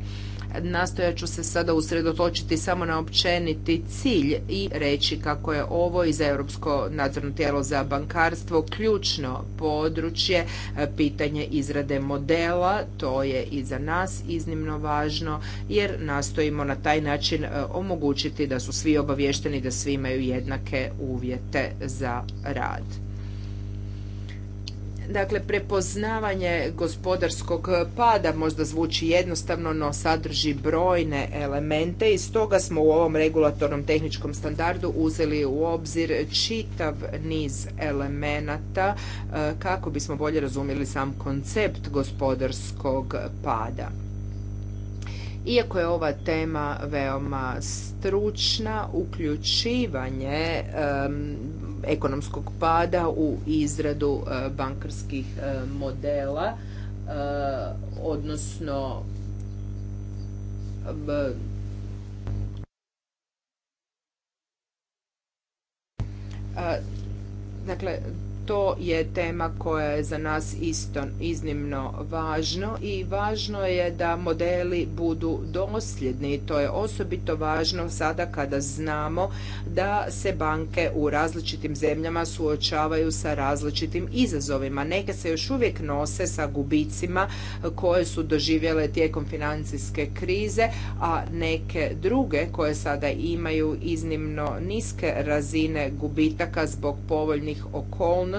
C: Nastojat ću se sada usredotočiti samo na općeniti cilj i reći kako je ovo i za Europsko nadzorno tijelo za bankarstvo ključno područje e, pitanje izrade modela. To je i za nas iznimno važno jer nastojimo na taj način e, omogućiti da su svi obavješteni da svi imaju jednake uvjete za rad. Dakle, prepoznavanje gospodarskog pada možda zvuči jednostavno, no sadrži brojne elemente i stoga smo u ovom regulatornom tehničkom standardu uzeli u obzir čitav niz elemenata e, kako bismo bolje razumjeli sam koncept gospodarskog pada. Iako je ova tema veoma stručna, uključivanje ekonomskog pada u izradu e, bankarskih e, modela, e, odnosno dakle to je tema koja je za nas isto iznimno važno i važno je da modeli budu dosljedni. To je osobito važno sada kada znamo da se banke u različitim zemljama suočavaju sa različitim izazovima. Neke se još uvijek nose sa gubicima koje su doživjele tijekom financijske krize, a neke druge koje sada imaju iznimno niske razine gubitaka zbog povoljnih okolnosti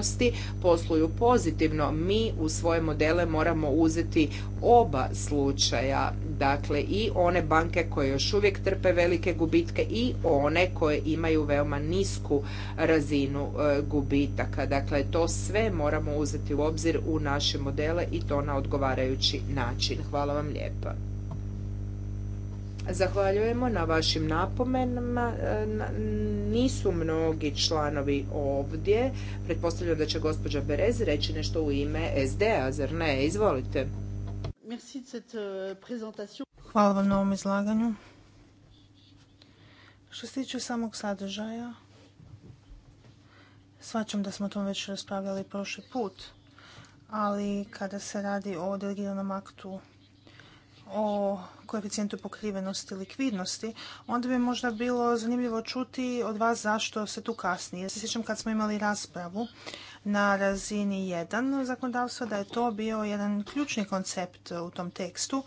C: posluju pozitivno. Mi u svoje modele moramo uzeti oba slučaja, dakle i one banke koje još uvijek trpe velike gubitke i one koje imaju veoma nisku razinu e, gubitaka. Dakle, to sve moramo uzeti u obzir u naše modele i to na odgovarajući način. Hvala vam lijepa. Zahvaljujemo na vašim napomenama. E, nisu mnogi članovi ovdje. Pretpostavljam da će gospođa Berez reći nešto u ime SD-a, zar ne? Izvolite.
A: E, Hvala vam na ovom izlaganju. Što se tiče samog sadržaja, svačam da smo o tom već raspravljali prošli put, ali kada se radi o delegiranom aktu o koeficijentu pokrivenosti likvidnosti, onda bi možda bilo zanimljivo čuti od vas zašto se tu kasni. Ja se sjećam kad smo imali raspravu na razini 1 zakonodavstva da je to bio jedan ključni koncept u tom tekstu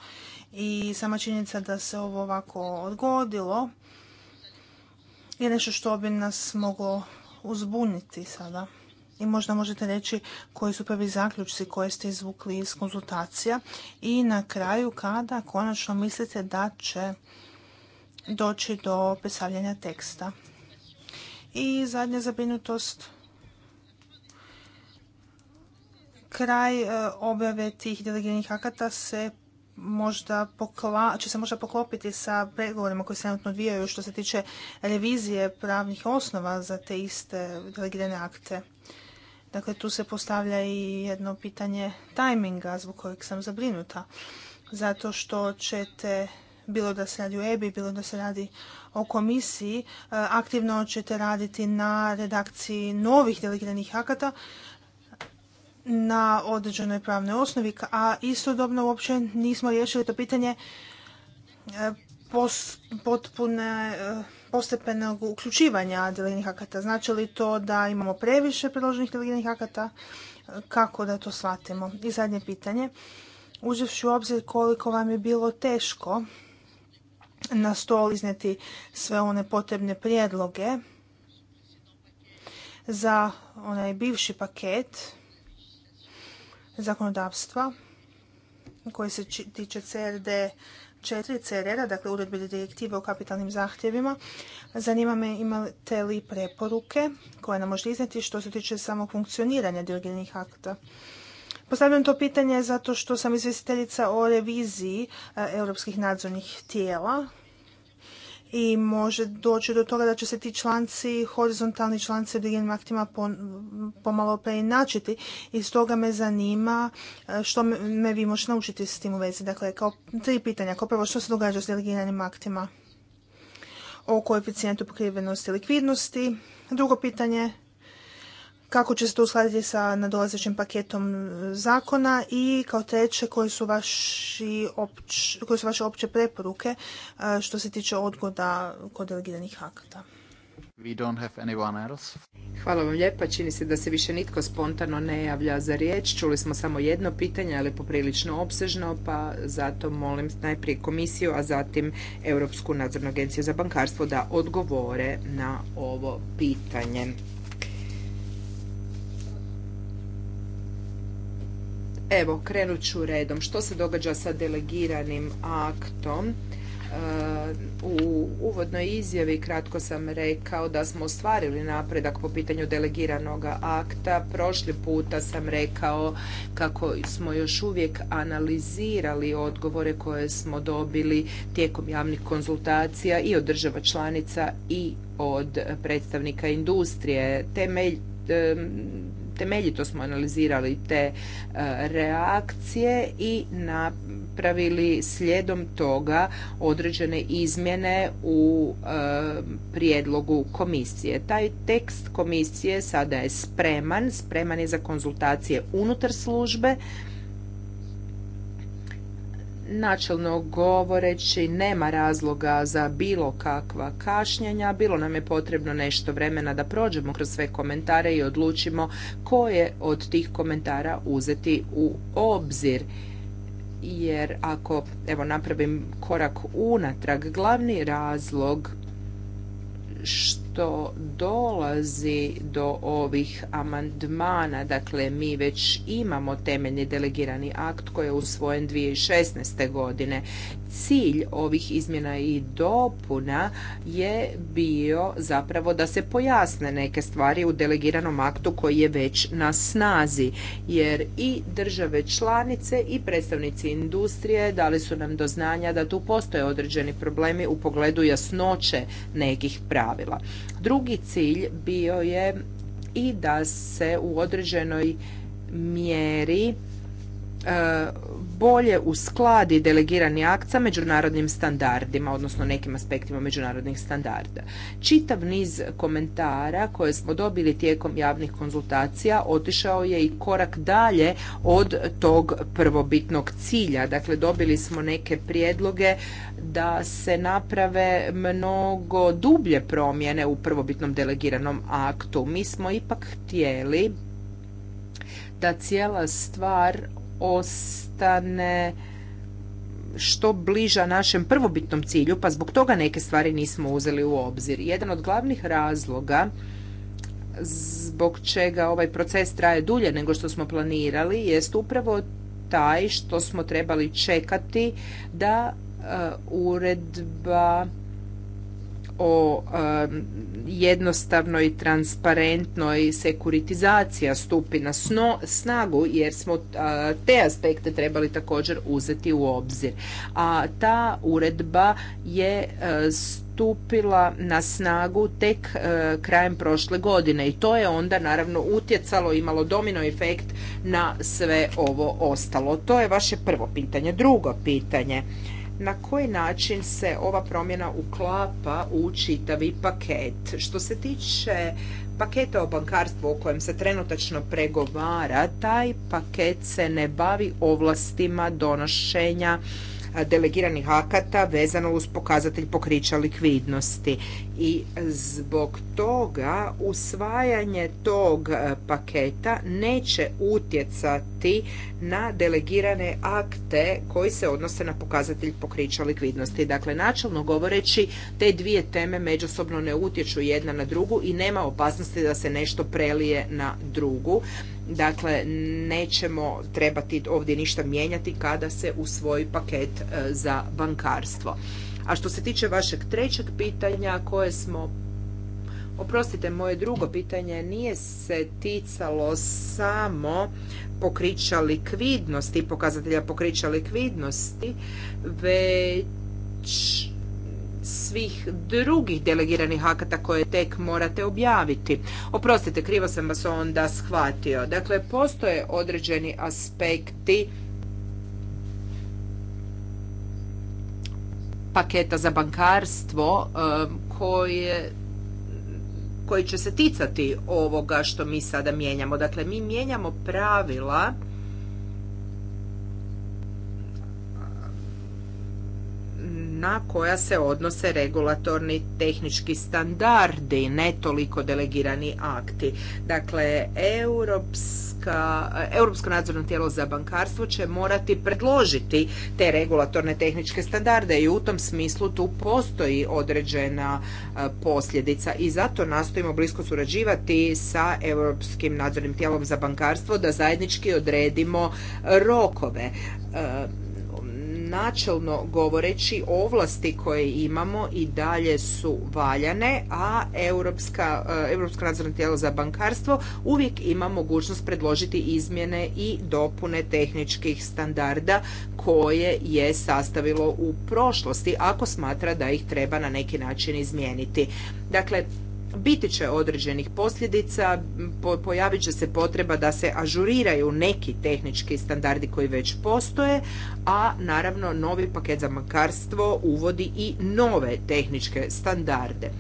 A: i sama činjenica da se ovo ovako odgodilo je nešto što bi nas moglo uzbuniti sada i možda možete reći koji su prvi zaključci koje ste izvukli iz konzultacija i na kraju kada konačno mislite da će doći do predstavljanja teksta. I zadnja zabrinutost kraj e, objave tih delegiranih akata se možda će se možda poklopiti sa pregovorima koji se trenutno odvijaju što se tiče revizije pravnih osnova za te iste delegirane akte. Dakle, tu se postavlja i jedno pitanje tajminga zbog kojeg sam zabrinuta. Zato što ćete, bilo da se radi o EBI, bilo da se radi o komisiji, e, aktivno ćete raditi na redakciji novih delegiranih akata na određenoj pravnoj osnovi, a istodobno uopće nismo riješili to pitanje e, potpune e, postepenog uključivanja delegiranih akata. Znači li to da imamo previše predloženih delegiranih akata? Kako da to shvatimo? I zadnje pitanje. Uđevši u obzir koliko vam je bilo teško na stol izneti sve one potrebne prijedloge za onaj bivši paket zakonodavstva koji se tiče CRD četiri CRR-a, dakle uredbe direktive o kapitalnim zahtjevima. Zanima me imate li preporuke koje nam možete iznijeti što se tiče samog funkcioniranja diogenih akta. Postavljam to pitanje zato što sam izvjestiteljica o reviziji e, europskih nadzornih tijela i može doći do toga da će se ti članci, horizontalni članci u drugim aktima pomalo preinačiti i stoga me zanima e, što me vi možete naučiti s tim u vezi. Dakle, kao tri pitanja. Kao prvo, što se događa s delegiranim aktima? O koeficijentu pokrivenosti likvidnosti. Drugo pitanje, kako će se to uskladiti sa nadolazećim paketom e, zakona i kao treće koje su, koje su vaše opće preporuke e, što se tiče odgoda kod delegiranih akata.
C: Hvala vam lijepa. Čini se da se više nitko spontano ne javlja za riječ. Čuli smo samo jedno pitanje, ali poprilično opsežno, pa zato molim najprije komisiju, a zatim Europsku nadzornu agenciju za bankarstvo da odgovore na ovo pitanje. Evo, krenut ću redom. Što se događa sa delegiranim aktom? E, u uvodnoj izjavi kratko sam rekao da smo ostvarili napredak po pitanju delegiranog akta. Prošli puta sam rekao kako smo još uvijek analizirali odgovore koje smo dobili tijekom javnih konzultacija i od država članica i od predstavnika industrije. Temelj temeljito smo analizirali te e, reakcije i napravili slijedom toga određene izmjene u e, prijedlogu komisije. Taj tekst komisije sada je spreman, spreman je za konzultacije unutar službe Načelno govoreći nema razloga za bilo kakva kašnjenja, bilo nam je potrebno nešto vremena da prođemo kroz sve komentare i odlučimo koje od tih komentara uzeti u obzir. Jer ako evo napravim korak unatrag, glavni razlog što što dolazi do ovih amandmana, dakle mi već imamo temeljni delegirani akt koji je usvojen 2016. godine cilj ovih izmjena i dopuna je bio zapravo da se pojasne neke stvari u delegiranom aktu koji je već na snazi jer i države članice i predstavnici industrije dali su nam do znanja da tu postoje određeni problemi u pogledu jasnoće nekih pravila. Drugi cilj bio je i da se u određenoj mjeri e, bolje uskladi delegirani akt sa međunarodnim standardima, odnosno nekim aspektima međunarodnih standarda. Čitav niz komentara koje smo dobili tijekom javnih konzultacija otišao je i korak dalje od tog prvobitnog cilja. Dakle, dobili smo neke prijedloge da se naprave mnogo dublje promjene u prvobitnom delegiranom aktu. Mi smo ipak htjeli da cijela stvar ostane što bliža našem prvobitnom cilju, pa zbog toga neke stvari nismo uzeli u obzir. Jedan od glavnih razloga zbog čega ovaj proces traje dulje nego što smo planirali jest upravo taj što smo trebali čekati da e, uredba o jednostavnoj i transparentnoj sekuritizacija stupi na snagu jer smo eh, te aspekte trebali također uzeti u obzir. A ta uredba je eh, stupila na snagu tek eh, krajem prošle godine i to je onda naravno utjecalo, imalo domino efekt na sve ovo ostalo. To je vaše prvo pitanje. Drugo pitanje na koji način se ova promjena uklapa u čitavi paket. Što se tiče paketa o bankarstvu o kojem se trenutačno pregovara, taj paket se ne bavi ovlastima donošenja delegiranih akata vezano uz pokazatelj pokrića likvidnosti. I zbog toga usvajanje tog paketa neće utjecati na delegirane akte koji se odnose na pokazatelj pokrića likvidnosti. Dakle, načelno govoreći, te dvije teme međusobno ne utječu jedna na drugu i nema opasnosti da se nešto prelije na drugu. Dakle, nećemo trebati ovdje ništa mijenjati kada se usvoji paket e, za bankarstvo. A što se tiče vašeg trećeg pitanja koje smo Oprostite, moje drugo pitanje nije se ticalo samo pokrića likvidnosti, pokazatelja pokrića likvidnosti, već svih drugih delegiranih akata koje tek morate objaviti. Oprostite, krivo sam vas onda shvatio. Dakle, postoje određeni aspekti paketa za bankarstvo eh, koje koji će se ticati ovoga što mi sada mijenjamo. Dakle, mi mijenjamo pravila na koja se odnose regulatorni tehnički standardi, ne toliko delegirani akti. Dakle, Europska, Europsko nadzorno tijelo za bankarstvo će morati predložiti te regulatorne tehničke standarde i u tom smislu tu postoji određena e, posljedica i zato nastojimo blisko surađivati sa Europskim nadzornim tijelom za bankarstvo da zajednički odredimo rokove e, načelno govoreći ovlasti koje imamo i dalje su valjane, a Europska, e, Europsko tijelo za bankarstvo uvijek ima mogućnost predložiti izmjene i dopune tehničkih standarda koje je sastavilo u prošlosti ako smatra da ih treba na neki način izmijeniti. Dakle, biti će određenih posljedica, pojavit će se potreba da se ažuriraju neki tehnički standardi koji već postoje, a naravno novi paket za bankarstvo uvodi i nove tehničke standarde.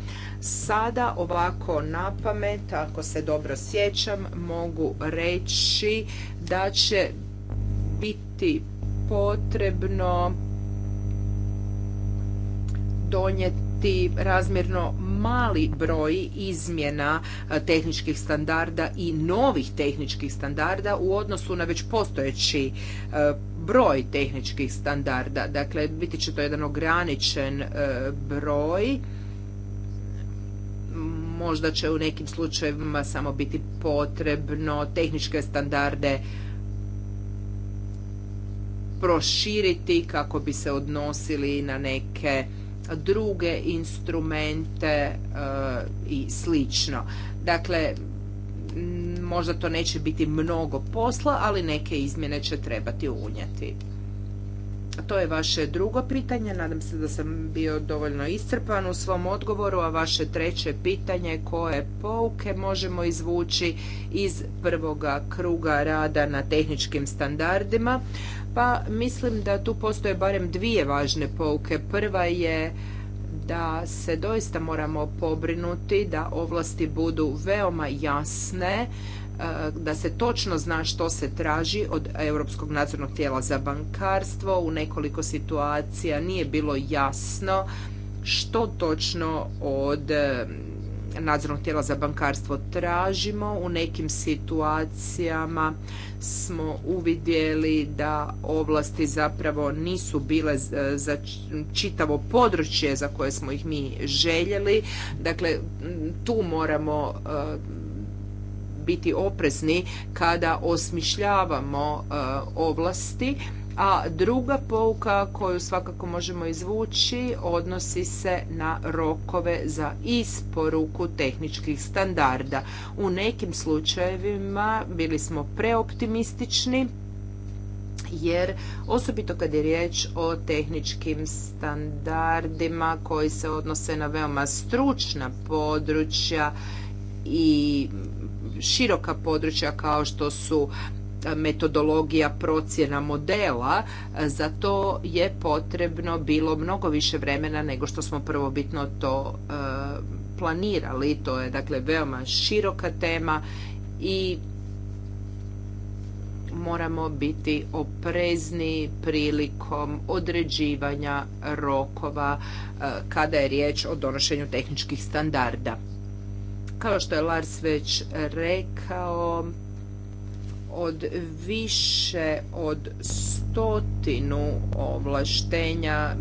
C: Sada ovako na pamet, ako se dobro sjećam, mogu reći da će biti potrebno donijeti biti razmjerno mali broj izmjena e, tehničkih standarda i novih tehničkih standarda u odnosu na već postojeći e, broj tehničkih standarda. Dakle, biti će to jedan ograničen e, broj možda će u nekim slučajevima samo biti potrebno tehničke standarde proširiti kako bi se odnosili na neke druge instrumente e, i slično. Dakle, možda to neće biti mnogo posla, ali neke izmjene će trebati unijeti. To je vaše drugo pitanje, nadam se da sam bio dovoljno iscrpan u svom odgovoru, a vaše treće pitanje koje pouke možemo izvući iz prvoga kruga rada na tehničkim standardima. Pa mislim da tu postoje barem dvije važne pouke. Prva je da se doista moramo pobrinuti da ovlasti budu veoma jasne, E, da se točno zna što se traži od Europskog nadzornog tijela za bankarstvo. U nekoliko situacija nije bilo jasno što točno od e, nadzornog tijela za bankarstvo tražimo. U nekim situacijama smo uvidjeli da ovlasti zapravo nisu bile e, za čitavo područje za koje smo ih mi željeli. Dakle, tu moramo biti oprezni kada osmišljavamo eh, ovlasti a druga pouka koju svakako možemo izvući odnosi se na rokove za isporuku tehničkih standarda. U nekim slučajevima bili smo preoptimistični jer osobito kad je riječ o tehničkim standardima koji se odnose na veoma stručna područja i široka područja kao što su e, metodologija procjena modela, e, za to je potrebno bilo mnogo više vremena nego što smo prvobitno to e, planirali. To je dakle veoma široka tema i moramo biti oprezni prilikom određivanja rokova kada je riječ o donošenju tehničkih standarda. Kao što je Lars već rekao, od više od stotinu ovlaštenja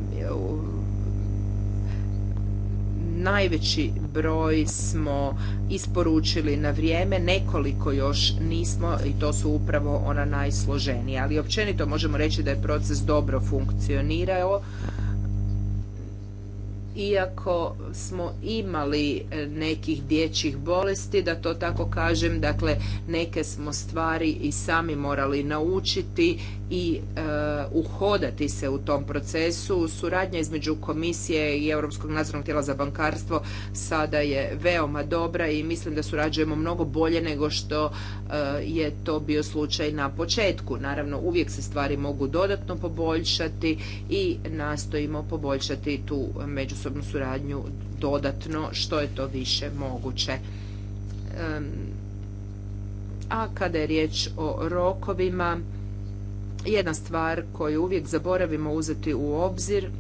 C: najveći broj smo isporučili na vrijeme, nekoliko još nismo i to su upravo ona najsloženija. Ali općenito možemo reći da je proces dobro funkcionirao iako smo imali e, nekih dječjih bolesti, da to tako kažem, dakle neke smo stvari i sami morali naučiti i e, uhodati se u tom procesu. Suradnja između komisije i Europskog nadzornog tijela za bankarstvo sada je veoma dobra i mislim da surađujemo mnogo bolje nego što e, je to bio slučaj na početku. Naravno, uvijek se stvari mogu dodatno poboljšati i nastojimo poboljšati tu međusobnu suradnju dodatno što je to više moguće. a kada je riječ o rokovima, jedna stvar koju uvijek zaboravimo uzeti u obzir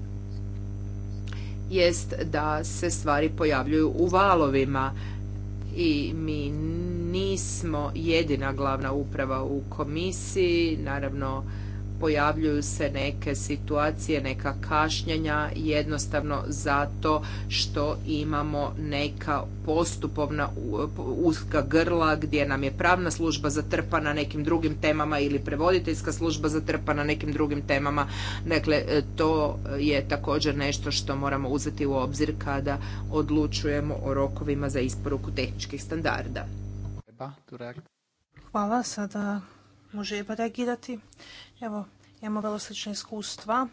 C: jest da se stvari pojavljuju u valovima i mi nismo jedina glavna uprava u komisiji, naravno pojavljuju se neke situacije, neka kašnjenja jednostavno zato što imamo neka postupovna uska grla gdje nam je pravna služba zatrpana nekim drugim temama ili prevoditeljska služba zatrpana nekim drugim temama. Dakle, e, to je također nešto što moramo uzeti u obzir kada odlučujemo o rokovima za isporuku tehničkih standarda.
A: Hvala, sada može Eva reagirati. Evo, imamo vrlo slične iskustva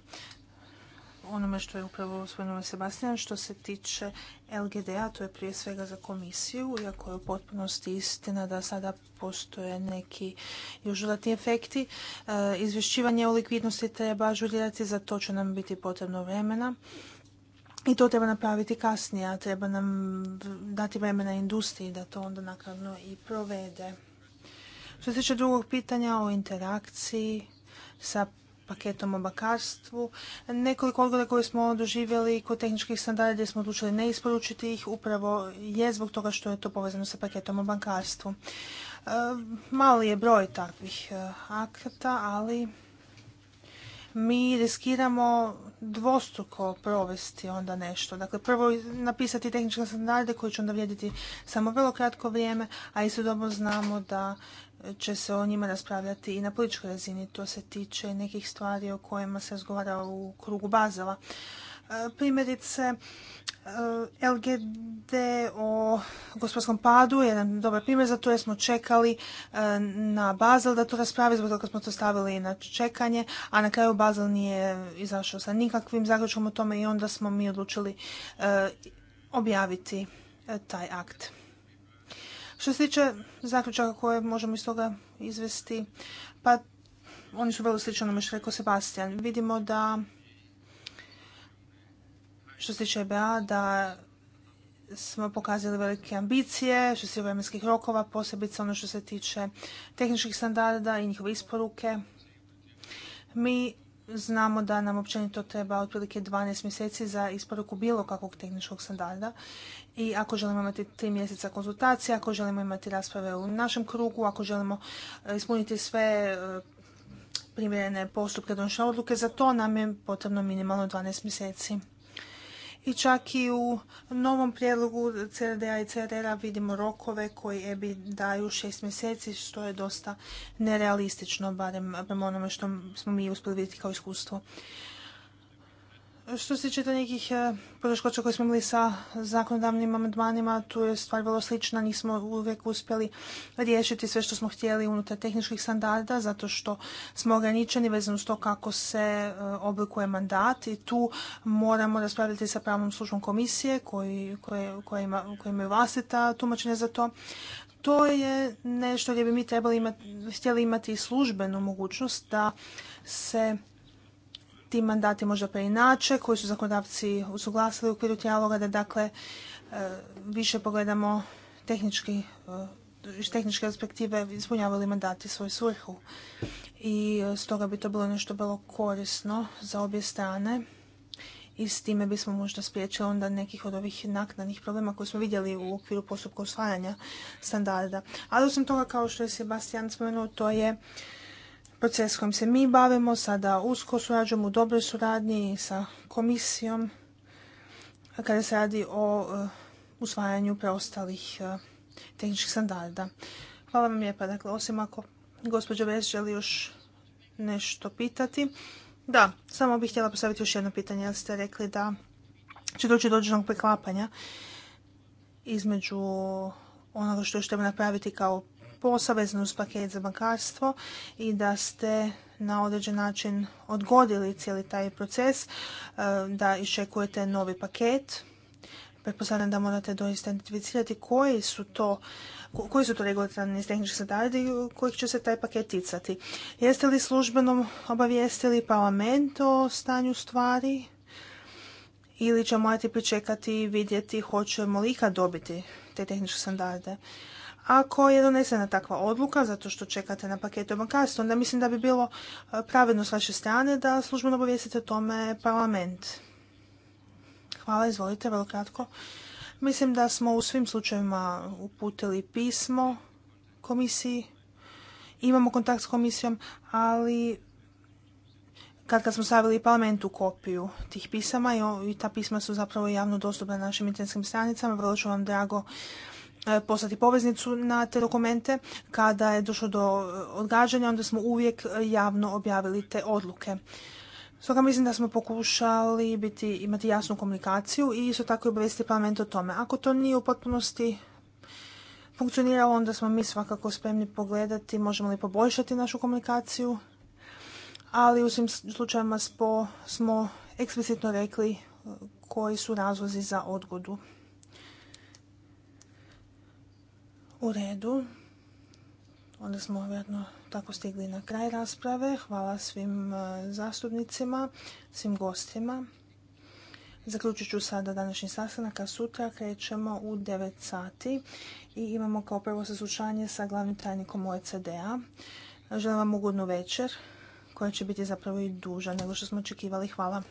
A: onome što je upravo osvojeno Sebastian, što se tiče LGDA, a to je prije svega za komisiju, iako je u potpunosti istina da sada postoje neki još dodatni efekti. E, izvješćivanje o likvidnosti treba ažurirati, za to će nam biti potrebno vremena. I to treba napraviti kasnije, a treba nam dati vremena industriji da to onda nakladno i provede. Što se tiče drugog pitanja o interakciji sa paketom o bakarstvu. Nekoliko odgoda koje smo doživjeli kod tehničkih standarda gdje smo odlučili ne isporučiti ih upravo je zbog toga što je to povezano sa paketom o bankarstvu. E, mali je broj takvih e, akata, ali mi riskiramo dvostruko provesti onda nešto. Dakle, prvo napisati tehničke standarde koje će onda vrijediti samo vrlo kratko vrijeme, a dobro znamo da će se o njima raspravljati i na političkoj razini. To se tiče nekih stvari o kojima se razgovara u krugu Bazela. E, primjerice, e, LGD o gospodskom padu, jedan dobar primjer za to jer smo čekali e, na Bazel da to raspravi, zbog toga smo to stavili na čekanje, a na kraju Bazel nije izašao sa nikakvim zaključkom o tome i onda smo mi odlučili objaviti taj akt. Što se tiče zaključaka koje možemo iz toga izvesti, pa oni su vrlo slični onome što rekao Sebastian. Vidimo da što se tiče EBA, da smo pokazali velike ambicije što se vremenskih rokova, posebice ono što se tiče tehničkih standarda i njihove isporuke. Mi Znamo da nam općenito treba otprilike 12 mjeseci za isporuku bilo kakvog tehničkog standarda i ako želimo imati 3 mjeseca konzultacija, ako želimo imati rasprave u našem krugu, ako želimo e, ispuniti sve e, primjerene postupke donošenja odluke, za to nam je potrebno minimalno 12 mjeseci i čak i u novom prijedlogu CRDA i CRR-a vidimo rokove koji EBI daju šest mjeseci, što je dosta nerealistično, barem prema onome što smo mi uspjeli vidjeti kao iskustvo. Što se tiče nekih e, poteškoća koje smo imali sa zakonodavnim amandmanima, tu je stvar vrlo slična. Nismo uvijek uspjeli riješiti sve što smo htjeli unutar tehničkih standarda, zato što smo ograničeni vezano s to kako se e, oblikuje mandat i tu moramo raspravljati sa pravnom službom komisije koji, koje, koja, ima, imaju vlastita tumačenja za to to je nešto gdje bi mi trebali imati, htjeli imati službenu mogućnost da se ti mandati možda preinače, koji su zakonodavci usuglasili u okviru tijaloga, da dakle e, više pogledamo tehnički e, iz tehničke perspektive ispunjavali mandati svoju svrhu. I e, stoga bi to bilo nešto bilo korisno za obje strane i s time bismo možda spriječili onda nekih od ovih naknadnih problema koje smo vidjeli u okviru postupka usvajanja standarda. Ali osim toga, kao što je Sebastian spomenuo, to je proces kojim se mi bavimo, sada usko surađujemo u dobroj suradnji sa komisijom kada se radi o eh, usvajanju preostalih eh, tehničkih standarda. Hvala vam lijepa. Dakle, osim ako gospođa Ves želi još nešto pitati. Da, samo bih htjela postaviti još jedno pitanje, jer ste rekli da će doći do određenog preklapanja između onoga što još treba napraviti kao posavezno uz paket za bankarstvo i da ste na određen način odgodili cijeli taj proces, e, da iščekujete novi paket. Pretpostavljam da morate doista identificirati koji su to koji su to regulatorni tehnički standardi kojih će se taj paket ticati. Jeste li službeno obavijestili parlament o stanju stvari ili ćemo morati pričekati i vidjeti hoćemo li ikad dobiti te tehničke standarde? Ako je donesena takva odluka, zato što čekate na paketu o onda mislim da bi bilo e, pravedno s vaše strane da službeno obavijestite o tome parlament. Hvala, izvolite, vrlo kratko. Mislim da smo u svim slučajevima uputili pismo komisiji. Imamo kontakt s komisijom, ali kad, kad smo stavili parlamentu kopiju tih pisama i, i ta pisma su zapravo javno dostupna na našim internetskim stranicama, vrlo ću vam drago E, poslati poveznicu na te dokumente. Kada je došlo do e, odgađanja, onda smo uvijek e, javno objavili te odluke. Stoga mislim da smo pokušali biti, imati jasnu komunikaciju i isto tako i obavestiti parlament o tome. Ako to nije u potpunosti funkcioniralo, onda smo mi svakako spremni pogledati možemo li poboljšati našu komunikaciju, ali u svim slučajevima smo eksplicitno rekli koji su razlozi za odgodu. U redu. Onda smo vjerojatno tako stigli na kraj rasprave. Hvala svim e, zastupnicima, svim gostima. Zaključit ću sada današnji sastanak, a sutra krećemo u 9 sati i imamo kao prvo saslušanje sa glavnim tajnikom OECD-a. Želim vam ugodnu večer koja će biti zapravo i duža nego što smo očekivali. Hvala.